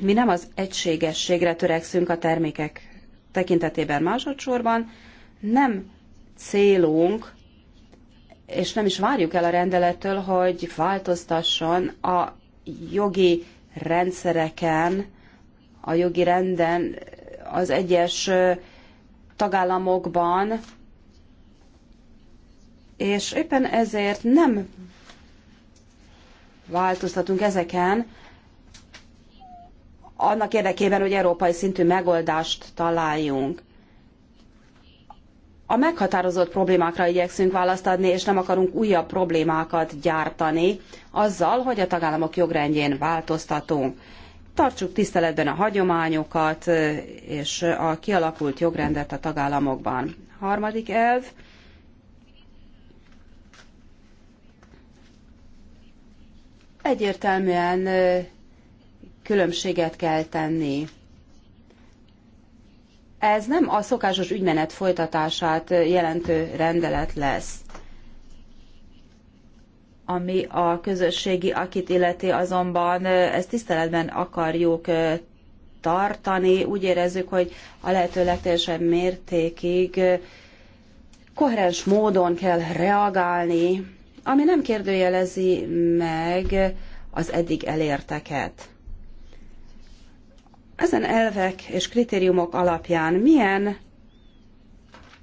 mi nem az egységességre törekszünk a termékek tekintetében másodszorban, nem célunk, és nem is várjuk el a rendelettől, hogy változtasson a jogi rendszereken, a jogi renden az egyes tagállamokban, és éppen ezért nem változtatunk ezeken, annak érdekében, hogy európai szintű megoldást találjunk a meghatározott problémákra igyekszünk választ adni, és nem akarunk újabb problémákat gyártani azzal, hogy a tagállamok jogrendjén változtatunk. Tartsuk tiszteletben a hagyományokat és a kialakult jogrendet a tagállamokban. Harmadik elv. Egyértelműen különbséget kell tenni ez nem a szokásos ügymenet folytatását jelentő rendelet lesz ami a közösségi akit illeti azonban ezt tiszteletben akarjuk tartani. Úgy érezzük, hogy a lehető legteljesebb mértékig koherens módon kell reagálni, ami nem kérdőjelezi meg az eddig elérteket. Ezen elvek és kritériumok alapján milyen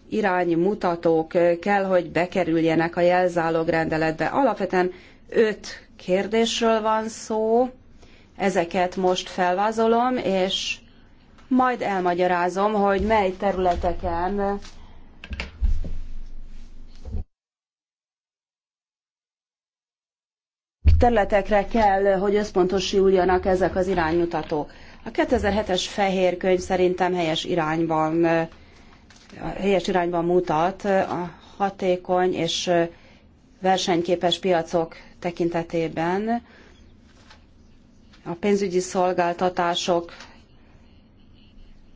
iránymutatók kell, hogy bekerüljenek a jelzálog rendeletbe? Alapvetően öt kérdésről van szó, ezeket most felvázolom, és majd elmagyarázom, hogy mely területeken területekre kell, hogy összpontosuljanak ezek az iránymutatók. A 2007-es fehér könyv szerintem helyes irányban, helyes irányban mutat a hatékony és versenyképes piacok tekintetében. A pénzügyi szolgáltatások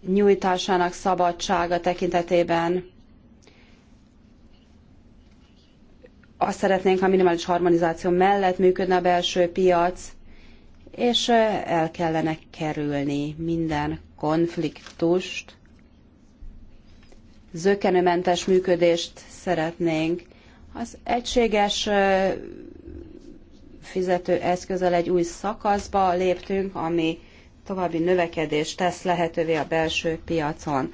nyújtásának szabadsága tekintetében azt szeretnénk, ha minimális harmonizáció mellett működne a belső piac, és el kellene kerülni minden konfliktust. Zökenőmentes működést szeretnénk. Az egységes fizető eszközzel egy új szakaszba léptünk, ami további növekedést tesz lehetővé a belső piacon.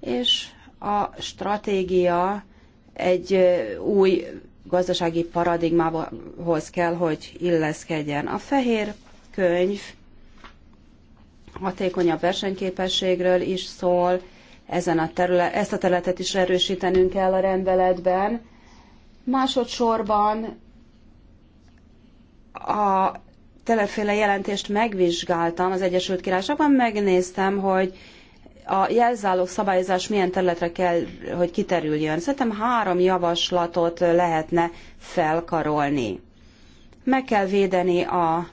És a stratégia egy új gazdasági paradigmához kell, hogy illeszkedjen. A fehér könyv hatékonyabb versenyképességről is szól, ezen a terület, ezt a területet is erősítenünk kell a rendeletben. Másodszorban a teleféle jelentést megvizsgáltam az Egyesült Királyságban, megnéztem, hogy a jelzálók szabályozás milyen területre kell, hogy kiterüljön. Szerintem három javaslatot lehetne felkarolni. Meg kell védeni a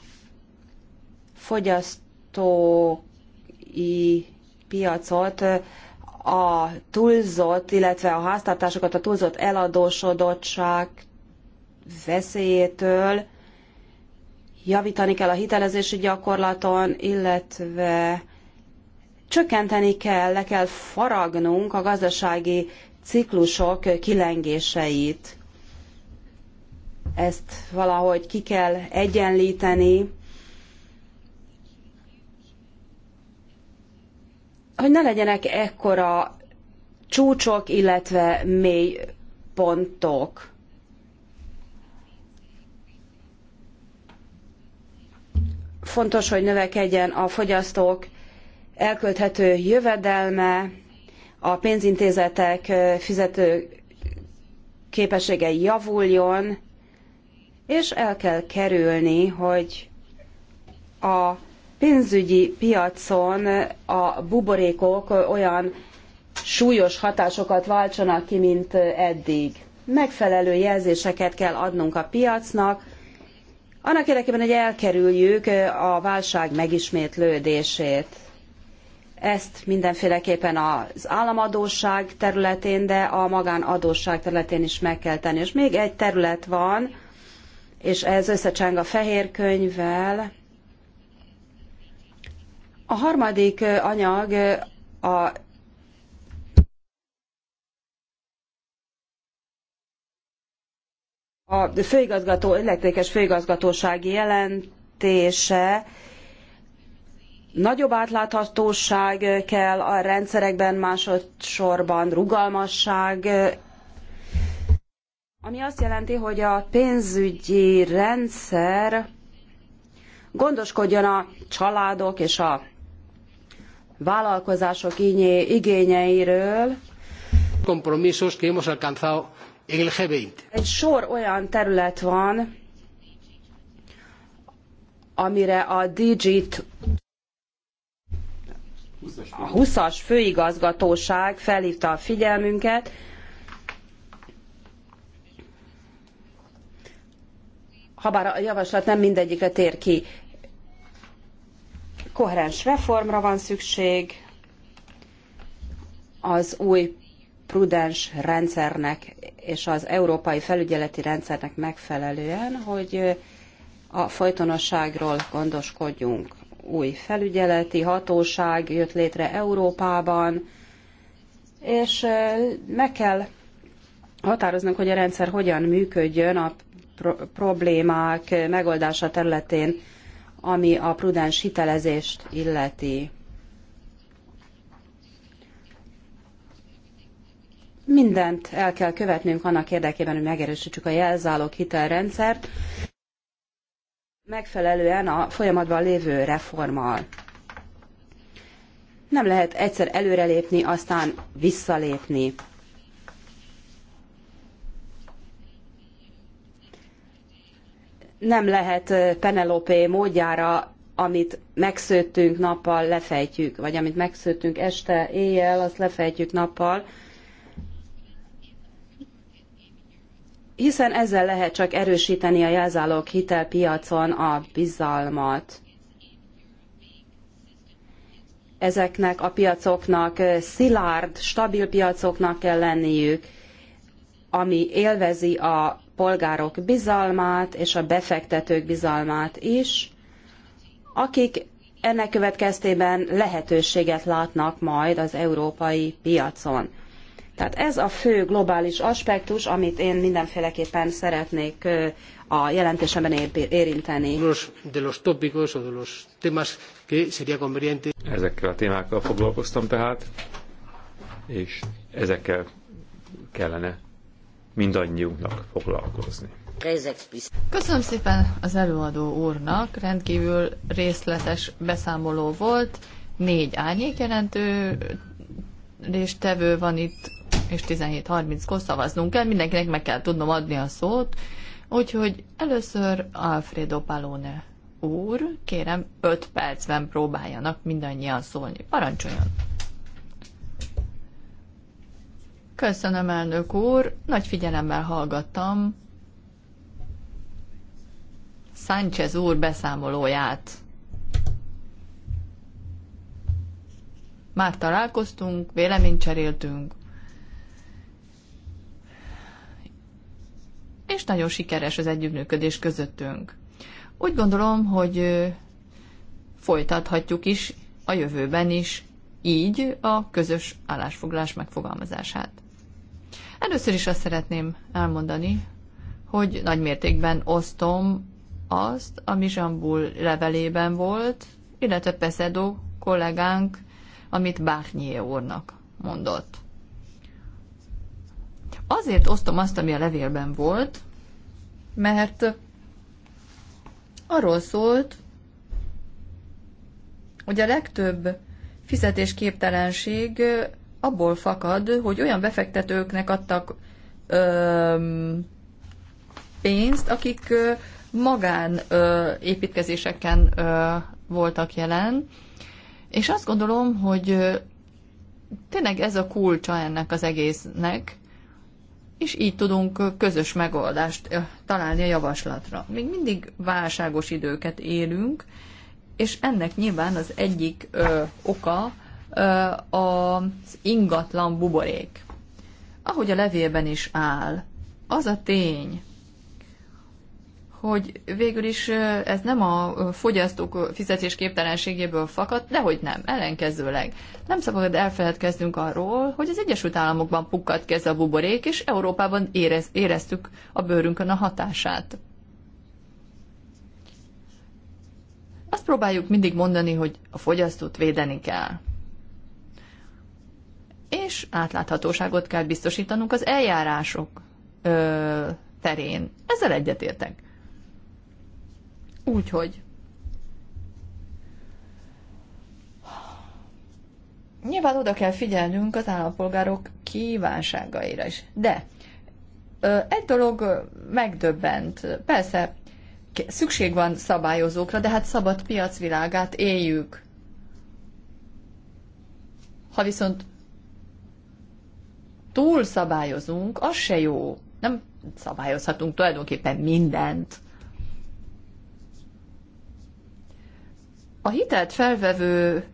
fogyasztói piacot a túlzott, illetve a háztartásokat a túlzott eladósodottság veszélyétől javítani kell a hitelezési gyakorlaton, illetve csökkenteni kell, le kell faragnunk a gazdasági ciklusok kilengéseit. Ezt valahogy ki kell egyenlíteni, hogy ne legyenek ekkora csúcsok, illetve mély pontok. Fontos, hogy növekedjen a fogyasztók elkölthető jövedelme, a pénzintézetek fizető képessége javuljon, és el kell kerülni, hogy a pénzügyi piacon a buborékok olyan súlyos hatásokat váltsanak ki, mint eddig. Megfelelő jelzéseket kell adnunk a piacnak, annak érdekében, hogy elkerüljük a válság megismétlődését. Ezt mindenféleképpen az államadóság területén, de a magánadóság területén is meg kell tenni. És még egy terület van, és ez összecseng a fehér könyvvel, a harmadik anyag a a főigazgató, illetékes főigazgatósági jelentése nagyobb átláthatóság kell a rendszerekben, másodszorban rugalmasság, ami azt jelenti, hogy a pénzügyi rendszer gondoskodjon a családok és a vállalkozások igényeiről. Egy sor olyan terület van, amire a dg a 20-as főigazgatóság felhívta a figyelmünket, habár a javaslat nem mindegyikre tér ki koherens reformra van szükség az új prudens rendszernek és az európai felügyeleti rendszernek megfelelően, hogy a folytonosságról gondoskodjunk. Új felügyeleti hatóság jött létre Európában, és meg kell határoznunk, hogy a rendszer hogyan működjön a problémák megoldása területén ami a prudens hitelezést illeti. Mindent el kell követnünk annak érdekében, hogy megerősítsük a jelzálók hitelrendszert, megfelelően a folyamatban lévő reformmal. Nem lehet egyszer előrelépni, aztán visszalépni. nem lehet Penelope módjára, amit megszőttünk nappal, lefejtjük, vagy amit megszőttünk este, éjjel, azt lefejtjük nappal, hiszen ezzel lehet csak erősíteni a jelzálók hitelpiacon a bizalmat. Ezeknek a piacoknak szilárd, stabil piacoknak kell lenniük, ami élvezi a polgárok bizalmát és a befektetők bizalmát is, akik ennek következtében lehetőséget látnak majd az európai piacon. Tehát ez a fő globális aspektus, amit én mindenféleképpen szeretnék a jelentésemben érinteni. Ezekkel a témákkal foglalkoztam tehát, és ezekkel kellene mindannyiunknak foglalkozni. Köszönöm szépen az előadó úrnak, rendkívül részletes beszámoló volt, négy árnyékjelentő és tevő van itt, és 17.30-kor szavaznunk kell, mindenkinek meg kell tudnom adni a szót, úgyhogy először Alfredo Palone úr, kérem 5 percben próbáljanak mindannyian szólni. Parancsoljon! Köszönöm, elnök úr. Nagy figyelemmel hallgattam Sánchez úr beszámolóját. Már találkoztunk, véleményt cseréltünk, és nagyon sikeres az együttműködés közöttünk. Úgy gondolom, hogy folytathatjuk is a jövőben is így a közös állásfoglás megfogalmazását. Először is azt szeretném elmondani, hogy nagy mértékben osztom azt, ami Zsambul levelében volt, illetve Peszedó kollégánk, amit Bárnyé úrnak mondott. Azért osztom azt, ami a levélben volt, mert arról szólt, hogy a legtöbb fizetésképtelenség abból fakad, hogy olyan befektetőknek adtak ö, pénzt, akik ö, magán ö, építkezéseken ö, voltak jelen, és azt gondolom, hogy ö, tényleg ez a kulcsa ennek az egésznek, és így tudunk közös megoldást ö, találni a javaslatra. Még mindig válságos időket élünk, és ennek nyilván az egyik ö, oka, az ingatlan buborék. Ahogy a levélben is áll, az a tény, hogy végül is ez nem a fogyasztók képtelenségéből fakad, de hogy nem, ellenkezőleg. Nem szabad elfeledkeznünk arról, hogy az Egyesült Államokban pukkadt kezd a buborék, és Európában érez, éreztük a bőrünkön a hatását. Azt próbáljuk mindig mondani, hogy a fogyasztót védeni kell és átláthatóságot kell biztosítanunk az eljárások ö, terén. Ezzel egyetértek. Úgyhogy nyilván oda kell figyelnünk az állampolgárok kívánságaira is. De egy dolog megdöbbent. Persze, szükség van szabályozókra, de hát szabad piacvilágát éljük. Ha viszont túl szabályozunk, az se jó. Nem szabályozhatunk tulajdonképpen mindent. A hitelt felvevő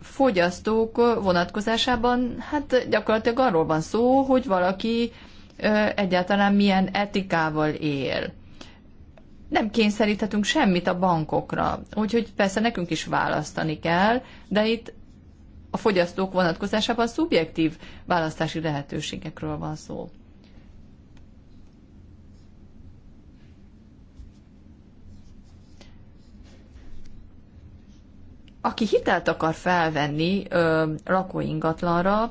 fogyasztók vonatkozásában hát gyakorlatilag arról van szó, hogy valaki egyáltalán milyen etikával él. Nem kényszeríthetünk semmit a bankokra, úgyhogy persze nekünk is választani kell, de itt a fogyasztók vonatkozásában szubjektív választási lehetőségekről van szó. Aki hitelt akar felvenni ö, lakóingatlanra,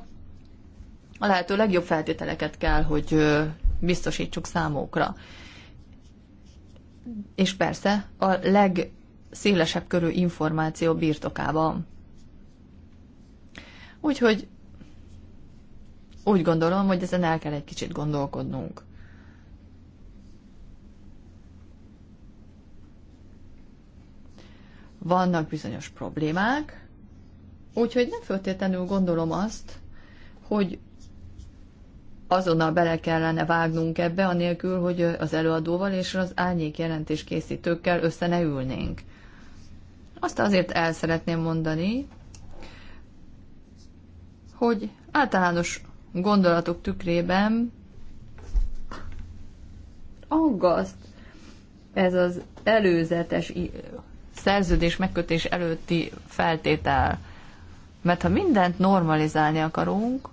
a lehető legjobb feltételeket kell, hogy ö, biztosítsuk számukra. És persze a legszélesebb körű információ birtokában. Úgyhogy úgy gondolom, hogy ezen el kell egy kicsit gondolkodnunk. Vannak bizonyos problémák, úgyhogy nem föltétlenül gondolom azt, hogy azonnal bele kellene vágnunk ebbe, anélkül, hogy az előadóval és az árnyék jelentés készítőkkel össze ne ülnénk. Azt azért el szeretném mondani, hogy általános gondolatok tükrében aggaszt ez az előzetes szerződés megkötés előtti feltétel. Mert ha mindent normalizálni akarunk,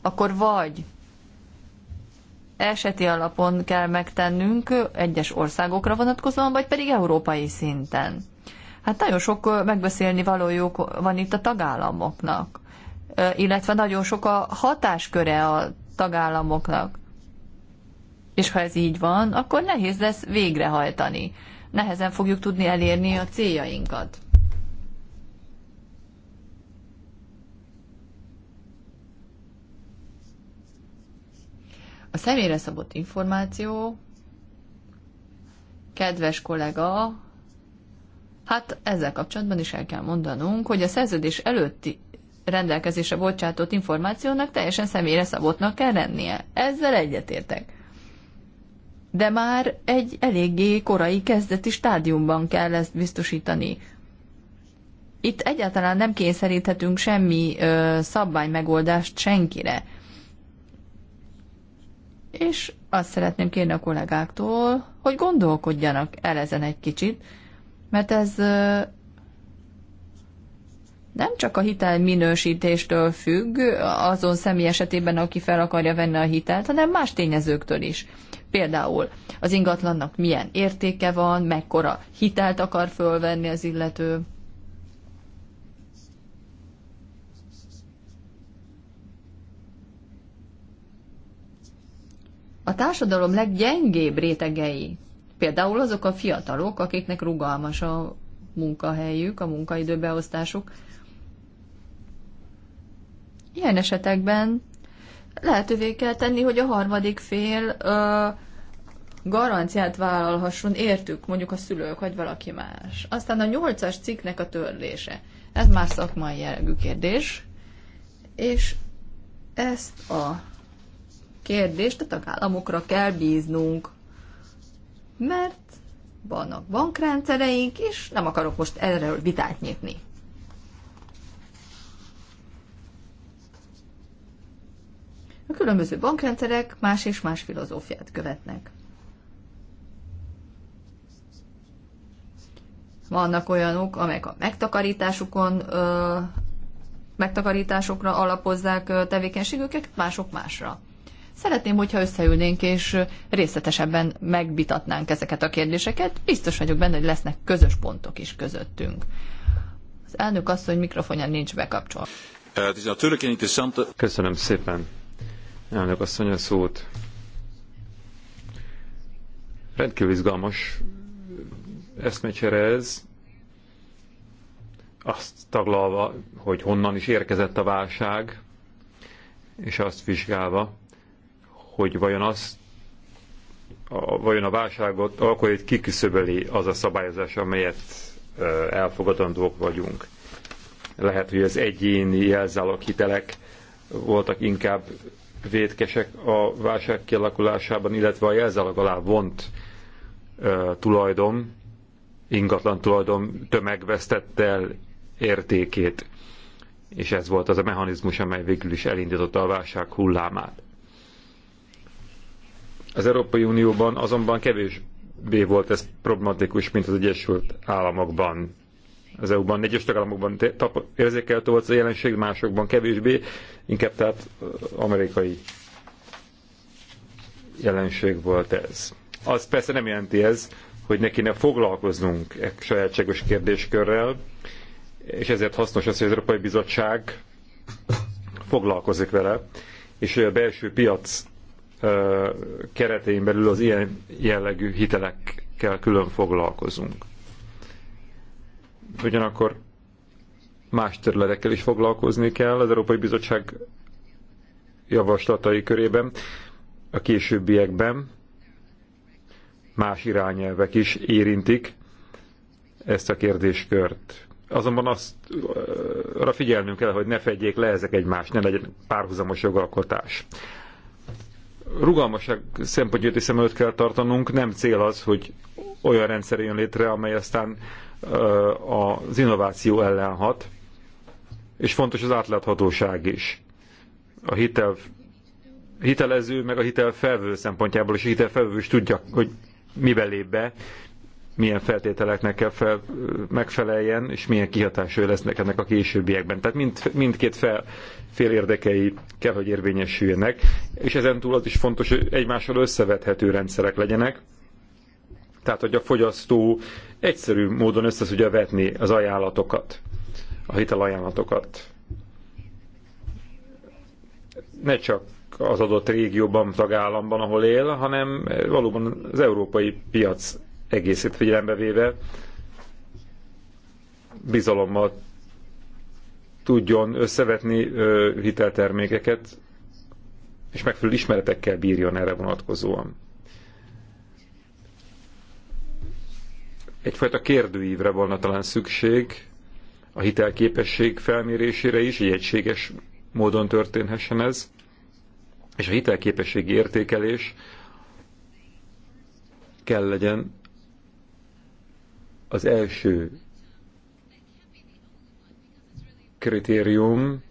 akkor vagy eseti alapon kell megtennünk egyes országokra vonatkozóan, vagy pedig európai szinten. Hát nagyon sok megbeszélni valójuk van itt a tagállamoknak, illetve nagyon sok a hatásköre a tagállamoknak. És ha ez így van, akkor nehéz lesz végrehajtani. Nehezen fogjuk tudni elérni a céljainkat. A személyre szabott információ, kedves kollega, Hát ezzel kapcsolatban is el kell mondanunk, hogy a szerződés előtti rendelkezése bocsátott információnak teljesen személyre szabottnak kell lennie. Ezzel egyetértek. De már egy eléggé korai kezdeti stádiumban kell ezt biztosítani. Itt egyáltalán nem kényszeríthetünk semmi ö, szabványmegoldást senkire. És azt szeretném kérni a kollégáktól, hogy gondolkodjanak el ezen egy kicsit, mert ez nem csak a hitel minősítéstől függ, azon személy esetében, aki fel akarja venni a hitelt, hanem más tényezőktől is. Például az ingatlannak milyen értéke van, mekkora hitelt akar fölvenni az illető. A társadalom leggyengébb rétegei Például azok a fiatalok, akiknek rugalmas a munkahelyük, a munkaidőbeosztásuk. Ilyen esetekben lehetővé kell tenni, hogy a harmadik fél ö, garanciát vállalhasson értük, mondjuk a szülők vagy valaki más. Aztán a nyolcas cikknek a törlése. Ez már szakmai jellegű kérdés, és ezt a kérdést a tagállamokra kell bíznunk mert vannak bankrendszereink, és nem akarok most erről vitát nyitni. A különböző bankrendszerek más és más filozófiát követnek. Vannak olyanok, amelyek a megtakarításukon, ö, megtakarításokra alapozzák tevékenységüket, mások másra. Szeretném, hogyha összeülnénk és részletesebben megvitatnánk ezeket a kérdéseket. Biztos vagyok benne, hogy lesznek közös pontok is közöttünk. Az elnök azt, hogy mikrofonja nincs bekapcsolva. Eh, Köszönöm szépen, elnök asszony a szót. Rendkívül izgalmas eszmecsere ez, azt taglalva, hogy honnan is érkezett a válság, és azt vizsgálva, hogy vajon az, a, vajon a válságot, akkor itt kiküszöböli az a szabályozás, amelyet elfogadandók vagyunk. Lehet, hogy az egyéni jelzálok hitelek voltak inkább vétkesek a válság kialakulásában, illetve a jelzálog alá vont tulajdon, ingatlan tulajdon tömegvesztett el értékét. És ez volt az a mechanizmus, amely végül is elindította a válság hullámát. Az Európai Unióban azonban kevésbé volt ez problematikus, mint az Egyesült Államokban. Az EU-ban, egyes tagállamokban érzékelhető volt a jelenség, másokban kevésbé, inkább tehát amerikai jelenség volt ez. Az persze nem jelenti ez, hogy ne foglalkoznunk e sajátságos kérdéskörrel, és ezért hasznos az, hogy az Európai Bizottság foglalkozik vele, és a belső piac keretein belül az ilyen jellegű hitelekkel külön foglalkozunk. Ugyanakkor más területekkel is foglalkozni kell az Európai Bizottság javaslatai körében, a későbbiekben más irányelvek is érintik ezt a kérdéskört. Azonban azt arra figyelnünk kell, hogy ne fedjék le ezek egymást, ne legyen párhuzamos jogalkotás rugalmaság szempontját is szem előtt kell tartanunk, nem cél az, hogy olyan rendszer jön létre, amely aztán az innováció ellen hat, és fontos az átláthatóság is. A hitel, hitelező, meg a hitelfelvő szempontjából, és a hitelfelvő is tudja, hogy mibe lép be, milyen feltételeknek kell fel, megfeleljen, és milyen kihatásai lesznek ennek a későbbiekben. Tehát mind, mindkét fel, fél érdekei kell, hogy érvényesüljenek, és ezen túl az is fontos, hogy egymással összevethető rendszerek legyenek, tehát hogy a fogyasztó egyszerű módon össze tudja vetni az ajánlatokat, a hitelajánlatokat. Ne csak az adott régióban, tagállamban, ahol él, hanem valóban az európai piac egészét figyelembe véve bizalommal tudjon összevetni hiteltermékeket, és megfelelő ismeretekkel bírjon erre vonatkozóan. Egyfajta kérdőívre volna talán szükség a hitelképesség felmérésére is, hogy egységes módon történhessen ez, és a hitelképességi értékelés kell legyen az első kritérium,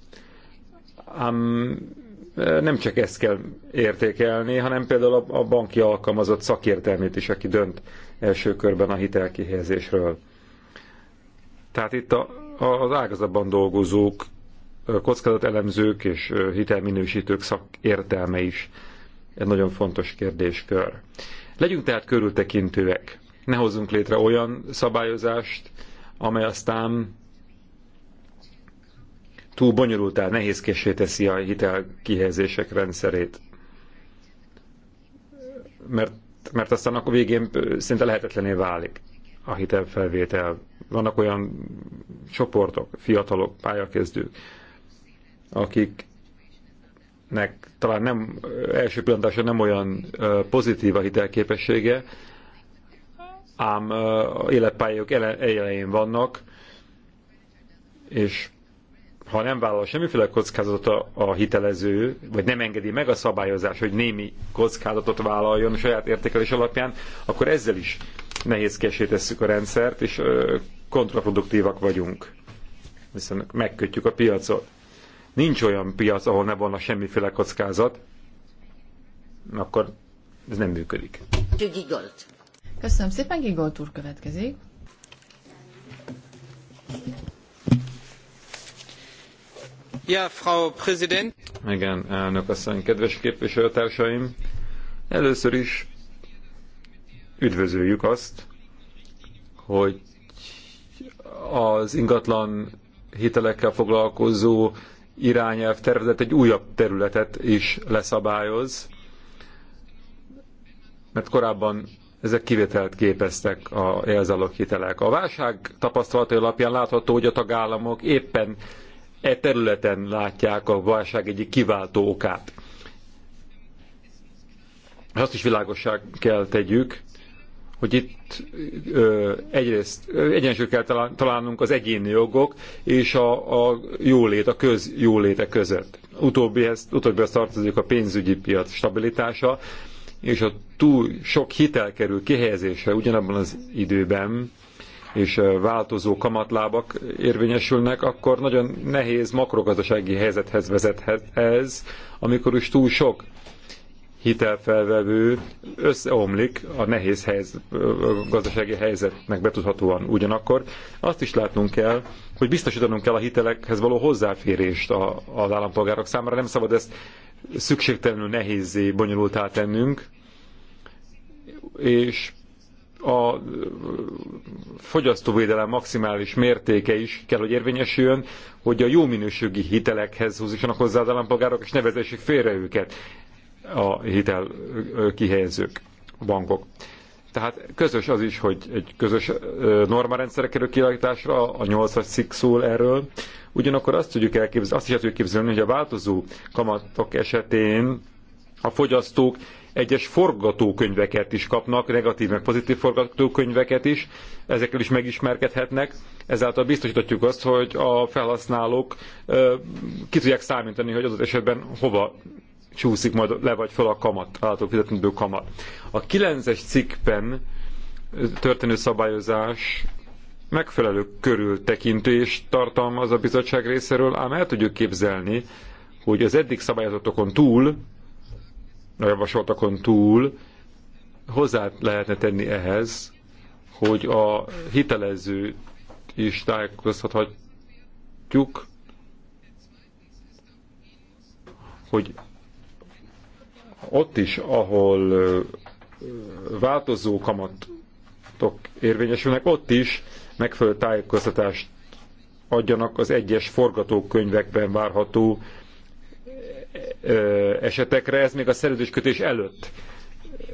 ám e, nem csak ezt kell értékelni, hanem például a, banki alkalmazott szakértelmét is, aki dönt első körben a hitelkihelyezésről. Tehát itt a, az ágazatban dolgozók, e, kockázatelemzők és e, hitelminősítők szakértelme is egy nagyon fontos kérdéskör. Legyünk tehát körültekintőek ne hozzunk létre olyan szabályozást, amely aztán túl bonyolultá, nehézkésé teszi a hitelkihelyezések rendszerét. Mert, mert aztán akkor végén szinte lehetetlené válik a hitelfelvétel. Vannak olyan csoportok, fiatalok, pályakezdők, akiknek talán nem első pillanatásra nem olyan pozitív a hitelképessége, ám életpályájuk elején vannak, és ha nem vállal semmiféle kockázatot a hitelező, vagy nem engedi meg a szabályozás, hogy némi kockázatot vállaljon a saját értékelés alapján, akkor ezzel is nehézkesé tesszük a rendszert, és kontraproduktívak vagyunk. Hiszen megkötjük a piacot. Nincs olyan piac, ahol ne volna semmiféle kockázat, akkor ez nem működik. Gyugigolt. Köszönöm szépen, Gigolt úr következik. Ja, Frau Präsident. Igen, elnök asszony, kedves képviselőtársaim. Először is üdvözöljük azt, hogy az ingatlan hitelekkel foglalkozó irányelv tervezet egy újabb területet is leszabályoz, mert korábban ezek kivételt képeztek a jelzálog hitelek. A válság tapasztalatai alapján látható, hogy a tagállamok éppen e területen látják a válság egyik kiváltó okát. Azt is világossá kell tegyük, hogy itt ö, egyrészt egyensúlyt kell találnunk az egyéni jogok és a, a jólét, a közjóléte között. Utóbbihez, utóbbihez tartozik a pénzügyi piac stabilitása, és a túl sok hitel kerül kihelyezésre ugyanabban az időben, és változó kamatlábak érvényesülnek, akkor nagyon nehéz makrogazdasági helyzethez vezethet ez, amikor is túl sok hitelfelvevő összeomlik a nehéz helyz, gazdasági helyzetnek betudhatóan. Ugyanakkor azt is látnunk kell, hogy biztosítanunk kell a hitelekhez való hozzáférést a, az állampolgárok számára. Nem szabad ezt szükségtelenül nehézé, bonyolultá tennünk, és a fogyasztóvédelem maximális mértéke is kell, hogy érvényesüljön, hogy a jó minőségi hitelekhez húzzanak hozzá az állampolgárok, és nevezessék félre őket a hitel kihelyezők, bankok. Tehát közös az is, hogy egy közös normarendszerek kerül kialakításra, a 8-as cikk szól erről. Ugyanakkor azt tudjuk elképzelni, azt is el tudjuk képzelni, hogy a változó kamatok esetén a fogyasztók egyes forgatókönyveket is kapnak, negatív meg pozitív forgatókönyveket is, ezekkel is megismerkedhetnek. Ezáltal biztosítatjuk azt, hogy a felhasználók ki tudják számítani, hogy adott esetben hova csúszik majd le vagy fel a kamat, állatok fizetendő kamat. A 9-es cikkben történő szabályozás megfelelő körültekintést tartalmaz a bizottság részéről, ám el tudjuk képzelni, hogy az eddig szabályozatokon túl a javaslatokon túl hozzá lehetne tenni ehhez, hogy a hitelező is tájékoztathatjuk, hogy ott is, ahol változó kamatok érvényesülnek, ott is megfelelő tájékoztatást adjanak az egyes forgatókönyvekben várható esetekre, ez még a szerződéskötés előtt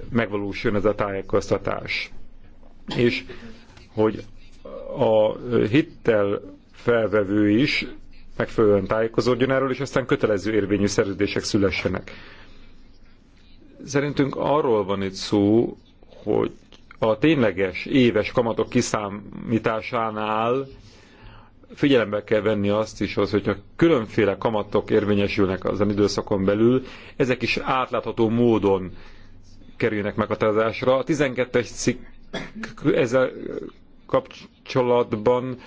megvalósuljon ez a tájékoztatás. És hogy a hittel felvevő is megfelelően tájékozódjon erről, és aztán kötelező érvényű szerződések szülessenek. Szerintünk arról van itt szó, hogy a tényleges éves kamatok kiszámításánál figyelembe kell venni azt is, az, hogyha különféle kamatok érvényesülnek az időszakon belül, ezek is átlátható módon kerülnek meghatározásra. A 12-es cikk ezzel kapcsolatban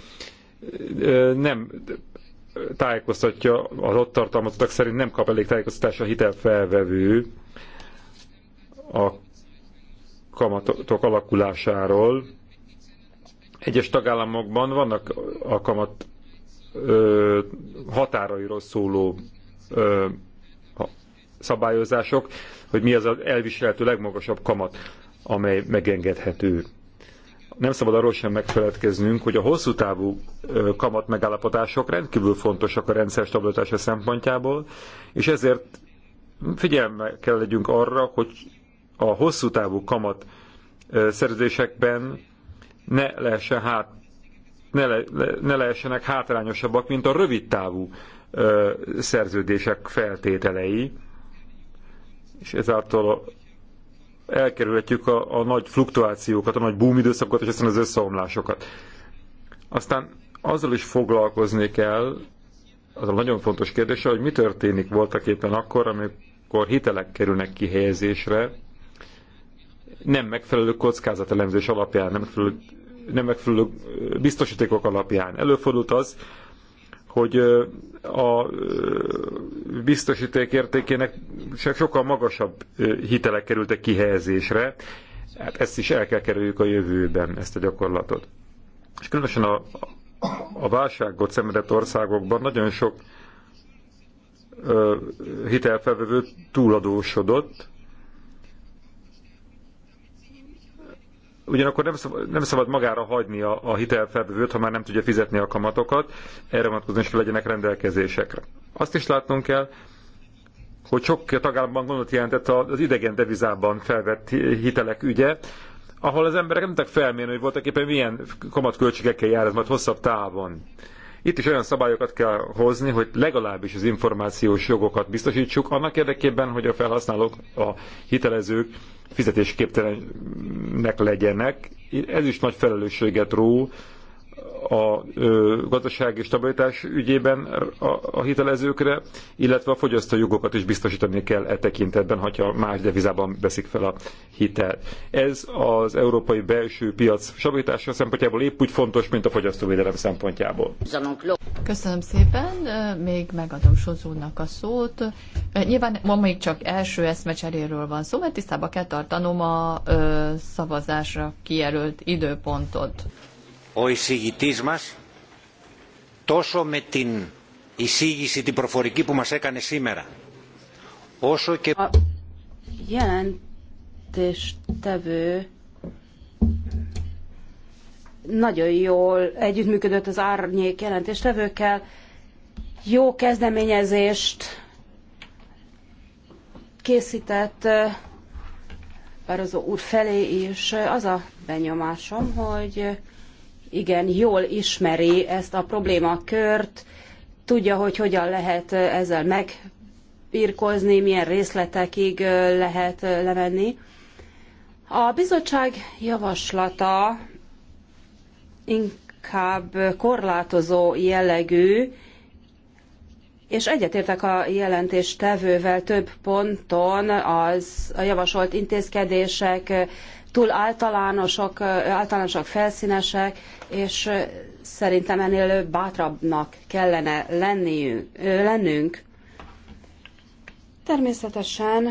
nem tájékoztatja, az ott tartalmazottak szerint nem kap elég tájékoztatás a hitelfelvevő a kamatok alakulásáról egyes tagállamokban vannak alkalmat ö, határairól szóló ö, szabályozások, hogy mi az az elviselhető legmagasabb kamat, amely megengedhető. Nem szabad arról sem megfeledkeznünk, hogy a hosszú távú kamat megállapodások rendkívül fontosak a rendszer stabilitása szempontjából, és ezért figyelme kell legyünk arra, hogy a hosszú távú kamat szerződésekben ne lehessen hát ne, le, ne lehessenek hátrányosabbak, mint a rövidtávú ö, szerződések feltételei, és ezáltal elkerülhetjük a, a nagy fluktuációkat, a nagy boom és aztán az összeomlásokat. Aztán azzal is foglalkozni kell, az a nagyon fontos kérdés, hogy mi történik voltak éppen akkor, amikor hitelek kerülnek kihelyezésre, nem megfelelő kockázatelemzés alapján, nem megfelelő, nem megfelelő biztosítékok alapján. Előfordult az, hogy a biztosíték értékének sokkal magasabb hitelek kerültek kihelyezésre, hát ezt is el kell kerüljük a jövőben, ezt a gyakorlatot. És különösen a, a válságot szemedett országokban nagyon sok hitelfelvevő túladósodott, ugyanakkor nem szabad, nem szabad magára hagyni a, a hitelfelvevőt, ha már nem tudja fizetni a kamatokat, erre vonatkozóan is legyenek rendelkezésekre. Azt is látnunk kell, hogy sok tagállamban gondot jelentett az idegen devizában felvett hitelek ügye, ahol az emberek nem tudtak felmérni, hogy voltak éppen milyen kamatköltségekkel jár ez majd hosszabb távon. Itt is olyan szabályokat kell hozni, hogy legalábbis az információs jogokat biztosítsuk, annak érdekében, hogy a felhasználók, a hitelezők fizetésképtelenek legyenek. Ez is nagy felelősséget ró a gazdasági stabilitás ügyében a, hitelezőkre, illetve a fogyasztói jogokat is biztosítani kell e tekintetben, ha más devizában veszik fel a hitelt. Ez az európai belső piac stabilitása szempontjából épp úgy fontos, mint a fogyasztóvédelem szempontjából. Köszönöm szépen, még megadom Sozónak a szót. Nyilván ma még csak első eszmecseréről van szó, mert tisztában kell tartanom a szavazásra kijelölt időpontot ο εισηγητής μας τόσο με την εισήγηση την προφορική που μας έκανε σήμερα όσο και... nagyon jól együttműködött az árnyék jelentéstevőkkel. Jó kezdeményezést készített eh, Barozó úr felé, és az a benyomásom, hogy igen jól ismeri ezt a problémakört, tudja, hogy hogyan lehet ezzel megbirkózni, milyen részletekig lehet levenni. A bizottság javaslata inkább korlátozó jellegű, és egyetértek a jelentéstevővel több ponton az a javasolt intézkedések túl általánosak, általánosak, felszínesek, és szerintem ennél bátrabbnak kellene lenniünk, lennünk. Természetesen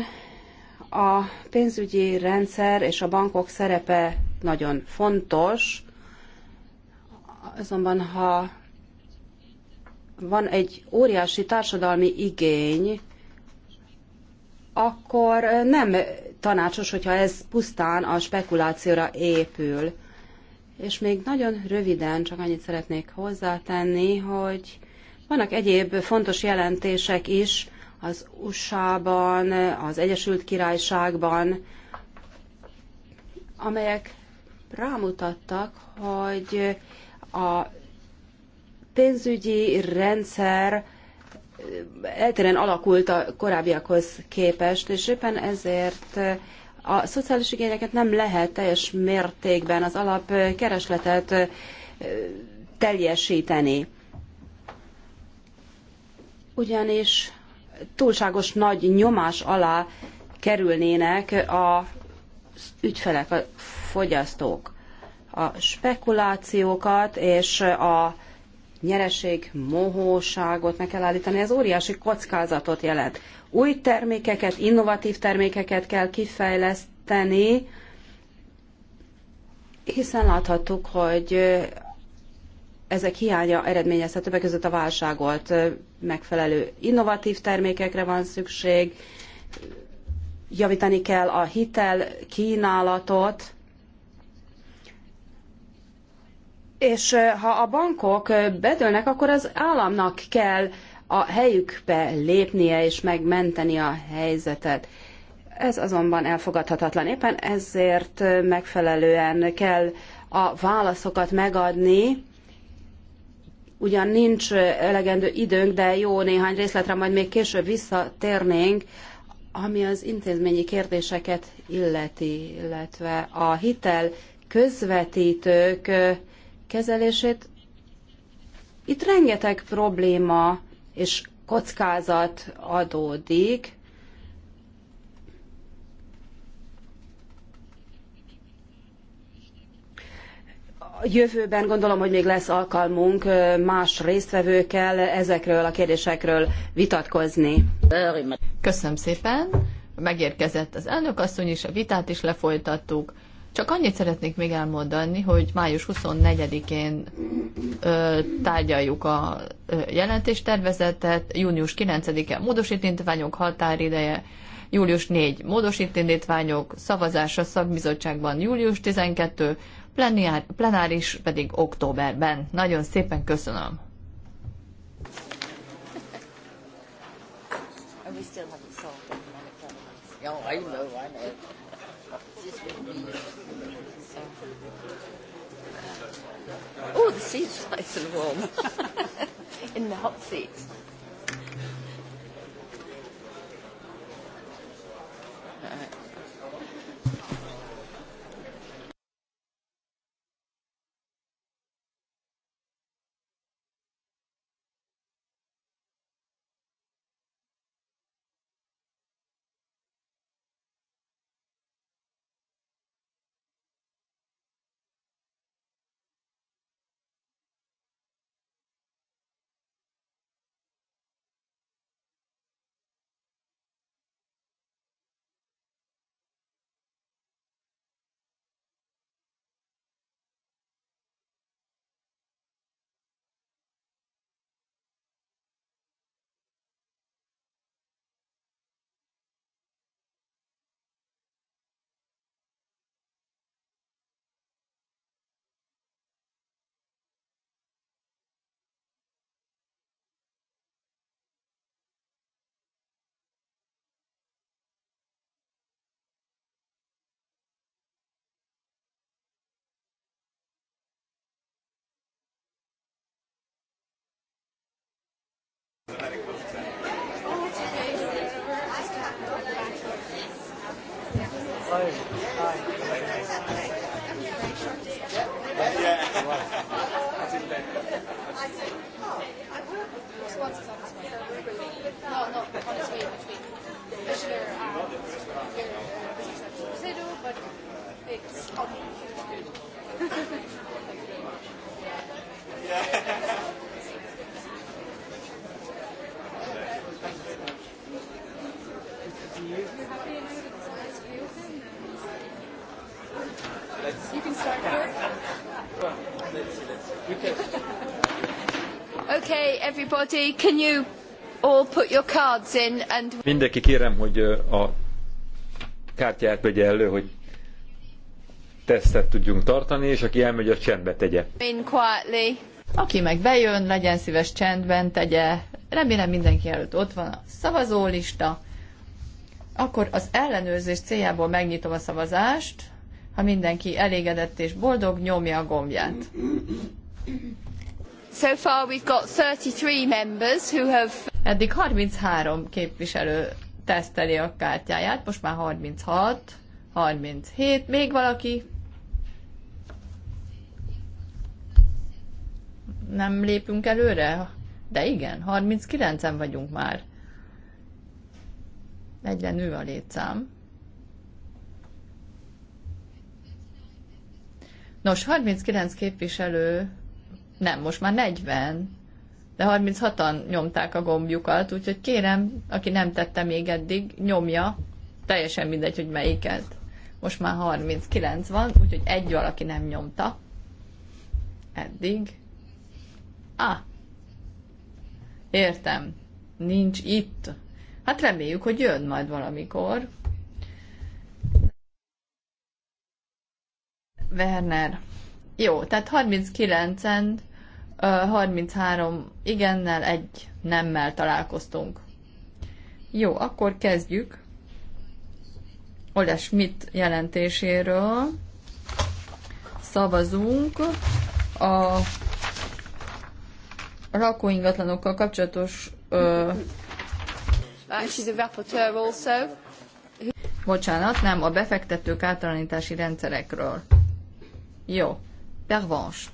a pénzügyi rendszer és a bankok szerepe nagyon fontos, azonban ha van egy óriási társadalmi igény, akkor nem tanácsos, hogyha ez pusztán a spekulációra épül. És még nagyon röviden csak annyit szeretnék hozzátenni, hogy vannak egyéb fontos jelentések is az USA-ban, az Egyesült Királyságban, amelyek rámutattak, hogy a pénzügyi rendszer eltérően alakult a korábbiakhoz képest, és éppen ezért a szociális igényeket nem lehet teljes mértékben az alapkeresletet teljesíteni. Ugyanis túlságos nagy nyomás alá kerülnének a ügyfelek, a fogyasztók. A spekulációkat és a nyereség, mohóságot meg kell állítani, ez óriási kockázatot jelent. Új termékeket, innovatív termékeket kell kifejleszteni, hiszen láthattuk, hogy ezek hiánya eredményezte többek között a válságot. Megfelelő innovatív termékekre van szükség, javítani kell a hitel kínálatot, És ha a bankok bedőlnek, akkor az államnak kell a helyükbe lépnie és megmenteni a helyzetet. Ez azonban elfogadhatatlan. Éppen ezért megfelelően kell a válaszokat megadni. Ugyan nincs elegendő időnk, de jó néhány részletre majd még később visszatérnénk, ami az intézményi kérdéseket illeti, illetve a hitel közvetítők kezelését. Itt rengeteg probléma és kockázat adódik, jövőben gondolom, hogy még lesz alkalmunk más résztvevőkkel ezekről a kérdésekről vitatkozni. Köszönöm szépen. Megérkezett az elnök asszony is, a vitát is lefolytattuk. Csak annyit szeretnék még elmondani, hogy május 24-én tárgyaljuk a jelentéstervezetet, június 9-e módosítintványok határideje, július 4 módosítintványok szavazása szakbizottságban július 12, plenár, plenáris pedig októberben. Nagyon szépen köszönöm. I know, I know. Oh, the seat's nice and warm. In the hot seat. everybody, can you all put your cards in and... Mindenki kérem, hogy a kártyát vegye elő, hogy tesztet tudjunk tartani, és aki elmegy, az csendbe tegye. In quietly. Aki meg bejön, legyen szíves csendben tegye. Remélem mindenki előtt ott van a szavazólista. Akkor az ellenőrzés céljából megnyitom a szavazást. Ha mindenki elégedett és boldog, nyomja a gombját. So far we've got 33 members who have... Eddig 33 képviselő teszteli a kártyáját, most már 36, 37, még valaki? Nem lépünk előre? De igen, 39-en vagyunk már. Egyre nő a létszám. Nos, 39 képviselő nem, most már 40, de 36-an nyomták a gombjukat, úgyhogy kérem, aki nem tette még eddig, nyomja, teljesen mindegy, hogy melyiket. Most már 39 van, úgyhogy egy valaki nem nyomta. Eddig. Ah, értem, nincs itt. Hát reméljük, hogy jön majd valamikor. Werner, jó, tehát 39-en 33 igennel, egy nemmel találkoztunk. Jó, akkor kezdjük. Oles Schmidt jelentéséről szavazunk a lakóingatlanokkal kapcsolatos ö, uh, bocsánat, nem, a befektetők általánítási rendszerekről. Jó. Pervans.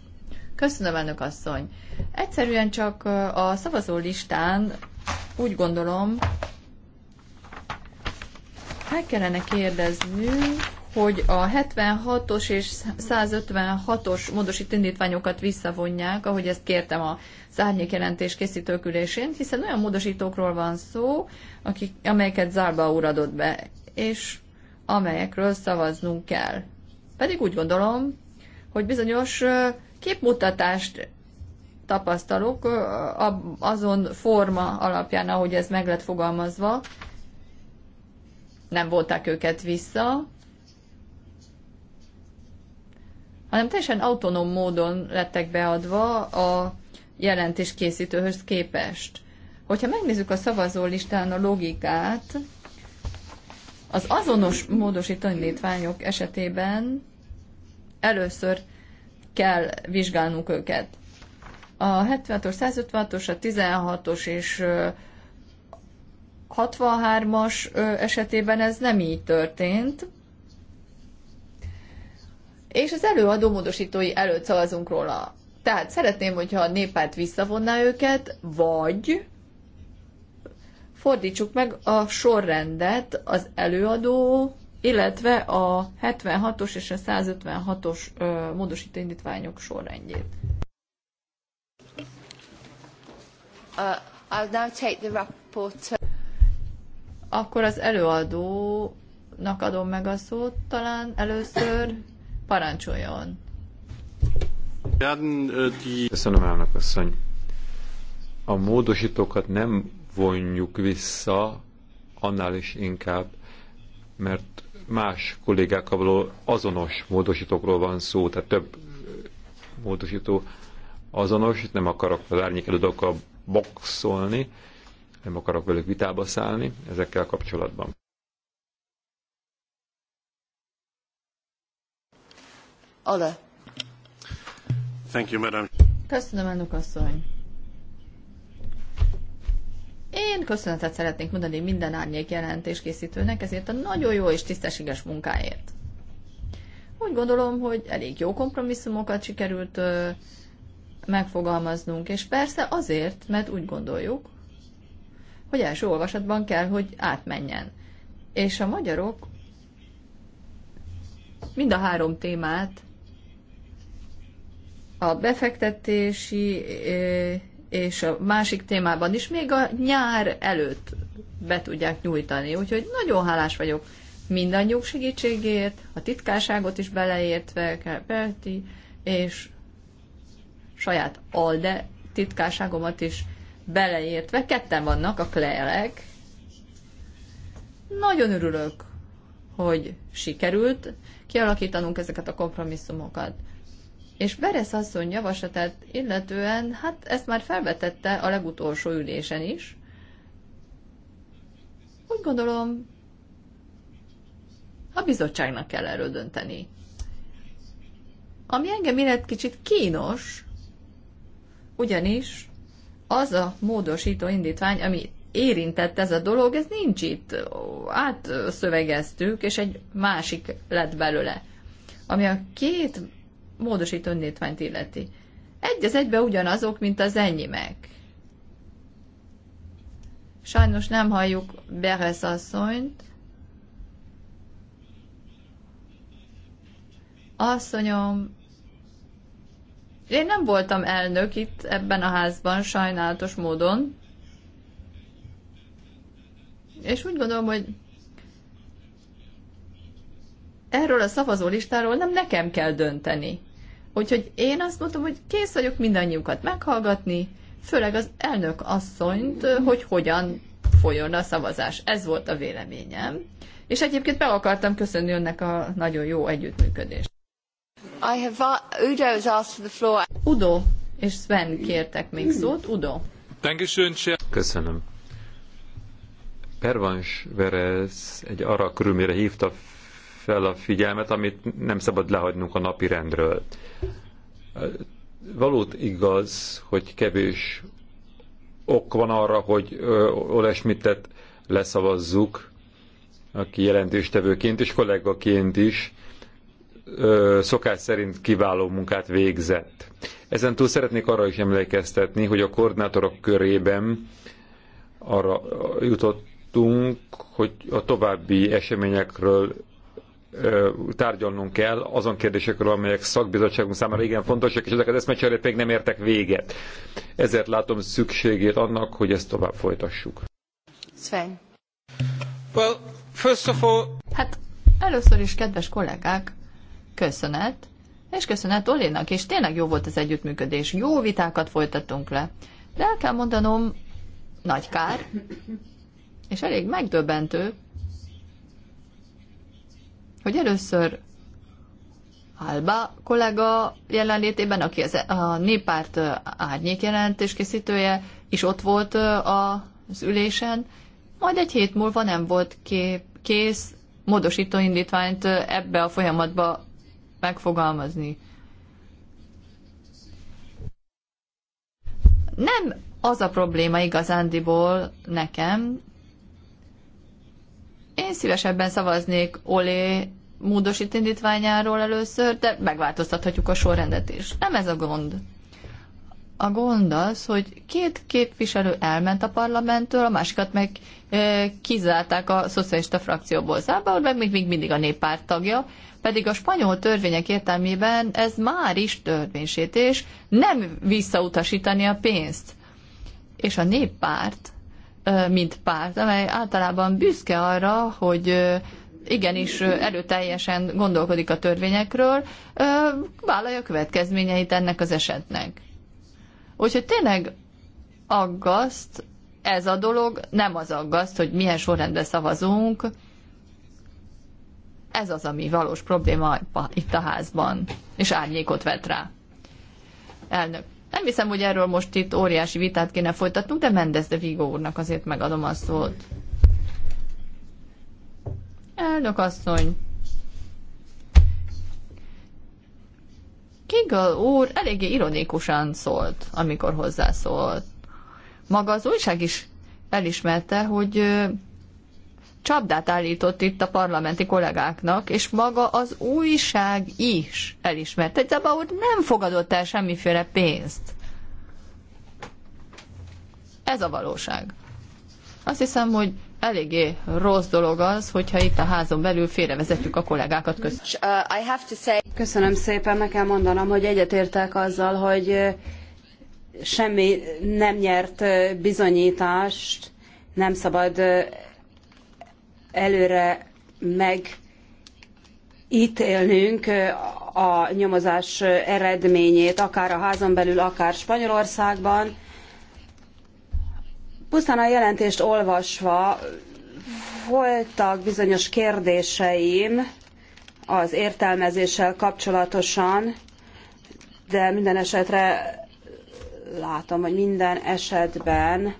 Köszönöm, elnök asszony. Egyszerűen csak a szavazó listán úgy gondolom, meg kellene kérdezni, hogy a 76-os és 156-os módosít indítványokat visszavonják, ahogy ezt kértem a szárnyékjelentés készítőkülésén, hiszen olyan módosítókról van szó, akik, amelyeket zárba úr adott be, és amelyekről szavaznunk kell. Pedig úgy gondolom, hogy bizonyos képmutatást tapasztalok azon forma alapján, ahogy ez meg lett fogalmazva. Nem volták őket vissza, hanem teljesen autonóm módon lettek beadva a jelentés készítőhöz képest. Hogyha megnézzük a szavazó listán a logikát, az azonos módosítani indítványok esetében először kell vizsgálnunk őket. A 76-os, 156-os, a 16-os és 63-as esetében ez nem így történt, és az előadó módosítói előtt szavazunk róla. Tehát szeretném, hogyha a néppárt visszavonná őket, vagy fordítsuk meg a sorrendet, az előadó illetve a 76-os és a 156-os módosító indítványok sorrendjét. Uh, I'll now take the report. Akkor az előadónak adom meg a szót talán először. Parancsoljon! Köszönöm, elnök asszony. A módosítókat nem vonjuk vissza, annál is inkább, mert más kollégákkal való azonos módosítókról van szó, tehát több módosító azonos, itt nem akarok az árnyékelődőkkal boxolni, nem akarok velük vitába szállni ezekkel kapcsolatban. Ale. Thank you, madam. Köszönöm, elnök asszony. Én köszönetet szeretnék mondani minden árnyék jelentés készítőnek ezért a nagyon jó és tisztességes munkáért. Úgy gondolom, hogy elég jó kompromisszumokat sikerült megfogalmaznunk, és persze azért, mert úgy gondoljuk, hogy első olvasatban kell, hogy átmenjen. És a magyarok mind a három témát, a befektetési és a másik témában is még a nyár előtt be tudják nyújtani. Úgyhogy nagyon hálás vagyok mindannyiuk segítségért, a titkárságot is beleértve, Kerti, és saját ALDE titkárságomat is beleértve, ketten vannak a klérek. Nagyon örülök, hogy sikerült kialakítanunk ezeket a kompromisszumokat. És beresz asszony javaslatát illetően, hát ezt már felvetette a legutolsó ülésen is. Úgy gondolom, a bizottságnak kell erről dönteni. Ami engem illet kicsit kínos, ugyanis az a módosító indítvány, ami érintett ez a dolog, ez nincs itt. Átszövegeztük, és egy másik lett belőle. Ami a két módosít önnétványt illeti. Egy az egybe ugyanazok, mint az enyimek. Sajnos nem halljuk Beres asszonyt. Asszonyom, én nem voltam elnök itt ebben a házban sajnálatos módon. És úgy gondolom, hogy erről a listáról nem nekem kell dönteni. Úgyhogy én azt mondtam, hogy kész vagyok mindannyiukat meghallgatni, főleg az elnök asszonyt, hogy hogyan folyjon a szavazás. Ez volt a véleményem. És egyébként meg akartam köszönni önnek a nagyon jó együttműködést. I have, Udo has asked for the floor. Udo és Sven kértek még szót. Udo. Köszönöm. Pervans Verez egy arra körülmére hívta fel a figyelmet, amit nem szabad lehagynunk a napi rendről. Valót igaz, hogy kevés ok van arra, hogy Olesmitet leszavazzuk, aki jelentéstevőként és kollégaként is szokás szerint kiváló munkát végzett. Ezen túl szeretnék arra is emlékeztetni, hogy a koordinátorok körében arra jutottunk, hogy a további eseményekről tárgyalnunk kell azon kérdésekről, amelyek szakbizottságunk számára igen fontosak, és ezek az eszmecserék még nem értek véget. Ezért látom szükségét annak, hogy ezt tovább folytassuk. Sven. Well, first of all... Hát először is, kedves kollégák, köszönet, és köszönet Olinak, és tényleg jó volt az együttműködés, jó vitákat folytattunk le. De el kell mondanom, nagy kár, és elég megdöbbentő, hogy először Alba kollega jelenlétében, aki az, a néppárt árnyék jelentés készítője, is ott volt az ülésen, majd egy hét múlva nem volt kép, kész módosító indítványt ebbe a folyamatba megfogalmazni. Nem az a probléma igazándiból nekem, én szívesebben szavaznék Olé módosít indítványáról először, de megváltoztathatjuk a sorrendet is. Nem ez a gond. A gond az, hogy két képviselő elment a parlamenttől, a másikat meg e, kizárták a szocialista frakcióból. Szába meg még, még mindig a néppárt tagja, pedig a spanyol törvények értelmében ez már is törvénysétés, nem visszautasítani a pénzt. És a néppárt mint párt, amely általában büszke arra, hogy igenis erőteljesen gondolkodik a törvényekről, vállalja a következményeit ennek az esetnek. Úgyhogy tényleg aggaszt ez a dolog, nem az aggaszt, hogy milyen sorrendben szavazunk, ez az, ami valós probléma itt a házban, és árnyékot vet rá. Elnök, nem hiszem, hogy erről most itt óriási vitát kéne folytatnunk, de Mendez de Vigo úrnak azért megadom a szót. Elnök asszony. Kigel úr eléggé ironikusan szólt, amikor hozzászólt. Maga az újság is elismerte, hogy csapdát állított itt a parlamenti kollégáknak, és maga az újság is elismerte. Egy úr nem fogadott el semmiféle pénzt. Ez a valóság. Azt hiszem, hogy eléggé rossz dolog az, hogyha itt a házon belül félrevezetjük a kollégákat. között. Uh, Köszönöm szépen, meg kell mondanom, hogy egyetértek azzal, hogy uh, semmi nem nyert uh, bizonyítást, nem szabad előre megítélnünk a nyomozás eredményét, akár a házon belül, akár Spanyolországban. Pusztán a jelentést olvasva voltak bizonyos kérdéseim az értelmezéssel kapcsolatosan, de minden esetre látom, hogy minden esetben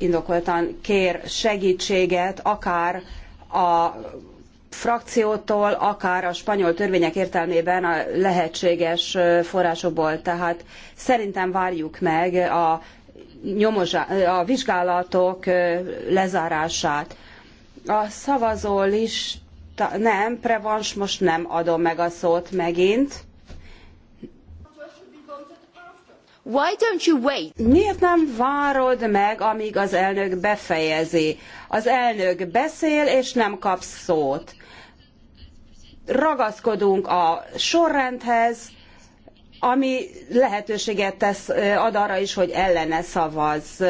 indokoltan kér segítséget, akár a frakciótól, akár a spanyol törvények értelmében a lehetséges forrásokból. Tehát szerintem várjuk meg a, nyomozsa, a vizsgálatok lezárását. A szavazó lista, nem, Prevans, most nem adom meg a szót megint. Why don't you wait? Miért nem várod meg, amíg az elnök befejezi? Az elnök beszél, és nem kapsz szót. Ragaszkodunk a sorrendhez, ami lehetőséget tesz, ad arra is, hogy ellene szavaz.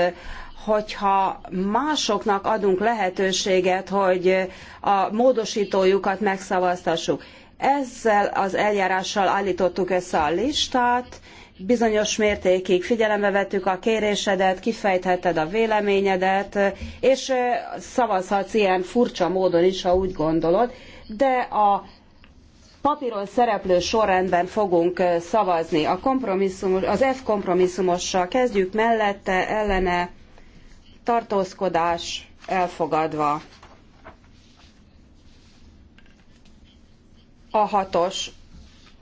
Hogyha másoknak adunk lehetőséget, hogy a módosítójukat megszavaztassuk. Ezzel az eljárással állítottuk össze a listát, bizonyos mértékig figyelembe vettük a kérésedet, kifejtheted a véleményedet, és szavazhatsz ilyen furcsa módon is, ha úgy gondolod, de a papíron szereplő sorrendben fogunk szavazni. A kompromisszum, az F kompromisszumossal kezdjük mellette, ellene tartózkodás elfogadva. A hatos,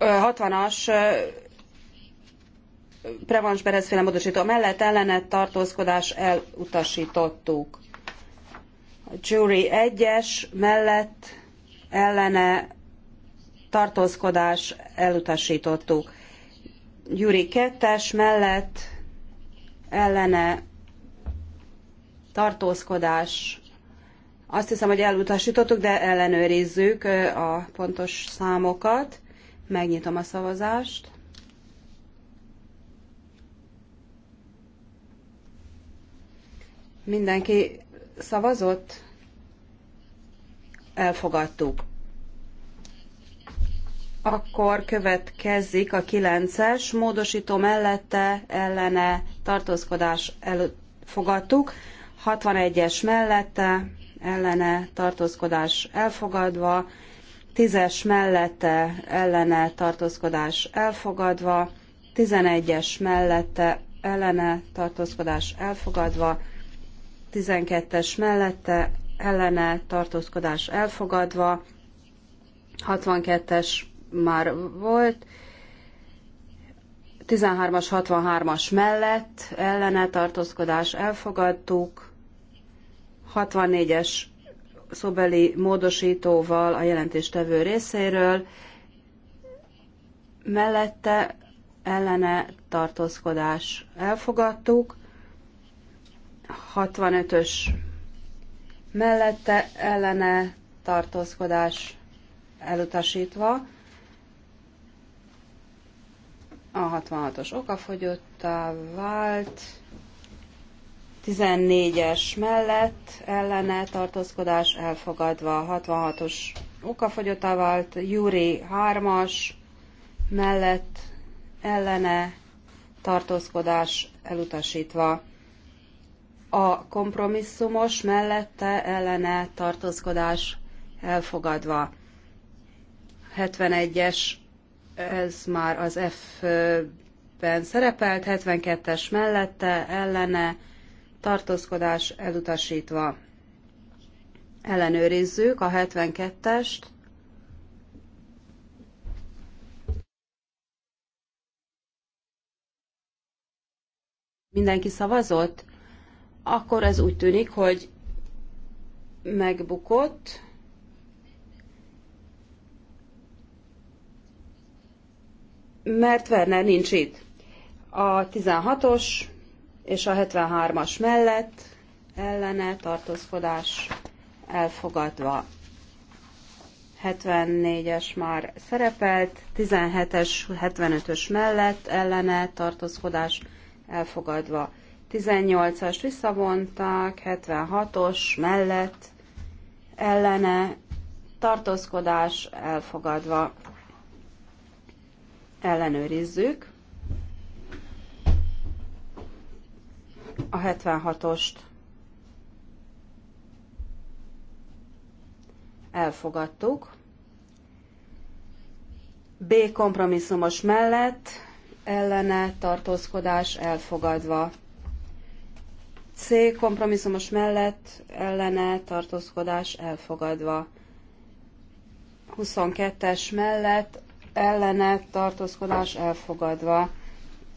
60-as Prevans Berezféle módosító mellett ellene tartózkodás elutasítottuk. A jury egyes mellett ellene tartózkodás elutasítottuk. Gyuri kettes mellett ellene tartózkodás azt hiszem, hogy elutasítottuk, de ellenőrizzük a pontos számokat. Megnyitom a szavazást. Mindenki szavazott? Elfogadtuk. Akkor következik a kilences módosító mellette ellene tartózkodás elfogadtuk, 61-es mellette ellene tartózkodás elfogadva, 10-es mellette ellene tartózkodás elfogadva, 11-es mellette ellene tartózkodás elfogadva, 12-es mellette ellene tartózkodás elfogadva, 62-es már volt, 13-as, 63-as mellett ellene tartózkodás elfogadtuk, 64-es szobeli módosítóval a jelentéstevő részéről, mellette ellene tartózkodás elfogadtuk, 65-ös mellette ellene tartózkodás elutasítva, a 66-os okafogyottá vált, 14-es mellett ellene tartózkodás elfogadva, 66-os okafogyottá vált, Júri 3-as mellett ellene tartózkodás elutasítva, a kompromisszumos mellette ellene tartózkodás elfogadva. 71-es, ez már az F-ben szerepelt, 72-es mellette ellene tartózkodás elutasítva. Ellenőrizzük a 72-est. Mindenki szavazott? akkor ez úgy tűnik, hogy megbukott. Mert Werner nincs itt. A 16-os és a 73-as mellett ellene tartózkodás elfogadva. 74-es már szerepelt, 17-es, 75-ös mellett ellene tartózkodás elfogadva. 18 as visszavonták, 76-os mellett ellene tartózkodás elfogadva ellenőrizzük a 76-ost. Elfogadtuk. B kompromisszumos mellett ellene tartózkodás elfogadva. C kompromisszumos mellett ellene tartózkodás elfogadva. 22-es mellett ellene tartózkodás elfogadva.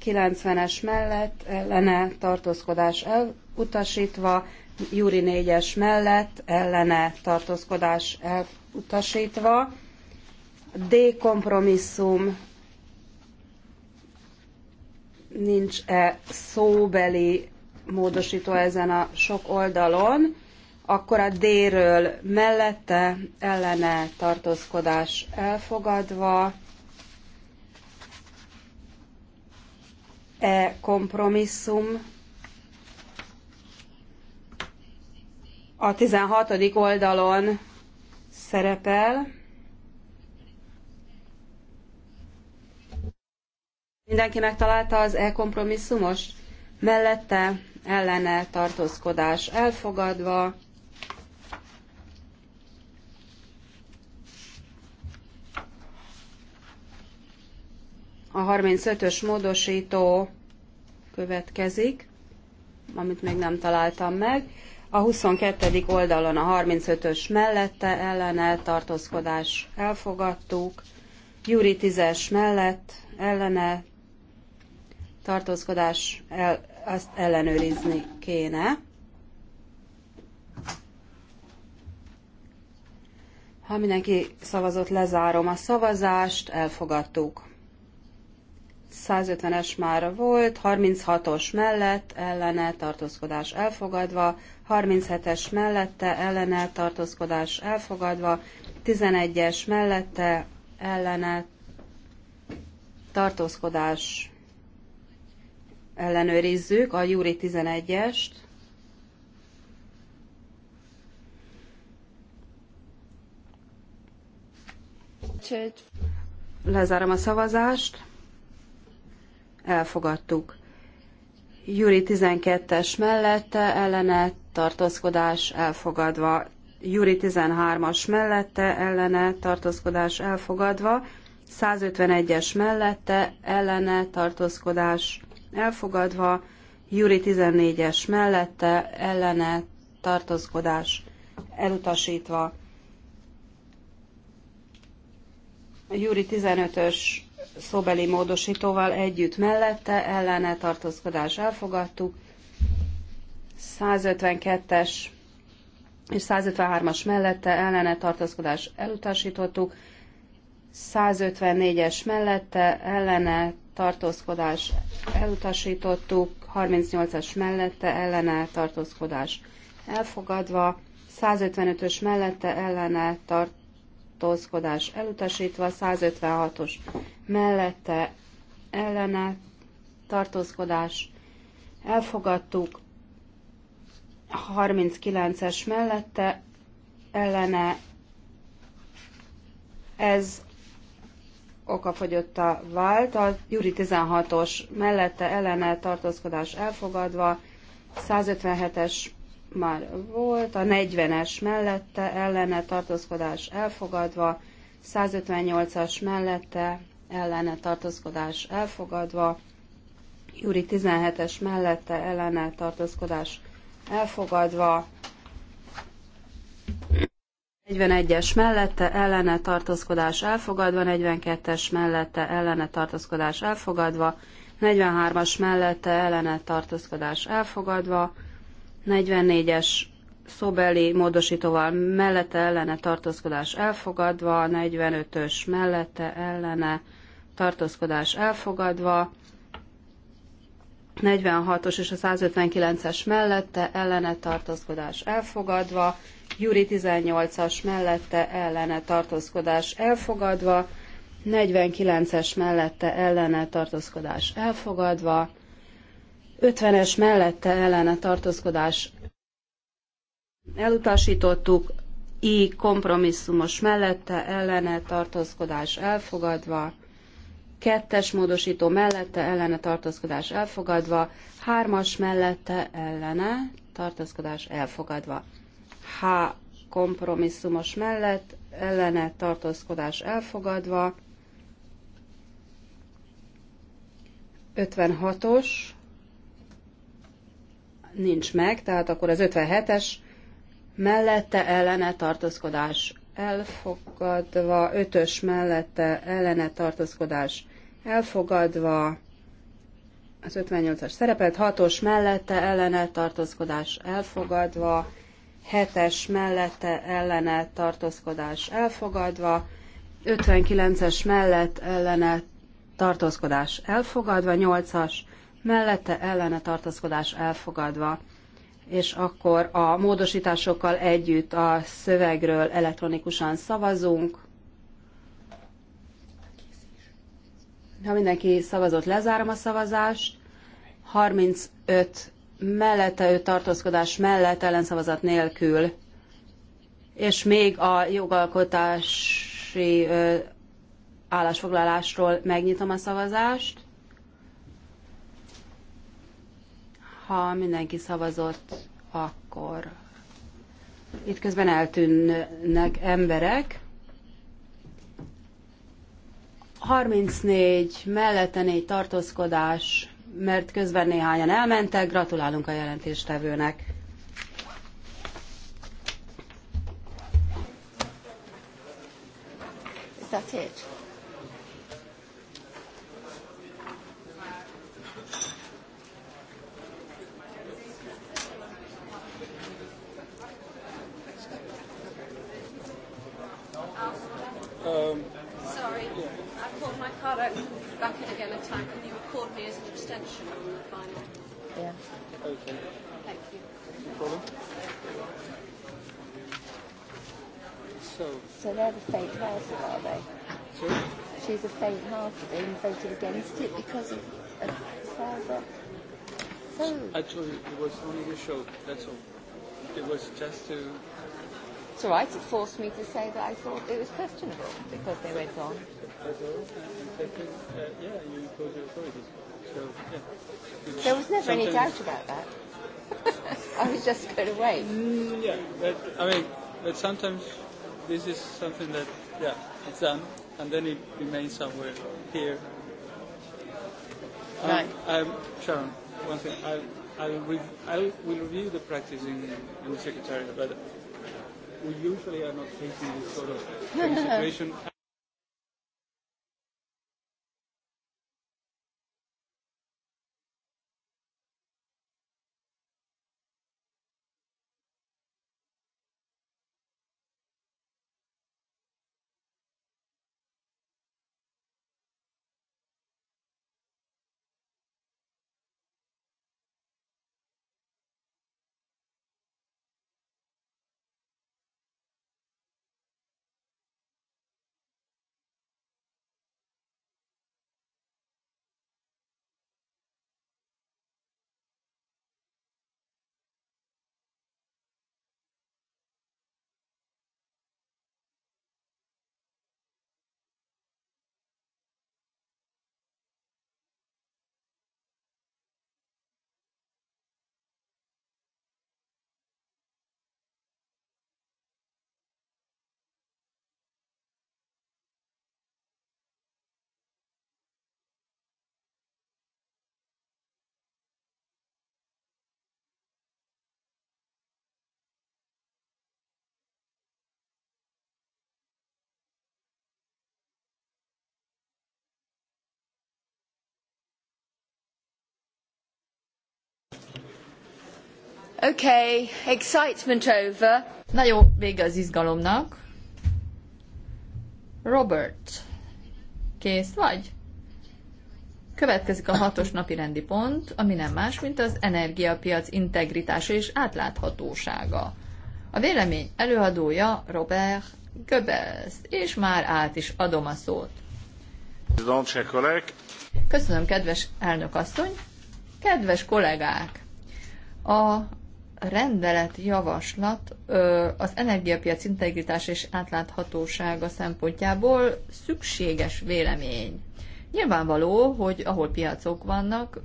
90-es mellett ellene tartózkodás elutasítva, Júri 4-es mellett ellene tartózkodás elutasítva, D kompromisszum nincs-e szóbeli módosító ezen a sok oldalon, akkor a D-ről mellette ellene tartózkodás elfogadva, E kompromisszum, a 16. oldalon szerepel. Mindenki megtalálta az e-kompromisszumos? Mellette ellene tartózkodás elfogadva, a 35-ös módosító következik, amit még nem találtam meg. A 22. oldalon a 35-ös mellette ellene tartózkodás elfogadtuk, Júri 10-es mellett ellene tartózkodás el, azt ellenőrizni kéne. Ha mindenki szavazott, lezárom a szavazást, elfogadtuk. 150-es már volt, 36-os mellett ellene tartózkodás elfogadva, 37-es mellette ellene tartózkodás elfogadva, 11-es mellette ellene tartózkodás ellenőrizzük a júri 11-est. Lezárom a szavazást. Elfogadtuk. Júri 12-es mellette ellene tartózkodás elfogadva. Júri 13-as mellette ellene tartózkodás elfogadva. 151-es mellette ellene tartózkodás elfogadva, Júri 14-es mellette ellene tartózkodás elutasítva. Júri 15-ös szóbeli módosítóval együtt mellette ellene tartózkodás elfogadtuk. 152-es és 153-as mellette ellene tartózkodás elutasítottuk. 154-es mellette ellene tartózkodás elutasítottuk, 38-as mellette ellene tartózkodás elfogadva, 155-ös mellette ellene tartózkodás elutasítva, 156-os mellette ellene tartózkodás elfogadtuk, 39-es mellette ellene ez okafogyottá vált, a Júri 16-os mellette ellene tartózkodás elfogadva, 157-es már volt, a 40-es mellette ellene tartózkodás elfogadva, 158-as mellette ellene tartózkodás elfogadva, Júri 17-es mellette ellene tartózkodás elfogadva, 41-es mellette ellene tartózkodás elfogadva, 42-es mellette ellene tartózkodás elfogadva, 43-as mellette ellene tartózkodás elfogadva, 44-es szobeli módosítóval mellette ellene tartózkodás elfogadva, 45-ös mellette ellene tartózkodás elfogadva, 46-os és a 159-es mellette ellene tartózkodás elfogadva, Júri 18-as mellette ellene tartózkodás elfogadva, 49-es mellette ellene tartózkodás elfogadva, 50-es mellette ellene tartózkodás elutasítottuk, I kompromisszumos mellette ellene tartózkodás elfogadva, kettes módosító mellette ellene tartózkodás elfogadva, hármas mellette ellene tartózkodás elfogadva. H kompromisszumos mellett ellene tartózkodás elfogadva, 56-os nincs meg, tehát akkor az 57-es mellette ellene tartózkodás elfogadva, 5-ös mellette ellene tartózkodás elfogadva, az 58-as szerepelt, 6-os mellette ellene tartózkodás elfogadva, 7-es mellette ellene tartózkodás elfogadva, 59-es mellett ellene tartózkodás elfogadva, 8-as mellette ellene tartózkodás elfogadva, és akkor a módosításokkal együtt a szövegről elektronikusan szavazunk. Ha mindenki szavazott, lezárom a szavazást. 35 mellette ő tartózkodás mellett ellenszavazat nélkül, és még a jogalkotási állásfoglalásról megnyitom a szavazást. Ha mindenki szavazott, akkor itt közben eltűnnek emberek. 34 mellette 4 tartózkodás mert közben néhányan elmentek. Gratulálunk a jelentéstevőnek. Um, Sorry, yeah. I pulled my card out back in again in time. Can you abstention on the final? Yeah. Okay. Thank you. No problem. So. So they're the faint-hearted, are they? Sorry? She's a faint-hearted and voted against it because of, of father. So. Actually, it was only a show. That's all. It was just to. It's all right. It forced me to say that I thought it was questionable because they went on. Uh, uh, yeah, you told your authorities. There was never any doubt about that. I was just going away. Mm, yeah, but I mean, but sometimes this is something that, yeah, it's done, and then it remains somewhere here. Um, right. I'm Sharon, one thing. I, I'll, re- I'll will review the practice in, in the Secretariat, but we usually are not facing this sort of situation. Okay, excitement over. Na jó, vége az izgalomnak. Robert, kész vagy? Következik a hatos napi rendi pont, ami nem más, mint az energiapiac integritása és átláthatósága. A vélemény előadója Robert Goebbels, és már át is adom a szót. Köszönöm, kedves elnök asszony! Kedves kollégák! A rendelet javaslat az energiapiac integritás és átláthatósága szempontjából szükséges vélemény. Nyilvánvaló, hogy ahol piacok vannak,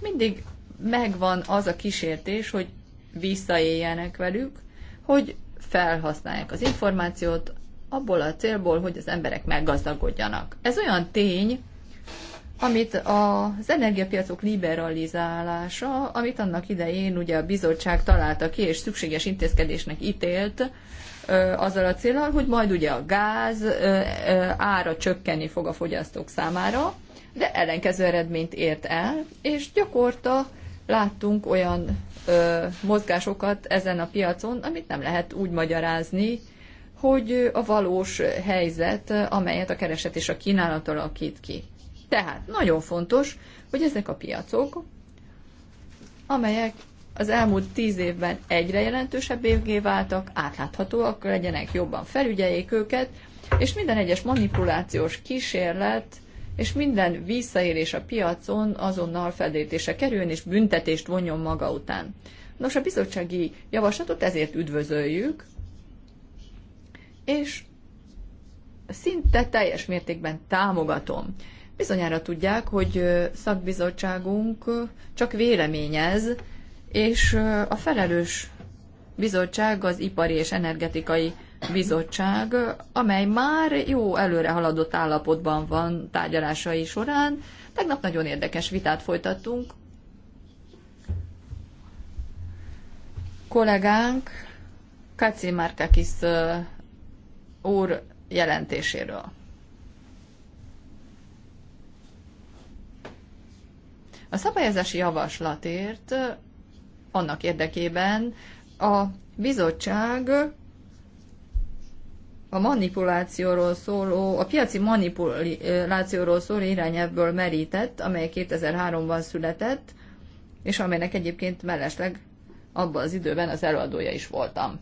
mindig megvan az a kísértés, hogy visszaéljenek velük, hogy felhasználják az információt abból a célból, hogy az emberek meggazdagodjanak. Ez olyan tény, amit az energiapiacok liberalizálása, amit annak idején ugye a bizottság találta ki, és szükséges intézkedésnek ítélt, azzal a célral, hogy majd ugye a gáz ára csökkenni fog a fogyasztók számára, de ellenkező eredményt ért el, és gyakorta láttunk olyan mozgásokat ezen a piacon, amit nem lehet úgy magyarázni, hogy a valós helyzet, amelyet a kereset és a kínálat alakít ki. Tehát nagyon fontos, hogy ezek a piacok, amelyek az elmúlt tíz évben egyre évgé váltak, átláthatóak legyenek, jobban felügyeljék őket, és minden egyes manipulációs kísérlet és minden visszaérés a piacon azonnal fedétése kerüljön, és büntetést vonjon maga után. Nos, a bizottsági javaslatot ezért üdvözöljük, és szinte teljes mértékben támogatom. Bizonyára tudják, hogy szakbizottságunk csak véleményez, és a felelős bizottság az Ipari és Energetikai Bizottság, amely már jó előre haladott állapotban van tárgyalásai során. Tegnap nagyon érdekes vitát folytattunk. Kollégánk Kaci Márkakis úr jelentéséről. A szabályozási javaslatért annak érdekében a bizottság a manipulációról szóló, a piaci manipulációról szóló irányelvből merített, amely 2003-ban született, és amelynek egyébként mellesleg abban az időben az előadója is voltam.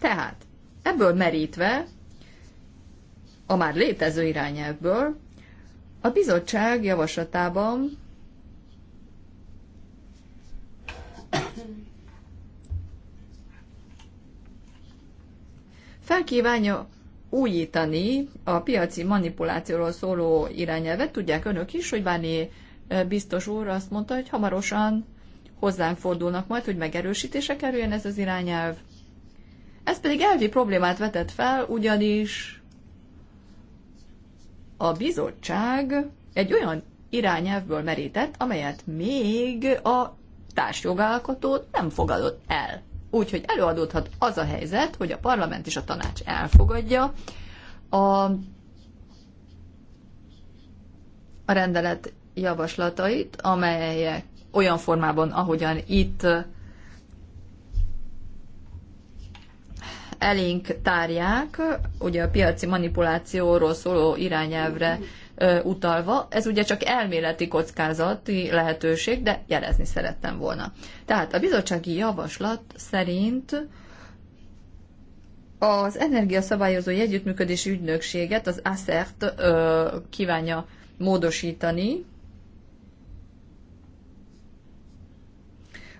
Tehát, ebből merítve, a már létező irányelvből a bizottság javaslatában felkívánja újítani a piaci manipulációról szóló irányelvet. Tudják önök is, hogy Báni eh, biztos úr azt mondta, hogy hamarosan hozzánk fordulnak majd, hogy megerősítése kerüljön ez az irányelv. Ez pedig elvi problémát vetett fel, ugyanis a bizottság egy olyan irányelvből merített, amelyet még a társjogalkotó nem fogadott el. Úgyhogy előadódhat az a helyzet, hogy a parlament és a tanács elfogadja a, a rendelet javaslatait, amelyek olyan formában, ahogyan itt elénk tárják, ugye a piaci manipulációról szóló irányelvre utalva. Ez ugye csak elméleti kockázati lehetőség, de jelezni szerettem volna. Tehát a bizottsági javaslat szerint az energiaszabályozói együttműködési ügynökséget, az ASZERT kívánja módosítani,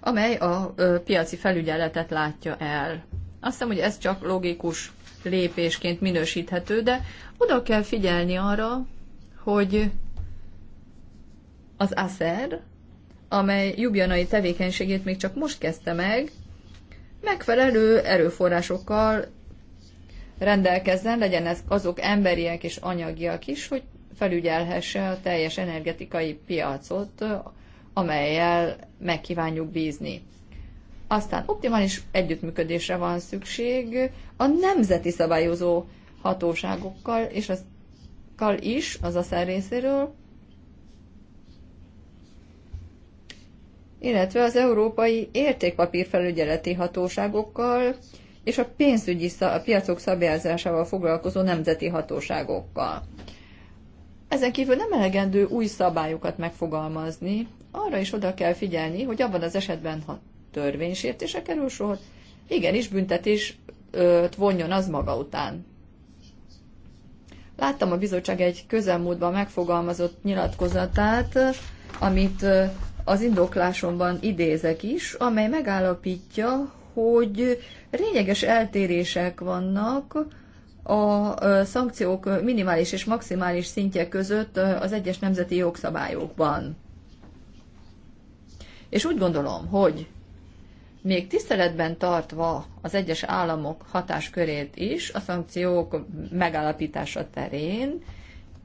amely a piaci felügyeletet látja el. Azt hiszem, hogy ez csak logikus lépésként minősíthető, de oda kell figyelni arra, hogy az ASZER, amely jubjanai tevékenységét még csak most kezdte meg, megfelelő erőforrásokkal rendelkezzen, legyen ez azok emberiek és anyagiak is, hogy felügyelhesse a teljes energetikai piacot, amelyel megkívánjuk bízni. Aztán optimális együttműködésre van szükség a nemzeti szabályozó hatóságokkal és az is, az ASZER részéről, illetve az európai értékpapírfelügyeleti hatóságokkal és a pénzügyi szab- a piacok szabályozásával foglalkozó nemzeti hatóságokkal. Ezen kívül nem elegendő új szabályokat megfogalmazni, arra is oda kell figyelni, hogy abban az esetben, ha törvénysértése kerül sor, igenis büntetés vonjon az maga után. Láttam a bizottság egy közelmúltban megfogalmazott nyilatkozatát, amit az indoklásomban idézek is, amely megállapítja, hogy lényeges eltérések vannak a szankciók minimális és maximális szintje között az egyes nemzeti jogszabályokban. És úgy gondolom, hogy még tiszteletben tartva az egyes államok hatáskörét is a szankciók megállapítása terén,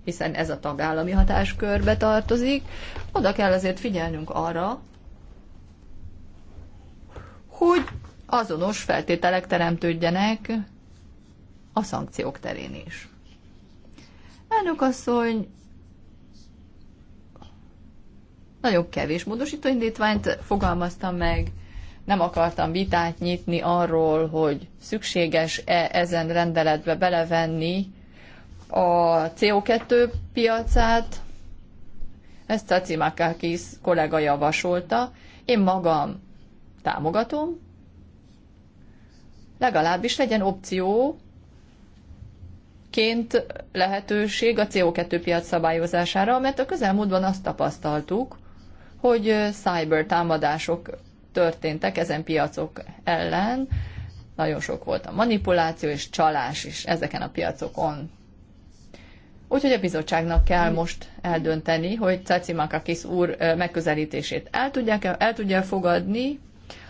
hiszen ez a tagállami hatáskörbe tartozik, oda kell azért figyelnünk arra, hogy azonos feltételek teremtődjenek a szankciók terén is. Elnök asszony, nagyon kevés módosító indítványt fogalmaztam meg, nem akartam vitát nyitni arról, hogy szükséges-e ezen rendeletbe belevenni a CO2 piacát. Ezt Caci Makakis kollega javasolta. Én magam támogatom. Legalábbis legyen opció, ként lehetőség a CO2 piac szabályozására, mert a közelmúltban azt tapasztaltuk, hogy cyber támadások történtek ezen piacok ellen. Nagyon sok volt a manipuláció és csalás is ezeken a piacokon. Úgyhogy a bizottságnak kell most eldönteni, hogy Cacimakakis úr megközelítését el, tudják, el tudja fogadni,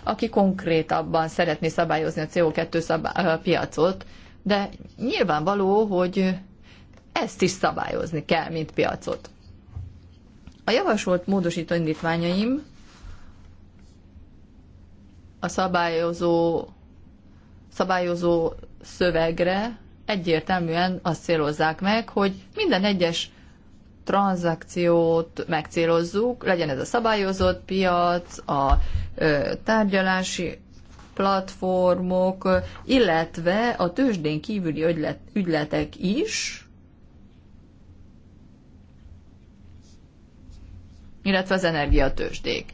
aki konkrétabban szeretné szabályozni a CO2 szabá- piacot, de nyilvánvaló, hogy ezt is szabályozni kell, mint piacot. A javasolt módosító indítványaim a szabályozó, szabályozó szövegre egyértelműen azt célozzák meg, hogy minden egyes tranzakciót megcélozzuk, legyen ez a szabályozott piac, a tárgyalási platformok, illetve a tőzsdén kívüli ügylet, ügyletek is, illetve az energiatőzsdék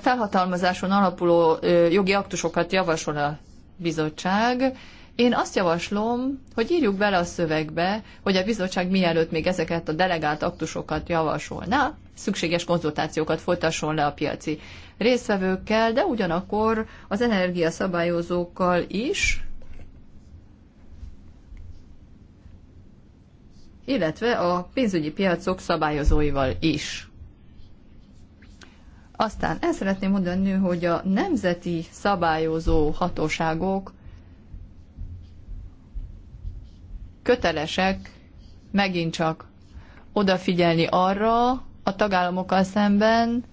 felhatalmazáson alapuló jogi aktusokat javasol a bizottság. Én azt javaslom, hogy írjuk bele a szövegbe, hogy a bizottság mielőtt még ezeket a delegált aktusokat javasolná, szükséges konzultációkat folytasson le a piaci résztvevőkkel, de ugyanakkor az energiaszabályozókkal is, illetve a pénzügyi piacok szabályozóival is. Aztán el szeretném mondani, hogy a nemzeti szabályozó hatóságok kötelesek megint csak odafigyelni arra a tagállamokkal szemben,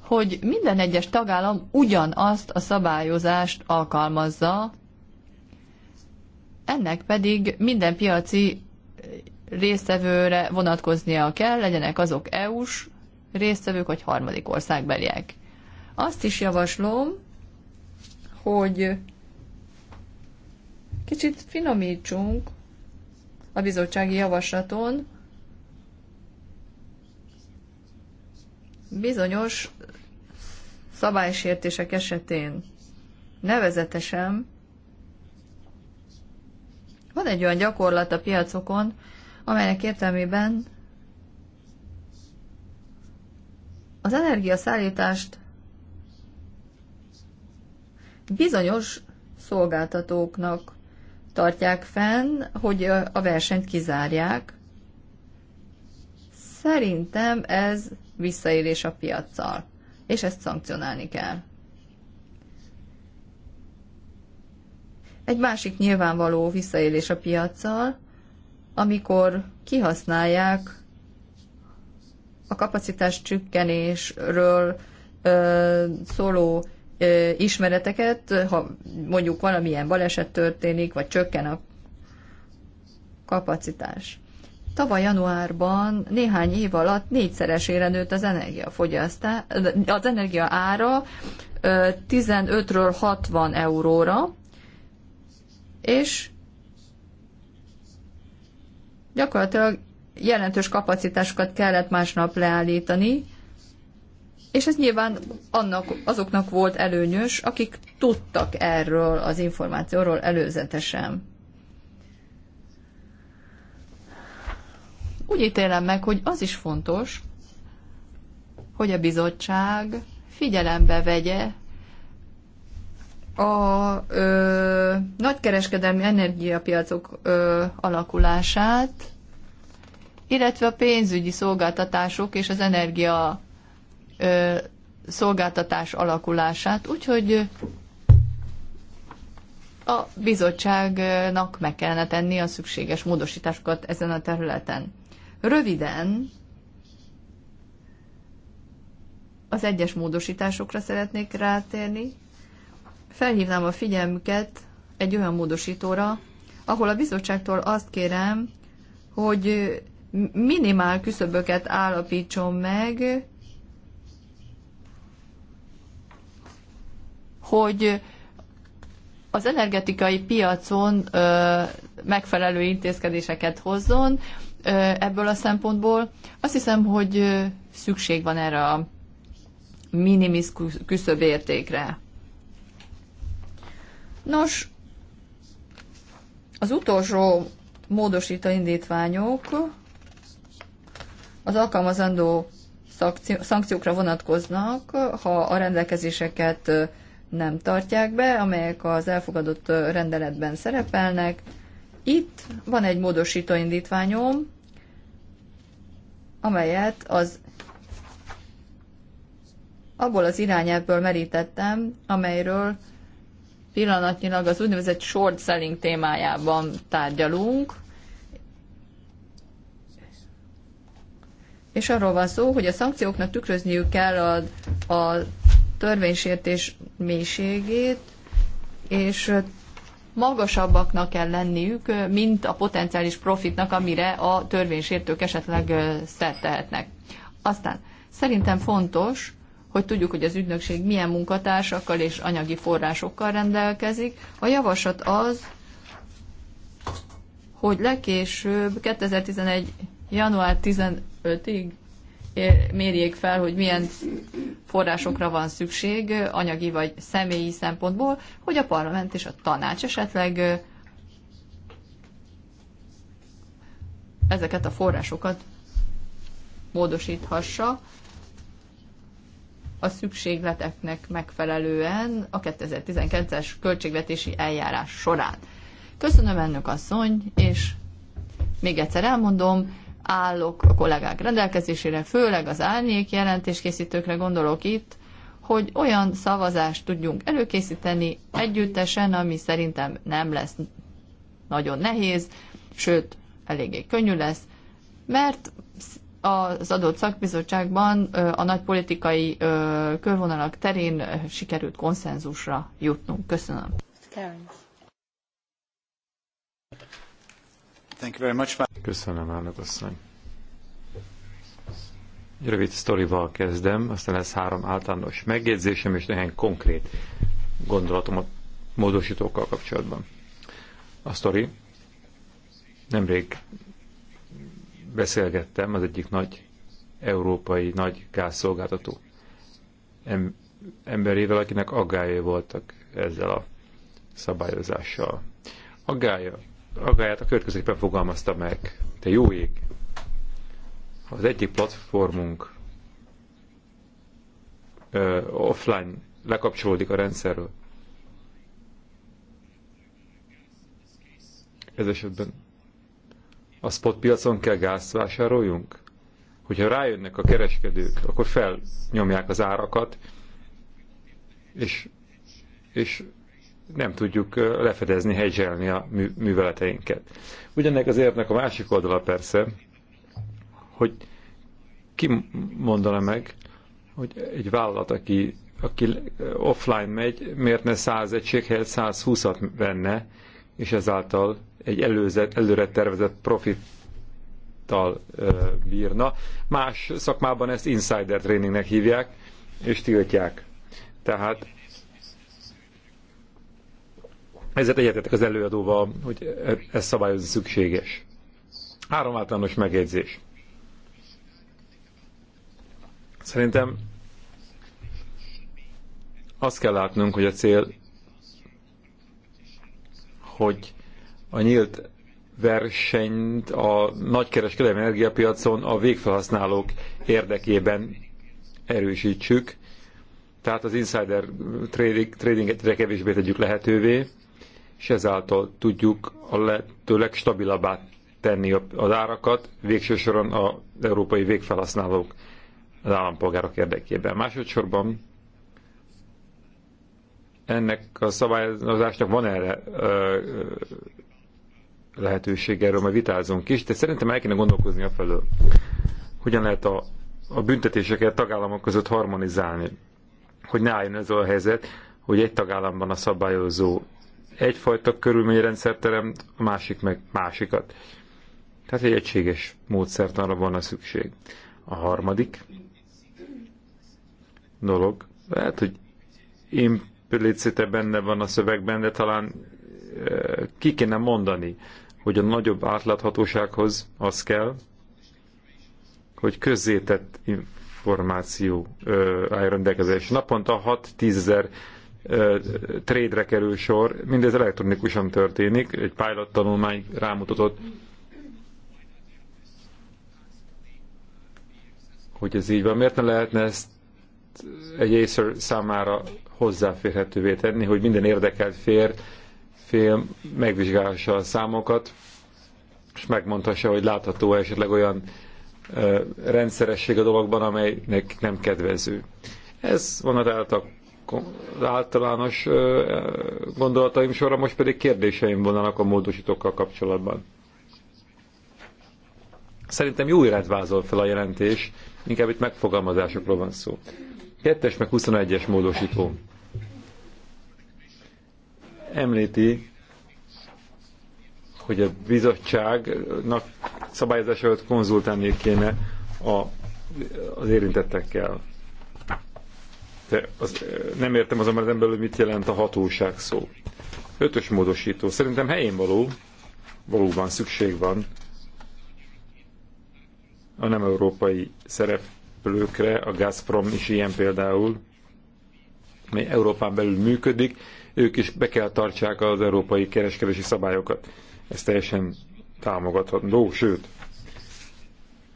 hogy minden egyes tagállam ugyanazt a szabályozást alkalmazza, ennek pedig minden piaci résztvevőre vonatkoznia kell, legyenek azok EU-s résztvevők, vagy harmadik országbeliek. Azt is javaslom, hogy kicsit finomítsunk a bizottsági javaslaton bizonyos szabálysértések esetén. Nevezetesen van egy olyan gyakorlat a piacokon, amelynek értelmében az energiaszállítást bizonyos szolgáltatóknak tartják fenn, hogy a versenyt kizárják. Szerintem ez visszaélés a piaccal, és ezt szankcionálni kell. Egy másik nyilvánvaló visszaélés a piaccal, amikor kihasználják a kapacitás csökkenésről szóló ismereteket, ha mondjuk valamilyen baleset történik, vagy csökken a kapacitás. Tavaly januárban néhány év alatt négyszeresére nőtt az energiafogyasztás, az energia ára 15-ről 60 euróra, és Gyakorlatilag jelentős kapacitásokat kellett másnap leállítani, és ez nyilván annak, azoknak volt előnyös, akik tudtak erről az információról előzetesen. Úgy ítélem meg, hogy az is fontos, hogy a bizottság figyelembe vegye a ö, nagykereskedelmi energiapiacok ö, alakulását, illetve a pénzügyi szolgáltatások és az energia ö, szolgáltatás alakulását. Úgyhogy a bizottságnak meg kellene tenni a szükséges módosításokat ezen a területen. Röviden az egyes módosításokra szeretnék rátérni felhívnám a figyelmüket egy olyan módosítóra, ahol a bizottságtól azt kérem, hogy minimál küszöböket állapítson meg, hogy az energetikai piacon ö, megfelelő intézkedéseket hozzon ö, ebből a szempontból. Azt hiszem, hogy szükség van erre a minimis küszöbértékre. Nos, az utolsó módosító indítványok az alkalmazandó szankciókra vonatkoznak, ha a rendelkezéseket nem tartják be, amelyek az elfogadott rendeletben szerepelnek. Itt van egy módosító indítványom, amelyet az abból az irányából merítettem, amelyről Pillanatnyilag az úgynevezett short selling témájában tárgyalunk, és arról van szó, hogy a szankcióknak tükrözniük kell a, a törvénysértés mélységét, és magasabbaknak kell lenniük, mint a potenciális profitnak, amire a törvénysértők esetleg szert tehetnek. Aztán szerintem fontos, hogy tudjuk, hogy az ügynökség milyen munkatársakkal és anyagi forrásokkal rendelkezik. A javaslat az, hogy legkésőbb 2011. január 15-ig mérjék fel, hogy milyen forrásokra van szükség anyagi vagy személyi szempontból, hogy a parlament és a tanács esetleg ezeket a forrásokat módosíthassa, a szükségleteknek megfelelően a 2019-es költségvetési eljárás során. Köszönöm, elnök asszony, és még egyszer elmondom, állok a kollégák rendelkezésére, főleg az árnyék jelentéskészítőkre gondolok itt, hogy olyan szavazást tudjunk előkészíteni együttesen, ami szerintem nem lesz nagyon nehéz, sőt, eléggé könnyű lesz, mert az adott szakbizottságban a nagy politikai körvonalak terén sikerült konszenzusra jutnunk. Köszönöm. Thank you very much. Köszönöm, elnök asszony. Rövid sztorival kezdem, aztán lesz három általános megjegyzésem és néhány konkrét gondolatom a módosítókkal kapcsolatban. A sztori nemrég beszélgettem az egyik nagy európai nagy gázszolgáltató em- emberével, akinek aggályai voltak ezzel a szabályozással. Aggája, aggáját a következőképpen fogalmazta meg. Te jó ég! Az egyik platformunk ö, offline lekapcsolódik a rendszerről. Ez esetben a spot piacon kell gázt vásároljunk? Hogyha rájönnek a kereskedők, akkor felnyomják az árakat, és, és nem tudjuk lefedezni, hegyzselni a műveleteinket. Ugyanek az érvnek a másik oldala persze, hogy ki mondana meg, hogy egy vállalat, aki, aki offline megy, miért ne 100 egység helyett 120-at venne, és ezáltal egy előze, előre tervezett profittal bírna. Más szakmában ezt insider trainingnek hívják, és tiltják. Tehát ezért egyetetek az előadóval, hogy e, ez szabályozni szükséges. Három általános megjegyzés. Szerintem azt kell látnunk, hogy a cél, hogy a nyílt versenyt a nagykereskedelmi energiapiacon a végfelhasználók érdekében erősítsük. Tehát az insider trading, tradinget egyre kevésbé tegyük lehetővé, és ezáltal tudjuk a lehető legstabilabbá tenni az árakat, végső soron az európai végfelhasználók, az állampolgárok érdekében. Másodszorban ennek a szabályozásnak van erre ö, lehetőség, erről majd vitázunk is, de szerintem el kéne gondolkozni a felől, hogyan lehet a, a büntetéseket tagállamok között harmonizálni, hogy ne álljon ez a helyzet, hogy egy tagállamban a szabályozó egyfajta körülményrendszer teremt, a másik meg másikat. Tehát egy egységes módszertanra van a szükség. A harmadik dolog, lehet, hogy implicite benne van a szövegben, de talán eh, ki kéne mondani, hogy a nagyobb átláthatósághoz az kell, hogy közzétett információ áll rendelkezés. Naponta 6-10 ezer trédre kerül sor, mindez elektronikusan történik, egy pilot tanulmány rámutatott, hogy ez így van. Miért ne lehetne ezt egy észre számára hozzáférhetővé tenni, hogy minden érdekelt fér fél megvizsgálhassa a számokat, és megmondhassa, hogy látható -e esetleg olyan rendszeresség a dologban, amelynek nem kedvező. Ez van az általános gondolataim sorra, most pedig kérdéseim vannak a módosítókkal kapcsolatban. Szerintem jó irányt vázol fel a jelentés, inkább itt megfogalmazásokról van szó. 2-es meg 21-es módosító említi, hogy a bizottságnak szabályozás előtt konzultálni kéne a, az érintettekkel. De az, nem értem azonban ezen belül, mit jelent a hatóság szó. Ötös módosító. Szerintem helyén való, valóban szükség van a nem európai szereplőkre, a Gazprom is ilyen például, mely Európán belül működik, ők is be kell tartsák az európai kereskedési szabályokat. Ez teljesen támogatható, sőt,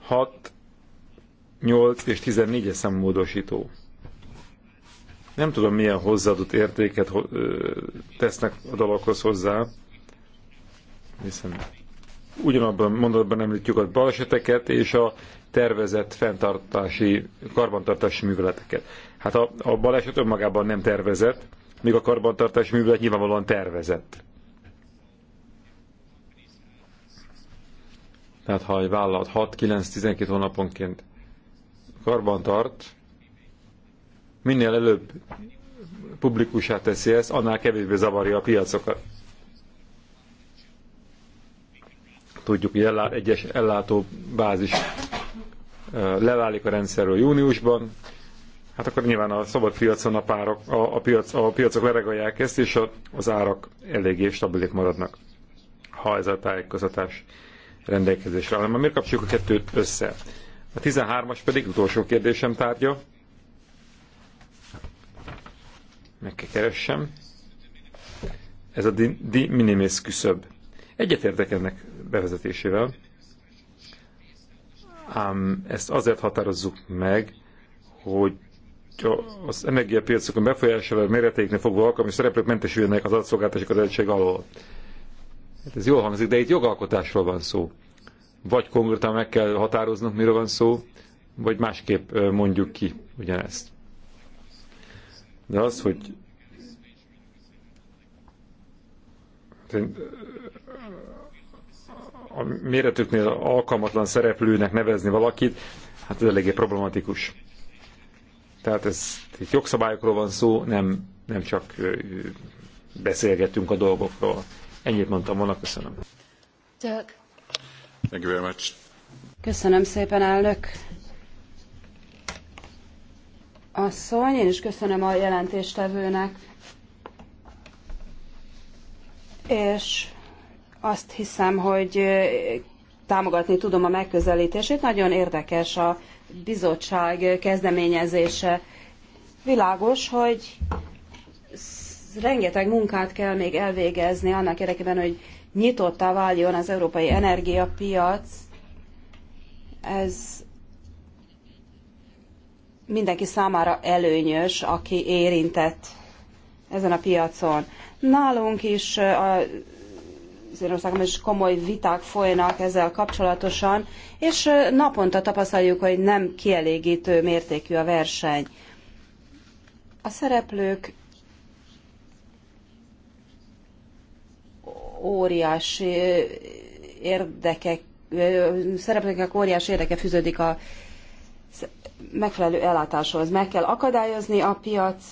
6, 8 és 14-es módosító. Nem tudom, milyen hozzáadott értéket tesznek a dologhoz hozzá, hiszen ugyanabban a mondatban említjük a baleseteket és a tervezett fenntartási, karbantartási műveleteket. Hát a, a baleset önmagában nem tervezett, míg a karbantartás művelet nyilvánvalóan tervezett. Tehát ha egy vállalat 6-9-12 hónaponként karbantart, minél előbb publikusá teszi ezt, annál kevésbé zavarja a piacokat. Tudjuk, hogy egyes ellátó bázis leválik a rendszerről júniusban, hát akkor nyilván a szabad piacon a, párok, a, a, piac, a piacok leregalják ezt, és a, az árak eléggé stabilik maradnak, ha ez a tájékozatás rendelkezésre áll. Miért kapcsoljuk a kettőt össze? A 13-as pedig utolsó kérdésem tárgya. Meg kell keressem. Ez a di, di minimis küszöb. Egyetértek ennek bevezetésével, ám ezt azért határozzuk meg, hogy az energiapiacokon befolyásolva méreteiknél fogva alkalmi szereplők mentesüljenek az adatszolgáltatási kötelezettség alól. Hát ez jól hangzik, de itt jogalkotásról van szó. Vagy konkrétan meg kell határoznunk, miről van szó, vagy másképp mondjuk ki ugyanezt. De az, hogy hát a méretüknél alkalmatlan szereplőnek nevezni valakit, hát ez eléggé problematikus. Tehát ez itt jogszabályokról van szó, nem, nem csak beszélgetünk a dolgokról. Ennyit mondtam volna, köszönöm. Dirk. Thank you very much. Köszönöm szépen, elnök asszony, én is köszönöm a jelentéstevőnek. És azt hiszem, hogy támogatni tudom a megközelítését. Nagyon érdekes a bizottság kezdeményezése. Világos, hogy rengeteg munkát kell még elvégezni annak érdekében, hogy nyitottá váljon az európai energiapiac. Ez mindenki számára előnyös, aki érintett ezen a piacon. Nálunk is a az én is komoly viták folynak ezzel kapcsolatosan, és naponta tapasztaljuk, hogy nem kielégítő mértékű a verseny. A szereplők óriási érdekek, szereplőknek óriási érdeke fűződik a megfelelő ellátáshoz. Meg kell akadályozni a piac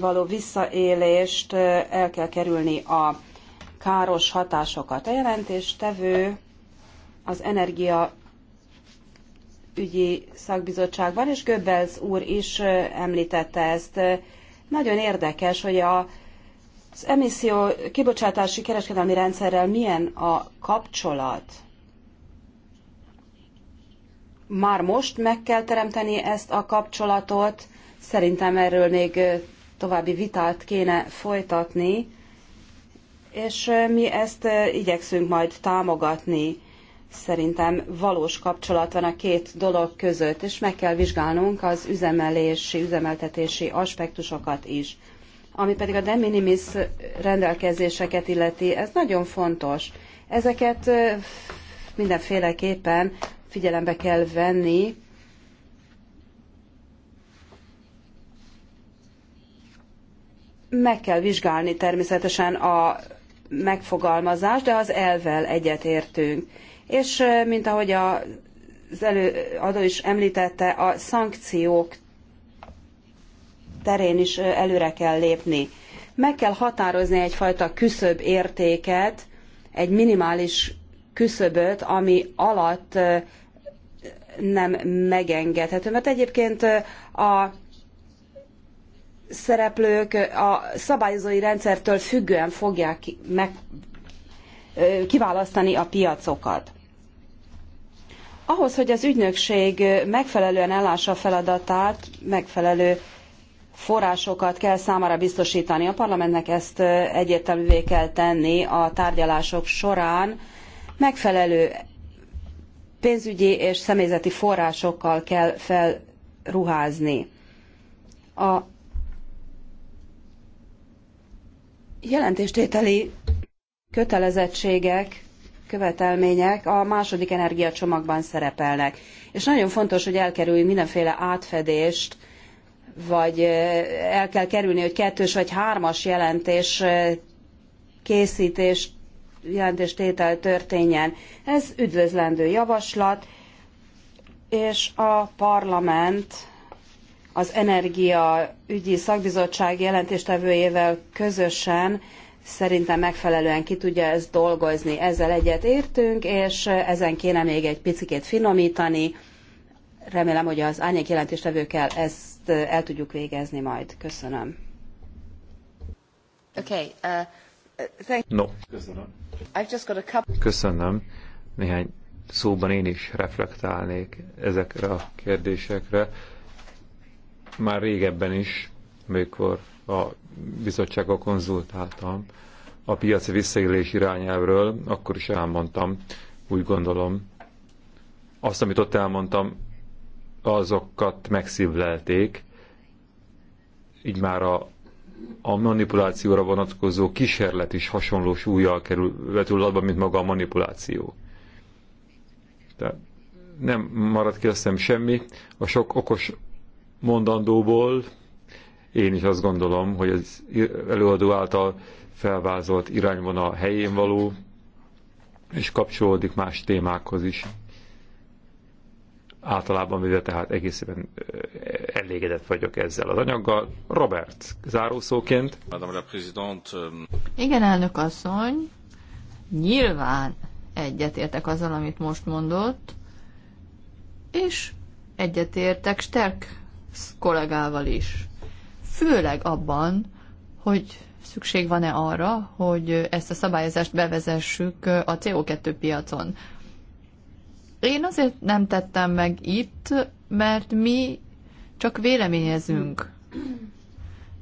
való visszaélést, el kell kerülni a káros hatásokat. A jelentéstevő az energia ügyi szakbizottságban, és Göbbels úr is említette ezt. Nagyon érdekes, hogy a, az emisszió kibocsátási kereskedelmi rendszerrel milyen a kapcsolat. Már most meg kell teremteni ezt a kapcsolatot, szerintem erről még további vitát kéne folytatni, és mi ezt igyekszünk majd támogatni. Szerintem valós kapcsolat van a két dolog között, és meg kell vizsgálnunk az üzemelési, üzemeltetési aspektusokat is. Ami pedig a de minimis rendelkezéseket illeti, ez nagyon fontos. Ezeket mindenféleképpen figyelembe kell venni, meg kell vizsgálni természetesen a megfogalmazás, de az elvel egyetértünk. És mint ahogy az előadó is említette, a szankciók terén is előre kell lépni. Meg kell határozni egyfajta küszöbb értéket, egy minimális küszöböt, ami alatt nem megengedhető. Mert egyébként a szereplők a szabályozói rendszertől függően fogják meg, kiválasztani a piacokat. Ahhoz, hogy az ügynökség megfelelően ellássa a feladatát, megfelelő forrásokat kell számára biztosítani. A parlamentnek ezt egyértelművé kell tenni a tárgyalások során. Megfelelő pénzügyi és személyzeti forrásokkal kell felruházni. A jelentéstételi kötelezettségek, követelmények a második energiacsomagban szerepelnek. És nagyon fontos, hogy elkerüljünk mindenféle átfedést, vagy el kell kerülni, hogy kettős vagy hármas jelentés készítés, jelentéstétel történjen. Ez üdvözlendő javaslat, és a parlament az Energia ügyi szakbizottság jelentéstevőjével közösen szerintem megfelelően ki tudja ezt dolgozni. Ezzel egyet értünk, és ezen kéne még egy picit finomítani. Remélem, hogy az árnyék jelentéstevőkkel ezt el tudjuk végezni majd. Köszönöm. Okay, uh, thank no. Köszönöm. I've just got a couple... Köszönöm. Néhány szóban én is reflektálnék ezekre a kérdésekre már régebben is, mikor a bizottságok konzultáltam a piaci visszaélés irányelvről, akkor is elmondtam, úgy gondolom. Azt, amit ott elmondtam, azokat megszívlelték, így már a, a manipulációra vonatkozó kísérlet is hasonló súlyjal kerül vetülatba, mint maga a manipuláció. Tehát nem maradt ki azt hiszem semmi. A sok okos mondandóból én is azt gondolom, hogy az előadó által felvázolt irányvonal helyén való, és kapcsolódik más témákhoz is. Általában véve tehát egészen elégedett vagyok ezzel az anyaggal. Robert, zárószóként. Madame la Présidente. Igen, elnök asszony, nyilván egyetértek azzal, amit most mondott, és egyetértek Sterk kollégával is. Főleg abban, hogy szükség van-e arra, hogy ezt a szabályozást bevezessük a CO2 piacon. Én azért nem tettem meg itt, mert mi csak véleményezünk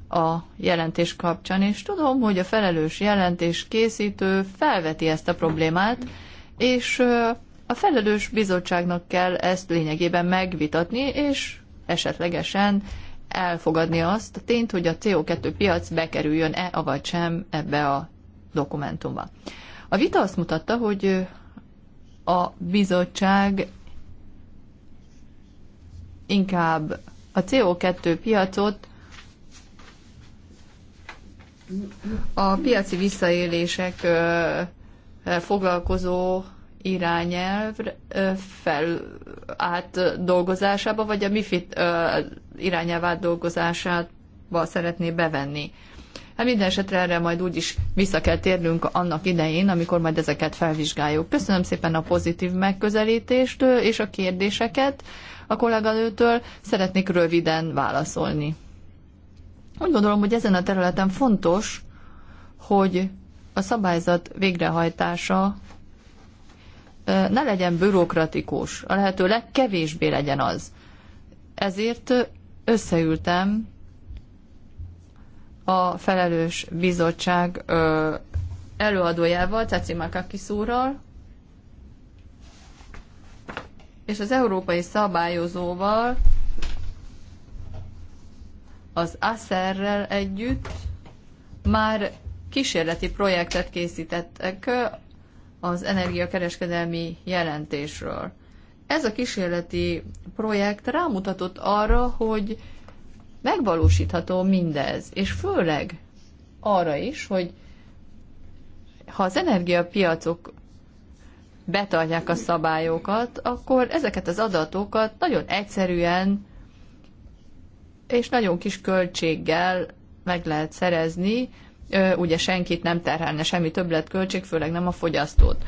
a jelentés kapcsán, és tudom, hogy a felelős jelentés készítő felveti ezt a problémát, és a felelős bizottságnak kell ezt lényegében megvitatni, és esetlegesen elfogadni azt a tényt, hogy a CO2 piac bekerüljön-e, avagy sem ebbe a dokumentumba. A vita azt mutatta, hogy a bizottság inkább a CO2 piacot a piaci visszaélések foglalkozó irányelv felállt dolgozásába, vagy a MIFID irányelv átdolgozásába szeretné bevenni. Hát minden esetre erre majd úgyis vissza kell térnünk annak idején, amikor majd ezeket felvizsgáljuk. Köszönöm szépen a pozitív megközelítést és a kérdéseket a kolléganőtől. Szeretnék röviden válaszolni. Úgy gondolom, hogy ezen a területen fontos, hogy a szabályzat végrehajtása ne legyen bürokratikus, a lehető legkevésbé legyen az. Ezért összeültem a felelős bizottság előadójával, Ceci Makakis úrral, és az európai szabályozóval, az ASZER-rel együtt már kísérleti projektet készítettek az energiakereskedelmi jelentésről. Ez a kísérleti projekt rámutatott arra, hogy megvalósítható mindez, és főleg arra is, hogy ha az energiapiacok betartják a szabályokat, akkor ezeket az adatokat nagyon egyszerűen és nagyon kis költséggel meg lehet szerezni ugye senkit nem terhelne semmi többletköltség, főleg nem a fogyasztót.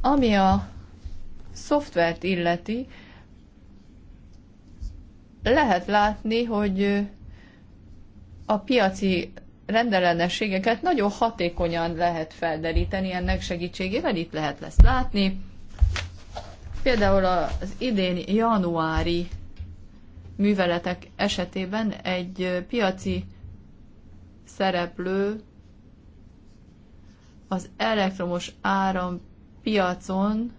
Ami a szoftvert illeti, lehet látni, hogy a piaci rendellenességeket nagyon hatékonyan lehet felderíteni ennek segítségével, itt lehet lesz látni. Például az idén januári műveletek esetében egy piaci szereplő az elektromos áram piacon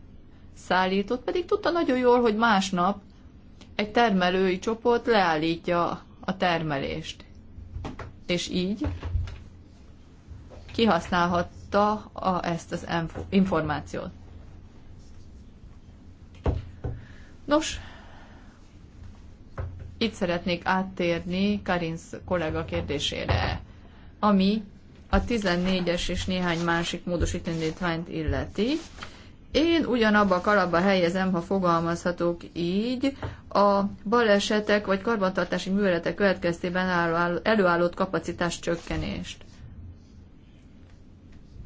szállított, pedig tudta nagyon jól, hogy másnap egy termelői csoport leállítja a termelést. És így kihasználhatta a, ezt az információt. Nos, itt szeretnék áttérni Karinsz kollega kérdésére ami a 14-es és néhány másik módosítendítványt illeti. Én ugyanabba a kalapba helyezem, ha fogalmazhatok így, a balesetek vagy karbantartási műveletek következtében előállott kapacitás csökkenést.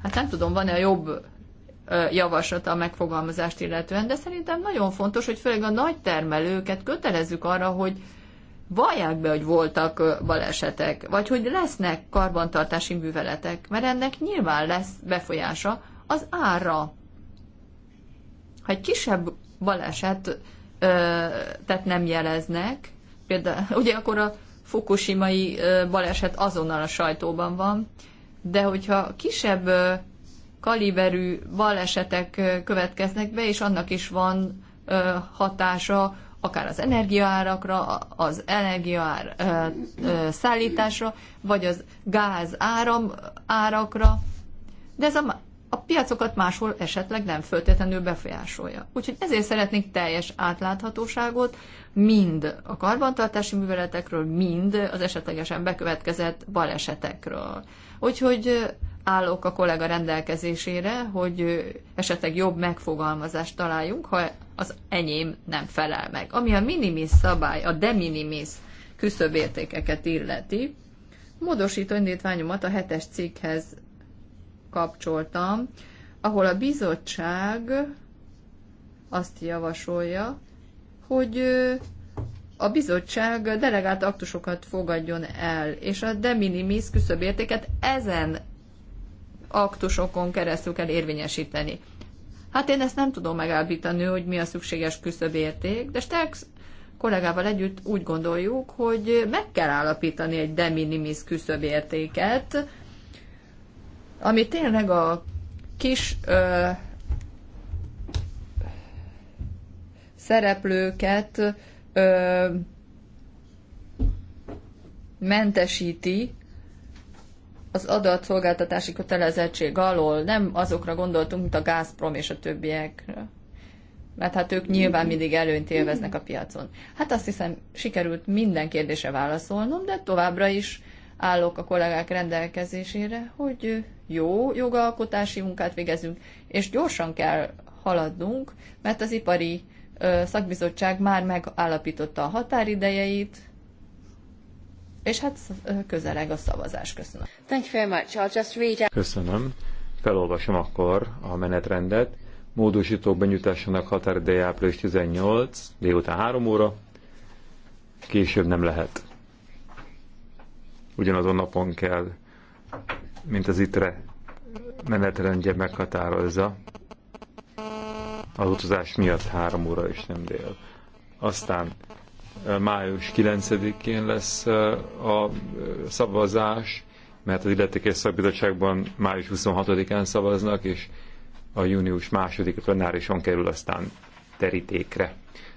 Hát nem tudom, van-e a jobb javaslata a megfogalmazást illetően, de szerintem nagyon fontos, hogy főleg a nagy termelőket kötelezzük arra, hogy vallják be, hogy voltak balesetek, vagy hogy lesznek karbantartási műveletek, mert ennek nyilván lesz befolyása az ára. Ha egy kisebb baleset tehát nem jeleznek, például, ugye akkor a fukushimai baleset azonnal a sajtóban van, de hogyha kisebb kaliberű balesetek következnek be, és annak is van hatása akár az energiaárakra, az energiaár szállításra, vagy az gáz áram árakra, de ez a, a piacokat máshol esetleg nem föltétlenül befolyásolja. Úgyhogy ezért szeretnénk teljes átláthatóságot, mind a karbantartási műveletekről, mind az esetlegesen bekövetkezett balesetekről. Úgyhogy állok a kollega rendelkezésére, hogy esetleg jobb megfogalmazást találjunk, ha az enyém nem felel meg. Ami a minimis szabály, a de minimis küszöbértékeket illeti, módosító indítványomat a hetes cikkhez kapcsoltam, ahol a bizottság azt javasolja, hogy a bizottság delegált aktusokat fogadjon el, és a de minimis küszöbértéket ezen aktusokon keresztül kell érvényesíteni. Hát én ezt nem tudom megállapítani, hogy mi a szükséges küszöbérték, de Stex kollégával együtt úgy gondoljuk, hogy meg kell állapítani egy de minimis küszöbértéket, ami tényleg a kis ö, szereplőket ö, mentesíti az adatszolgáltatási kötelezettség alól, nem azokra gondoltunk, mint a Gazprom és a többiekre. Mert hát ők nyilván mindig előnyt élveznek a piacon. Hát azt hiszem, sikerült minden kérdése válaszolnom, de továbbra is állok a kollégák rendelkezésére, hogy jó jogalkotási munkát végezünk, és gyorsan kell haladnunk, mert az ipari szakbizottság már megállapította a határidejeit, és hát közeleg a szavazás. Köszönöm. Thank you very much. I'll just read out. Köszönöm. Felolvasom akkor a menetrendet. Módosítók benyújtásának határideje április 18, délután 3 óra. Később nem lehet. Ugyanazon napon kell, mint az ITRE menetrendje meghatározza. Az utazás miatt 3 óra és nem dél. Aztán május 9-én lesz a szavazás, mert az illetékes szakbizottságban május 26-án szavaznak, és a június második plenárison kerül aztán terítékre.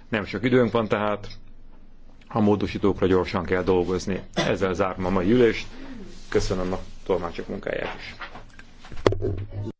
Nem sok időnk van tehát, a módosítókra gyorsan kell dolgozni. Ezzel zárom a mai ülést. Köszönöm a tolmácsok munkáját is.